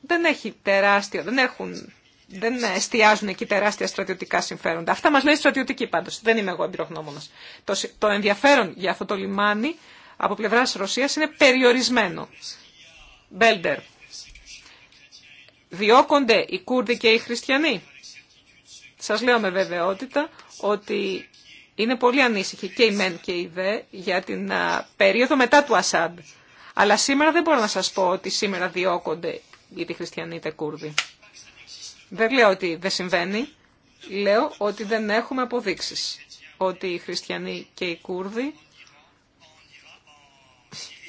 δεν έχει τεράστιο, δεν έχουν δεν εστιάζουν εκεί τεράστια στρατιωτικά συμφέροντα. Αυτά μας λέει στρατιωτική πάντως, δεν είμαι εγώ εμπειρογνώμονας. Το, το ενδιαφέρον για αυτό το λιμάνι από πλευράς Ρωσίας είναι περιορισμένο. Μπέλντερ. Διώκονται οι Κούρδοι και οι Χριστιανοί. Σας λέω με βεβαιότητα ότι είναι πολύ ανήσυχοι και οι ΜΕΝ και οι ΔΕ για την περίοδο μετά του Ασάντ. Αλλά σήμερα δεν μπορώ να σας πω ότι σήμερα διώκονται είτε Χριστιανοί είτε Κούρδοι. Δεν λέω ότι δεν συμβαίνει, λέω ότι δεν έχουμε αποδείξεις ότι οι χριστιανοί και οι Κούρδοι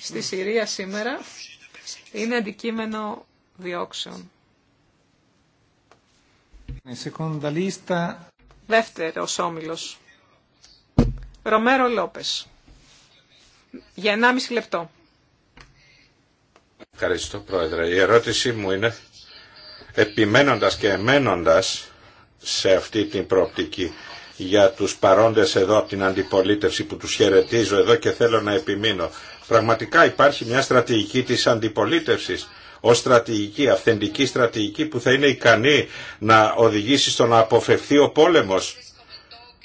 στη Συρία σήμερα είναι αντικείμενο διώξεων. Δεύτερος όμιλος. Ρομέρο Λόπες. Για 1,5 λεπτό. Ευχαριστώ, Πρόεδρε. Η ερώτησή μου είναι επιμένοντας και εμένοντας σε αυτή την προοπτική για τους παρόντες εδώ από την αντιπολίτευση που τους χαιρετίζω εδώ και θέλω να επιμείνω. Πραγματικά υπάρχει μια στρατηγική της αντιπολίτευσης ως στρατηγική, αυθεντική στρατηγική που θα είναι ικανή να οδηγήσει στο να αποφευθεί ο πόλεμος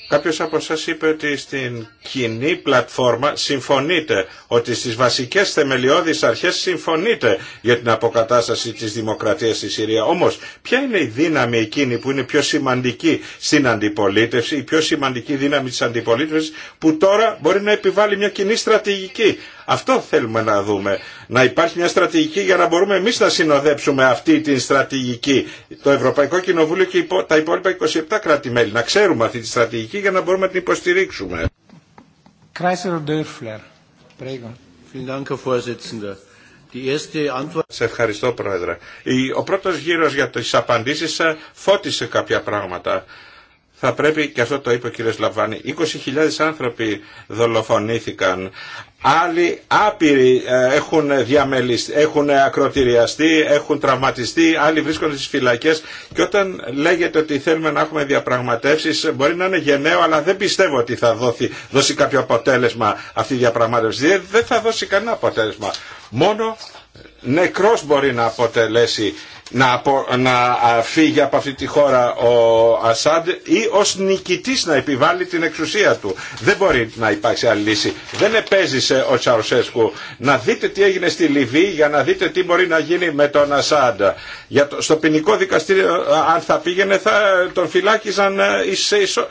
Κάποιος από εσάς είπε ότι στην κοινή πλατφόρμα συμφωνείτε, ότι στις βασικές θεμελιώδεις αρχές συμφωνείτε για την αποκατάσταση της δημοκρατίας στη Συρία. Όμως, ποια είναι η δύναμη εκείνη που είναι πιο σημαντική στην αντιπολίτευση, η πιο σημαντική δύναμη της αντιπολίτευσης που τώρα μπορεί να επιβάλλει μια κοινή στρατηγική αυτό θέλουμε να δούμε. Να υπάρχει μια στρατηγική για να μπορούμε εμεί να συνοδέψουμε αυτή τη στρατηγική. Το Ευρωπαϊκό Κοινοβούλιο και τα υπόλοιπα 27 κράτη-μέλη. Να ξέρουμε αυτή τη στρατηγική για να μπορούμε να την υποστηρίξουμε. Σε ευχαριστώ Πρόεδρε. Ο πρώτος γύρος για τις απαντήσεις ε, φώτισε κάποια πράγματα θα πρέπει, και αυτό το είπε ο κύριος Λαβάνη, 20.000 άνθρωποι δολοφονήθηκαν. Άλλοι άπειροι ε, έχουν, διαμελιστεί, έχουν ακροτηριαστεί, έχουν τραυματιστεί, άλλοι βρίσκονται στις φυλακές και όταν λέγεται ότι θέλουμε να έχουμε διαπραγματεύσεις μπορεί να είναι γενναίο αλλά δεν πιστεύω ότι θα δώσει, δώσει κάποιο αποτέλεσμα αυτή η διαπραγμάτευση. Δεν θα δώσει κανένα αποτέλεσμα. Μόνο νεκρός μπορεί να αποτελέσει να, απο, να φύγει από αυτή τη χώρα ο Ασάντ ή ως νικητής να επιβάλλει την εξουσία του. Δεν μπορεί να υπάρξει άλλη λύση. Δεν επέζησε ο Τσαουσέσκου. Να δείτε τι έγινε στη Λιβύη για να δείτε τι μπορεί να γίνει με τον Ασάντ. Για το, στο ποινικό δικαστήριο αν θα πήγαινε θα τον φυλάκιζαν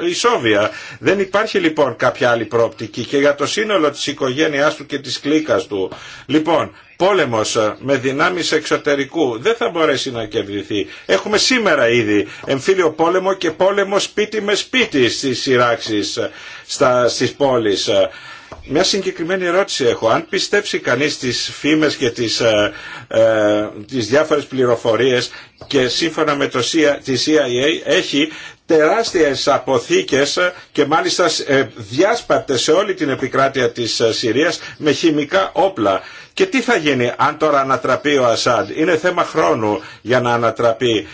η ισόβια. Δεν υπάρχει λοιπόν κάποια άλλη πρόπτικη και για το σύνολο της οικογένειάς του και της κλίκας του. Λοιπόν, πόλεμος ε, με δυνάμεις εξωτερικού δεν θα μπορέσει να κερδιθεί. Έχουμε σήμερα ήδη εμφύλιο πόλεμο και πόλεμο σπίτι με σπίτι στις σειράξεις ε, στα, στις πόλεις. Ε. Μια συγκεκριμένη ερώτηση έχω. Αν πιστέψει κανείς τις φήμες και τις, ε, τις διάφορες πληροφορίες και σύμφωνα με το CIA έχει τεράστιες αποθήκες και μάλιστα ε, διάσπαρτες σε όλη την επικράτεια της ε, Συρίας με χημικά όπλα. Και τι θα γίνει αν τώρα ανατραπεί ο Ασάντ. Είναι θέμα χρόνου για να ανατραπεί.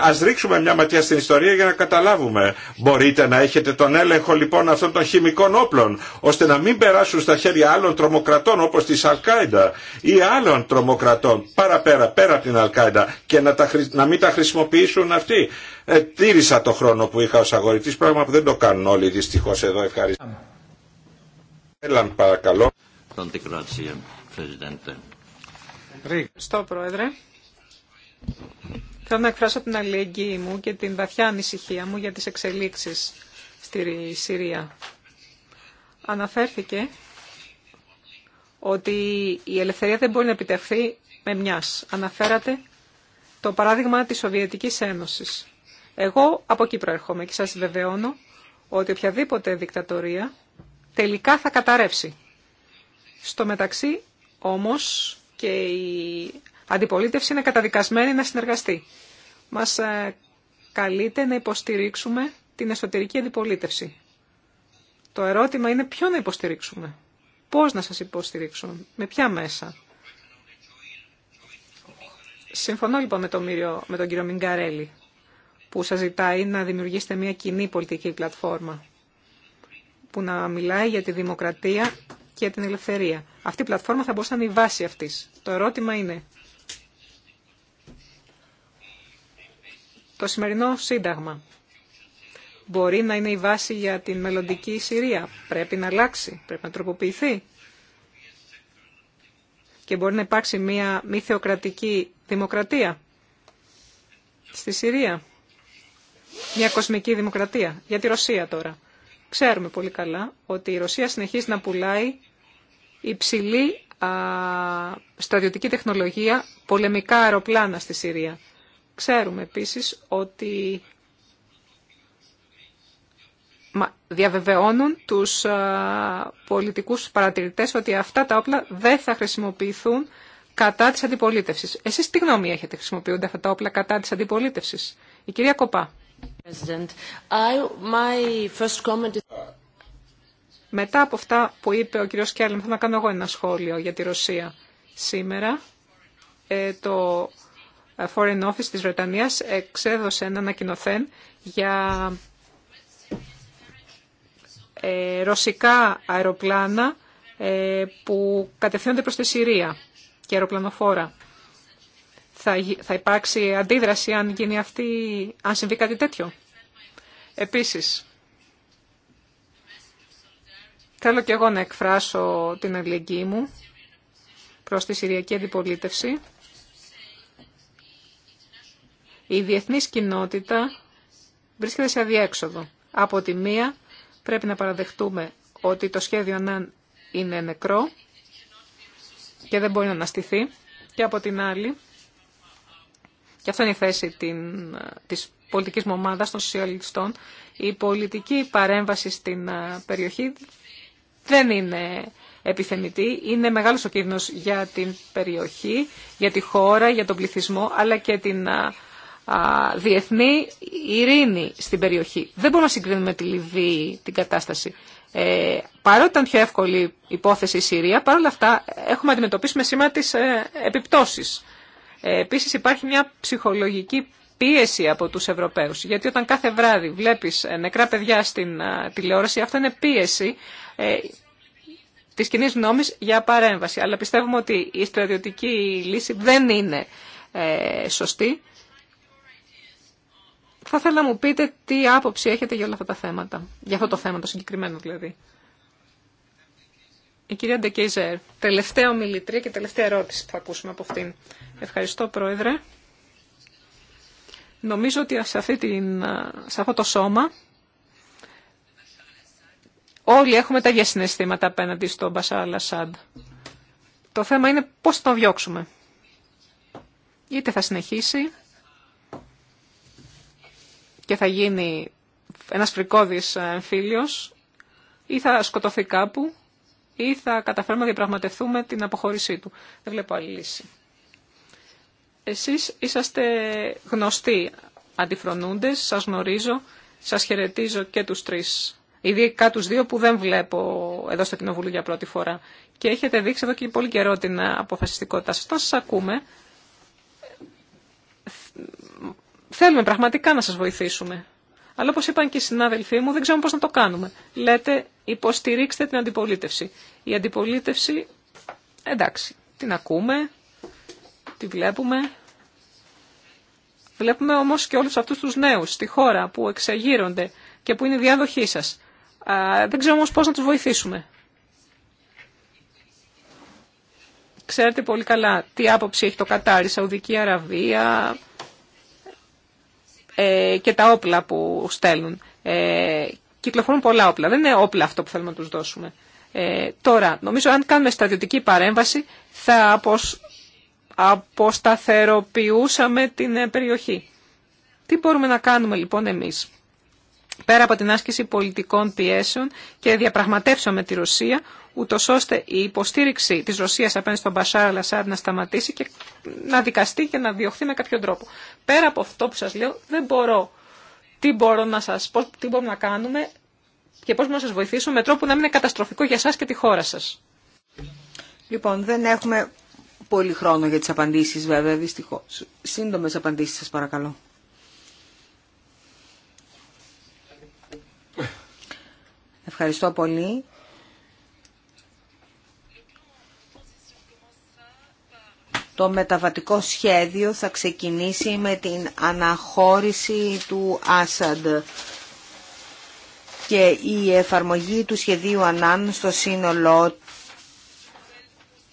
Ας ρίξουμε μια ματιά στην ιστορία για να καταλάβουμε. Μπορείτε να έχετε τον έλεγχο λοιπόν αυτών των χημικών όπλων ώστε να μην περάσουν στα χέρια άλλων τρομοκρατών όπως της Αλκάιντα ή άλλων τρομοκρατών παραπέρα πέρα από την Αλκάιντα και να, τα, να μην τα χρησιμοποιήσουν αυτοί ε, τήρησα το χρόνο που είχα ως αγορητής, πράγμα που δεν το κάνουν όλοι δυστυχώς εδώ. Ευχαριστώ. Έλαν παρακαλώ. Ευχαριστώ Πρόεδρε. Θέλω να εκφράσω την αλληλεγγύη μου και την βαθιά ανησυχία μου για τις εξελίξεις στη Συρία. Αναφέρθηκε ότι η ελευθερία δεν μπορεί να επιτευχθεί με μιας. Αναφέρατε το παράδειγμα της Σοβιετικής Ένωσης. Εγώ από εκεί προερχόμαι και σας βεβαιώνω ότι οποιαδήποτε δικτατορία τελικά θα καταρρεύσει. Στο μεταξύ όμως και η αντιπολίτευση είναι καταδικασμένη να συνεργαστεί. Μας ε, καλείται να υποστηρίξουμε την εσωτερική αντιπολίτευση. Το ερώτημα είναι ποιο να υποστηρίξουμε. Πώς να σας υποστηρίξουμε. Με ποια μέσα. Συμφωνώ λοιπόν με τον, με τον κύριο Μιγκαρέλη που σας ζητάει να δημιουργήσετε μια κοινή πολιτική πλατφόρμα που να μιλάει για τη δημοκρατία και την ελευθερία. Αυτή η πλατφόρμα θα μπορούσε να είναι η βάση αυτής. Το ερώτημα είναι το σημερινό σύνταγμα μπορεί να είναι η βάση για την μελλοντική Συρία. Πρέπει να αλλάξει, πρέπει να τροποποιηθεί. Και μπορεί να υπάρξει μια μη θεοκρατική δημοκρατία στη Συρία μια κοσμική δημοκρατία. Για τη Ρωσία τώρα. Ξέρουμε πολύ καλά ότι η Ρωσία συνεχίζει να πουλάει υψηλή α, στρατιωτική τεχνολογία, πολεμικά αεροπλάνα στη Συρία. Ξέρουμε επίσης ότι διαβεβαιώνουν τους πολιτικούς παρατηρητές ότι αυτά τα όπλα δεν θα χρησιμοποιηθούν κατά της αντιπολίτευσης. Εσείς τι γνώμη έχετε χρησιμοποιούνται αυτά τα όπλα κατά της αντιπολίτευσης. Η κυρία Κοπά. Μετά από αυτά που είπε ο κύριος Κέλλον, θα να κάνω εγώ ένα σχόλιο για τη Ρωσία. Σήμερα ε, το ε, Foreign Office της Βρετανίας εξέδωσε ένα ανακοινοθέν για ε, ρωσικά αεροπλάνα που κατευθύνονται προς τη Συρία και αεροπλανοφόρα θα, υπάρξει αντίδραση αν, γίνει αυτή, αν συμβεί κάτι τέτοιο. Επίσης, θέλω και εγώ να εκφράσω την αλληλεγγύη μου προς τη Συριακή Αντιπολίτευση. Η διεθνής κοινότητα βρίσκεται σε αδιέξοδο. Από τη μία πρέπει να παραδεχτούμε ότι το σχέδιο είναι νεκρό και δεν μπορεί να αναστηθεί. Και από την άλλη και αυτό είναι η θέση την, της πολιτικής μου ομάδας των σοσιαλιστών, η πολιτική παρέμβαση στην ε, περιοχή δεν είναι επιθεμητή. Είναι μεγάλος ο κίνδυνος για την περιοχή, για τη χώρα, για τον πληθυσμό, αλλά και την ε, διεθνή ειρήνη στην περιοχή. Δεν μπορούμε να συγκρίνουμε τη Λιβύη την κατάσταση. Ε, παρότι ήταν πιο εύκολη υπόθεση η Συρία, παρόλα αυτά έχουμε αντιμετωπίσει με σήμα τις ε, επιπτώσεις ε, επίσης υπάρχει μια ψυχολογική πίεση από τους Ευρωπαίους, γιατί όταν κάθε βράδυ βλέπεις ε, νεκρά παιδιά στην ε, τηλεόραση, αυτό είναι πίεση της κοινή γνώμη για παρέμβαση. Αλλά πιστεύουμε ότι η στρατιωτική λύση δεν είναι σωστή. Θα ήθελα να μου πείτε τι άποψη έχετε για όλα αυτά τα θέματα. Για αυτό το θέμα το συγκεκριμένο δηλαδή. Η κυρία Ντεκέιζερ, τελευταία ομιλητρία και τελευταία ερώτηση που θα ακούσουμε από αυτήν. Ευχαριστώ, Πρόεδρε. Νομίζω ότι σε, την, σε αυτό το σώμα όλοι έχουμε τα ίδια συναισθήματα απέναντι στον Μπασάλα Σαντ. Το θέμα είναι πώς θα τον διώξουμε. Είτε θα συνεχίσει και θα γίνει ένας φρικόδης ε, φίλιος ή θα σκοτωθεί κάπου ή θα καταφέρουμε να διαπραγματευτούμε την αποχώρησή του. Δεν βλέπω άλλη λύση. Εσείς είσαστε γνωστοί αντιφρονούντες, σας γνωρίζω, σας χαιρετίζω και τους τρεις. Ειδικά τους δύο που δεν βλέπω εδώ στο Κοινοβούλιο για πρώτη φορά. Και έχετε δείξει εδώ και πολύ καιρό την αποφασιστικότητά σας. Όταν σας ακούμε, θέλουμε πραγματικά να σας βοηθήσουμε. Αλλά όπως είπαν και οι συνάδελφοί μου, δεν ξέρω πώς να το κάνουμε. Λέτε, υποστηρίξτε την αντιπολίτευση. Η αντιπολίτευση, εντάξει, την ακούμε, βλέπουμε. Βλέπουμε όμως και όλους αυτούς τους νέους στη χώρα που εξεγείρονται και που είναι διάδοχοί σας. δεν ξέρω όμως πώς να τους βοηθήσουμε. Ξέρετε πολύ καλά τι άποψη έχει το Κατάρι, η Σαουδική Αραβία ε, και τα όπλα που στέλνουν. Ε, κυκλοφορούν πολλά όπλα. Δεν είναι όπλα αυτό που θέλουμε να τους δώσουμε. Ε, τώρα, νομίζω αν κάνουμε στρατιωτική παρέμβαση θα, πως αποσταθεροποιούσαμε την ε, περιοχή. Τι μπορούμε να κάνουμε λοιπόν εμείς. Πέρα από την άσκηση πολιτικών πιέσεων και διαπραγματεύσαμε τη Ρωσία, ούτω ώστε η υποστήριξη της Ρωσίας απέναντι στον Μπασάρα Λασάρ να σταματήσει και να δικαστεί και να διωχθεί με κάποιο τρόπο. Πέρα από αυτό που σας λέω, δεν μπορώ. Τι, μπορώ να σας, πω, τι μπορούμε να κάνουμε και πώς μπορούμε να σας βοηθήσω με τρόπο που να μην είναι καταστροφικό για εσάς και τη χώρα σας. Λοιπόν, δεν έχουμε πολύ χρόνο για τις απαντήσεις βέβαια, δυστυχώς. Σύντομες απαντήσεις σας παρακαλώ. Ευχαριστώ πολύ. Το μεταβατικό σχέδιο θα ξεκινήσει με την αναχώρηση του Άσαντ και η εφαρμογή του σχεδίου Ανάν στο σύνολό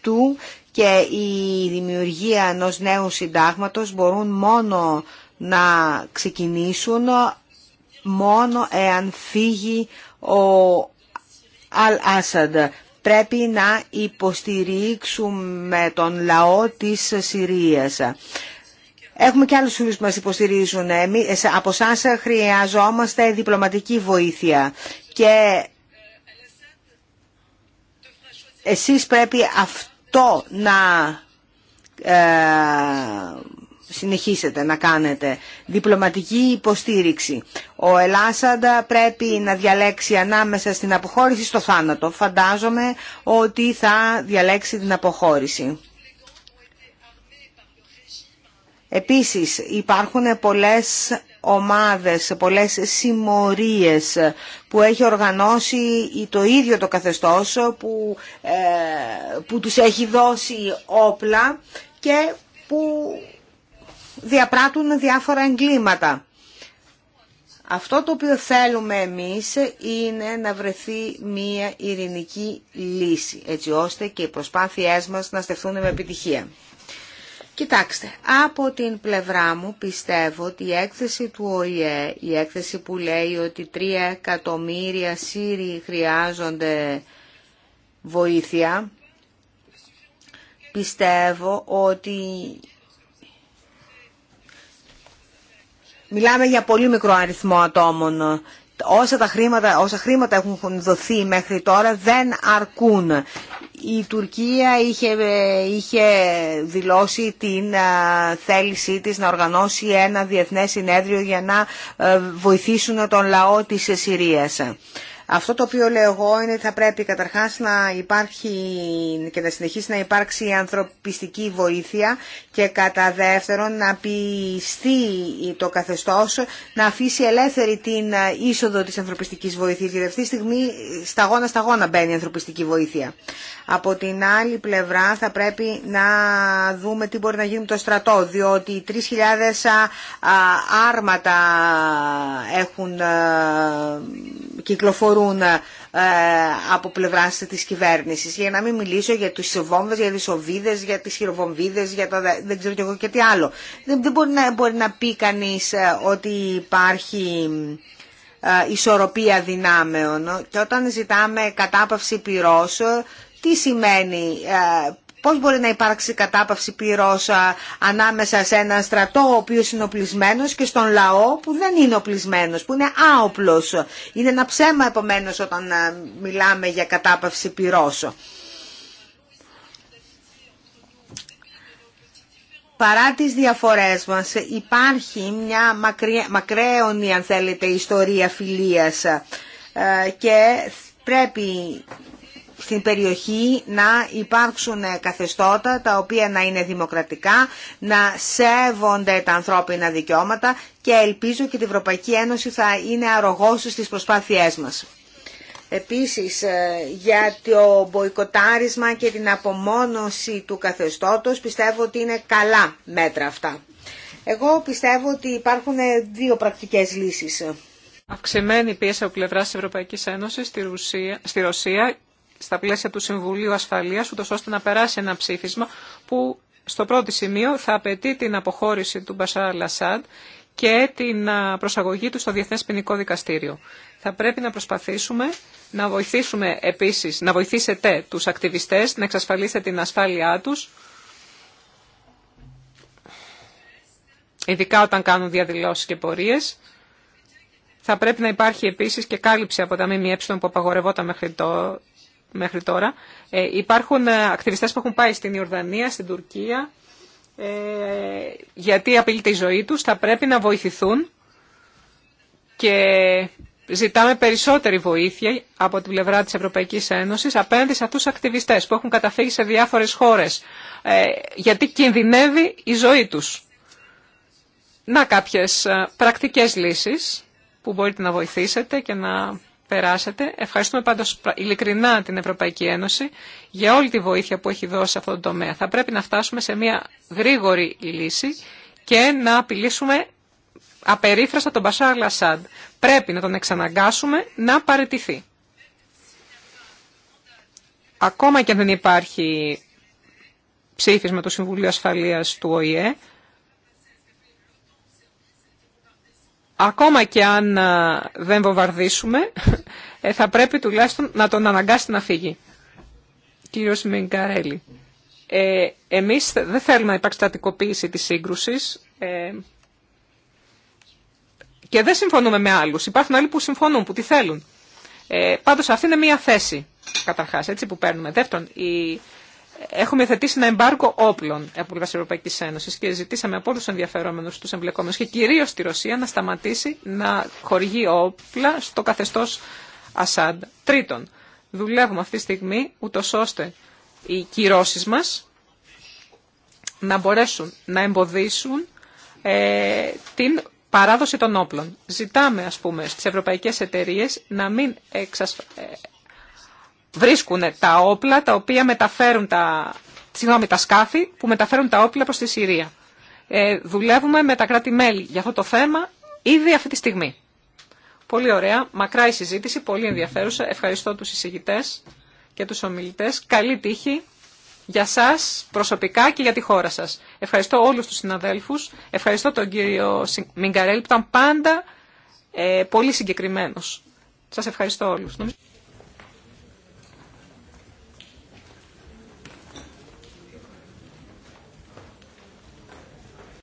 του και η δημιουργία ενός νέου συντάγματος μπορούν μόνο να ξεκινήσουν μόνο εάν φύγει ο Αλ Άσαντ. Πρέπει να υποστηρίξουμε τον λαό της Συρίας. Έχουμε και άλλους φίλους που μας υποστηρίζουν. Εμείς, από Σάσα χρειαζόμαστε διπλωματική βοήθεια. Και εσείς πρέπει αυτό το να ε, συνεχίσετε να κάνετε διπλωματική υποστήριξη. Ο Ελάσαντα πρέπει να διαλέξει ανάμεσα στην αποχώρηση στο θάνατο. Φαντάζομαι ότι θα διαλέξει την αποχώρηση. Επίσης υπάρχουν πολλές ομάδες, πολλές συμμορίες που έχει οργανώσει το ίδιο το καθεστώς που, ε, που τους έχει δώσει όπλα και που διαπράττουν διάφορα εγκλήματα. Αυτό το οποίο θέλουμε εμείς είναι να βρεθεί μία ειρηνική λύση, έτσι ώστε και οι προσπάθειές μας να στεφθούν με επιτυχία. Κοιτάξτε, από την πλευρά μου πιστεύω ότι η έκθεση του ΟΗΕ, η έκθεση που λέει ότι 3 εκατομμύρια Σύριοι χρειάζονται βοήθεια, πιστεύω ότι μιλάμε για πολύ μικρό αριθμό ατόμων. Όσα, τα χρήματα, όσα χρήματα έχουν δοθεί μέχρι τώρα δεν αρκούν η Τουρκία είχε, είχε δηλώσει την θέλησή της να οργανώσει ένα διεθνές συνέδριο για να ε, βοηθήσουν τον λαό της Συρίας. Αυτό το οποίο λέω εγώ είναι ότι θα πρέπει καταρχάς να υπάρχει και να συνεχίσει να υπάρξει ανθρωπιστική βοήθεια και κατά δεύτερον να πιστεί το καθεστώς να αφήσει ελεύθερη την είσοδο της ανθρωπιστικής βοήθειας γιατί αυτή τη στιγμή σταγόνα σταγόνα μπαίνει η ανθρωπιστική βοήθεια. Από την άλλη πλευρά θα πρέπει να δούμε τι μπορεί να γίνει με το στρατό διότι 3.000 άρματα έχουν κυκλοφορούν ε, από πλευρά τη κυβέρνηση Για να μην μιλήσω για τους βόμβε, για τι οβίδε, για τι χειροβομβίδε, για τα... δεν ξέρω κι εγώ και τι άλλο. Δεν, μπορεί, να, μπορεί να πει κανείς ε, ότι υπάρχει ε, ισορροπία δυνάμεων και όταν ζητάμε κατάπαυση πυρός τι σημαίνει Πώς μπορεί να υπάρξει κατάπαυση πυρός ανάμεσα σε έναν στρατό ο οποίος είναι οπλισμένος και στον λαό που δεν είναι οπλισμένος, που είναι άοπλος. Είναι ένα ψέμα επομένως όταν μιλάμε για κατάπαυση πυρός. Παρά τις διαφορές μας υπάρχει μια μακραίωνη αν θέλετε ιστορία φιλίας ε, και πρέπει στην περιοχή να υπάρξουν καθεστώτα τα οποία να είναι δημοκρατικά, να σέβονται τα ανθρώπινα δικαιώματα και ελπίζω και η Ευρωπαϊκή Ένωση θα είναι αρρωγός στις προσπάθειές μας. Επίσης ε, για το μποϊκοτάρισμα και την απομόνωση του καθεστώτος πιστεύω ότι είναι καλά μέτρα αυτά. Εγώ πιστεύω ότι υπάρχουν δύο πρακτικές λύσεις. Αυξημένη πίεση από πλευρά τη Ευρωπαϊκή Ένωση στη, Ρωσία στα πλαίσια του Συμβουλίου Ασφαλείας, ούτως ώστε να περάσει ένα ψήφισμα που στο πρώτο σημείο θα απαιτεί την αποχώρηση του Μπασάρ Λασάντ και την προσαγωγή του στο Διεθνές Ποινικό Δικαστήριο. Θα πρέπει να προσπαθήσουμε να βοηθήσουμε επίσης, να βοηθήσετε τους ακτιβιστές, να εξασφαλίσετε την ασφάλειά τους, ειδικά όταν κάνουν διαδηλώσεις και πορείες. Θα πρέπει να υπάρχει επίσης και κάλυψη από τα ΜΜΕ που απαγορευόταν μέχρι μέχρι τώρα. Ε, υπάρχουν ε, ακτιβιστές που έχουν πάει στην Ιορδανία, στην Τουρκία, ε, γιατί απειλείται η ζωή τους, θα πρέπει να βοηθηθούν και ζητάμε περισσότερη βοήθεια από την πλευρά της Ευρωπαϊκής Ένωσης απέναντι σε αυτούς τους ακτιβιστές που έχουν καταφύγει σε διάφορες χώρες, γιατί κινδυνεύει η ζωή τους. Να κάποιες πρακτικές λύσεις που μπορείτε να βοηθήσετε και να περάσατε. Ευχαριστούμε πάντως ειλικρινά την Ευρωπαϊκή Ένωση για όλη τη βοήθεια που έχει δώσει σε αυτόν τον τομέα. Θα πρέπει να φτάσουμε σε μια γρήγορη λύση και να απειλήσουμε απερίφραστα τον Μπασάρ Λασάντ. Πρέπει να τον εξαναγκάσουμε να παραιτηθεί. Ακόμα και αν δεν υπάρχει ψήφισμα του Συμβουλίου Ασφαλείας του ΟΗΕ, Ακόμα και αν δεν βομβαρδίσουμε, ε, θα πρέπει τουλάχιστον να τον αναγκάσει να φύγει. Κύριος Μιγκαρέλη, ε, εμείς δεν θέλουμε να υπάρξει στατικοποίηση της σύγκρουσης ε, και δεν συμφωνούμε με άλλους. Υπάρχουν άλλοι που συμφωνούν, που τη θέλουν. Ε, πάντως αυτή είναι μία θέση, καταρχάς, έτσι που παίρνουμε. Δεύτερον, η έχουμε θετήσει ένα εμπάρκο όπλων από την Ευρωπαϊκή Ένωση και ζητήσαμε από όλου του ενδιαφερόμενου, του εμπλεκόμενου και κυρίω τη Ρωσία να σταματήσει να χορηγεί όπλα στο καθεστώ Ασάντ. Τρίτον, δουλεύουμε αυτή τη στιγμή ούτω ώστε οι κυρώσει μα να μπορέσουν να εμποδίσουν ε, την παράδοση των όπλων. Ζητάμε, ας πούμε, στις ευρωπαϊκές εταιρείες να μην εξασφαλίσουν ε, βρίσκουν τα όπλα τα οποία μεταφέρουν τα, συγγνώμη, τα σκάφη που μεταφέρουν τα όπλα προς τη Συρία. Ε, δουλεύουμε με τα κράτη-μέλη για αυτό το θέμα ήδη αυτή τη στιγμή. Πολύ ωραία, μακρά η συζήτηση, πολύ ενδιαφέρουσα. Ευχαριστώ τους εισηγητές και τους ομιλητές. Καλή τύχη για σας προσωπικά και για τη χώρα σας. Ευχαριστώ όλους τους συναδέλφους. Ευχαριστώ τον κύριο Μιγκαρέλ που ήταν πάντα ε, πολύ συγκεκριμένος. Σας ευχαριστώ όλους.